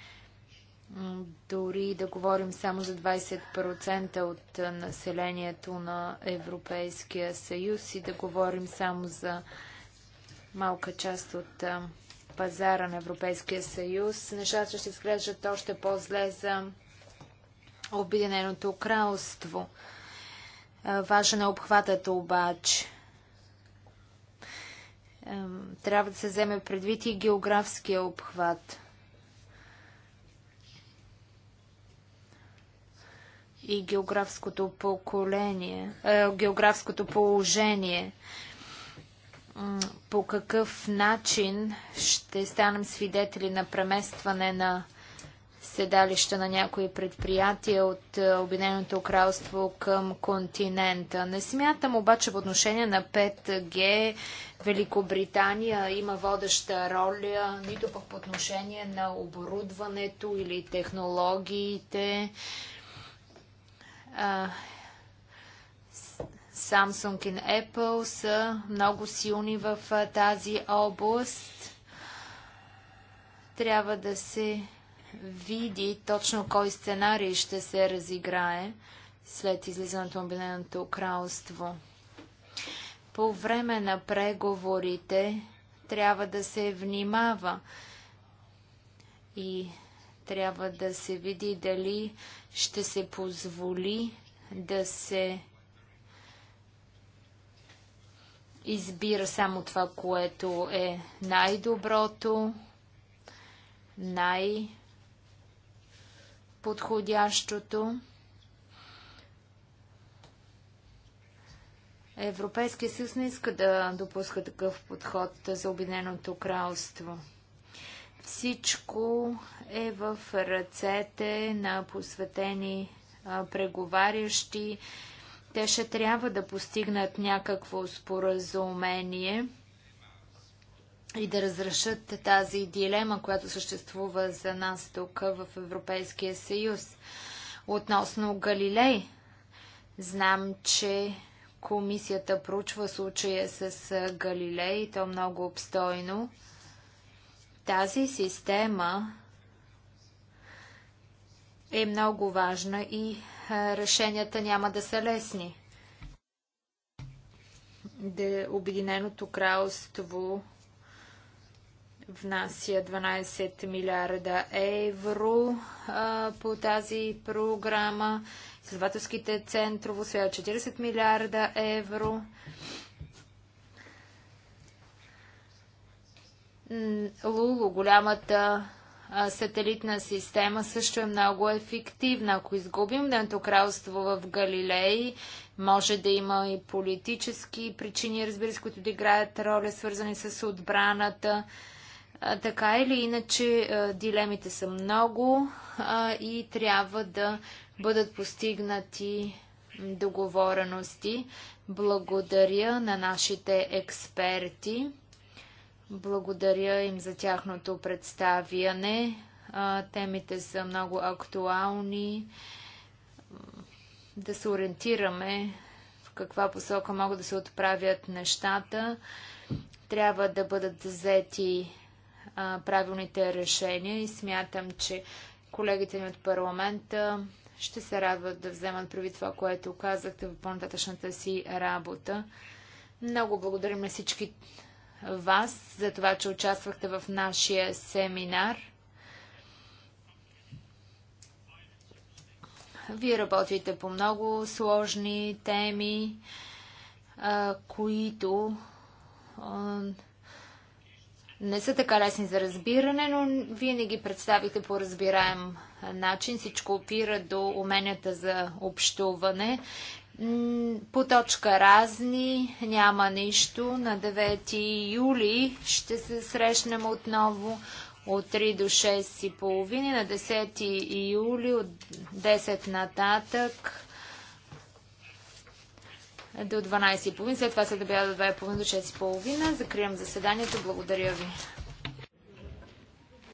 дори да говорим само за 20% от населението на Европейския съюз и да говорим само за малка част от пазара на Европейския съюз, нещата ще изглеждат още по-зле за Обединеното кралство. Важен е обхватът обаче. Трябва да се вземе предвид и географския обхват – и географското поколение, э, географското положение. По какъв начин ще станем свидетели на преместване на седалища на някои предприятия от е, Обединеното кралство към континента. Не смятам обаче в отношение на 5G Великобритания има водеща роля, нито пък по отношение на оборудването или технологиите. Samsung и Apple са много силни в тази област. Трябва да се види точно кой сценарий ще се разиграе след излизането на Обединеното кралство. По време на преговорите трябва да се внимава и трябва да се види дали ще се позволи да се избира само това, което е най-доброто, най-подходящото. Европейския съюз не иска да допуска такъв подход за Обединеното кралство. Всичко е в ръцете на посветени преговарящи. Те ще трябва да постигнат някакво споразумение и да разрешат тази дилема, която съществува за нас тук в Европейския съюз. Относно Галилей, знам, че комисията проучва случая с Галилей, то много обстойно. Тази система е много важна и решенията няма да са лесни. Де Обединеното кралство внася 12 милиарда евро а, по тази програма. Изследователските центрове освояват 40 милиарда евро. Лулу, голямата сателитна система също е много ефективна. Ако изгубим Дънто кралство в Галилей, може да има и политически причини, разбира се, които да играят роля, свързани с отбраната. така или иначе, дилемите са много и трябва да бъдат постигнати договорености. Благодаря на нашите експерти. Благодаря им за тяхното представяне. Темите са много актуални. Да се ориентираме в каква посока могат да се отправят нещата. Трябва да бъдат взети правилните решения и смятам, че колегите ни от парламента ще се радват да вземат прави това, което казахте в по-нататъчната си работа. Много благодарим на всички вас за това, че участвахте в нашия семинар. Вие работите по много сложни теми, които не са така лесни за разбиране, но вие не ги представите по разбираем начин. Всичко опира до уменията за общуване. По точка разни няма нищо. На 9 юли ще се срещнем отново от 3 до 6 и половини. На 10 юли от 10 нататък до 12 и половина. След това се добява до 2 и половина до 6 и половина. Закривам заседанието. Благодаря ви.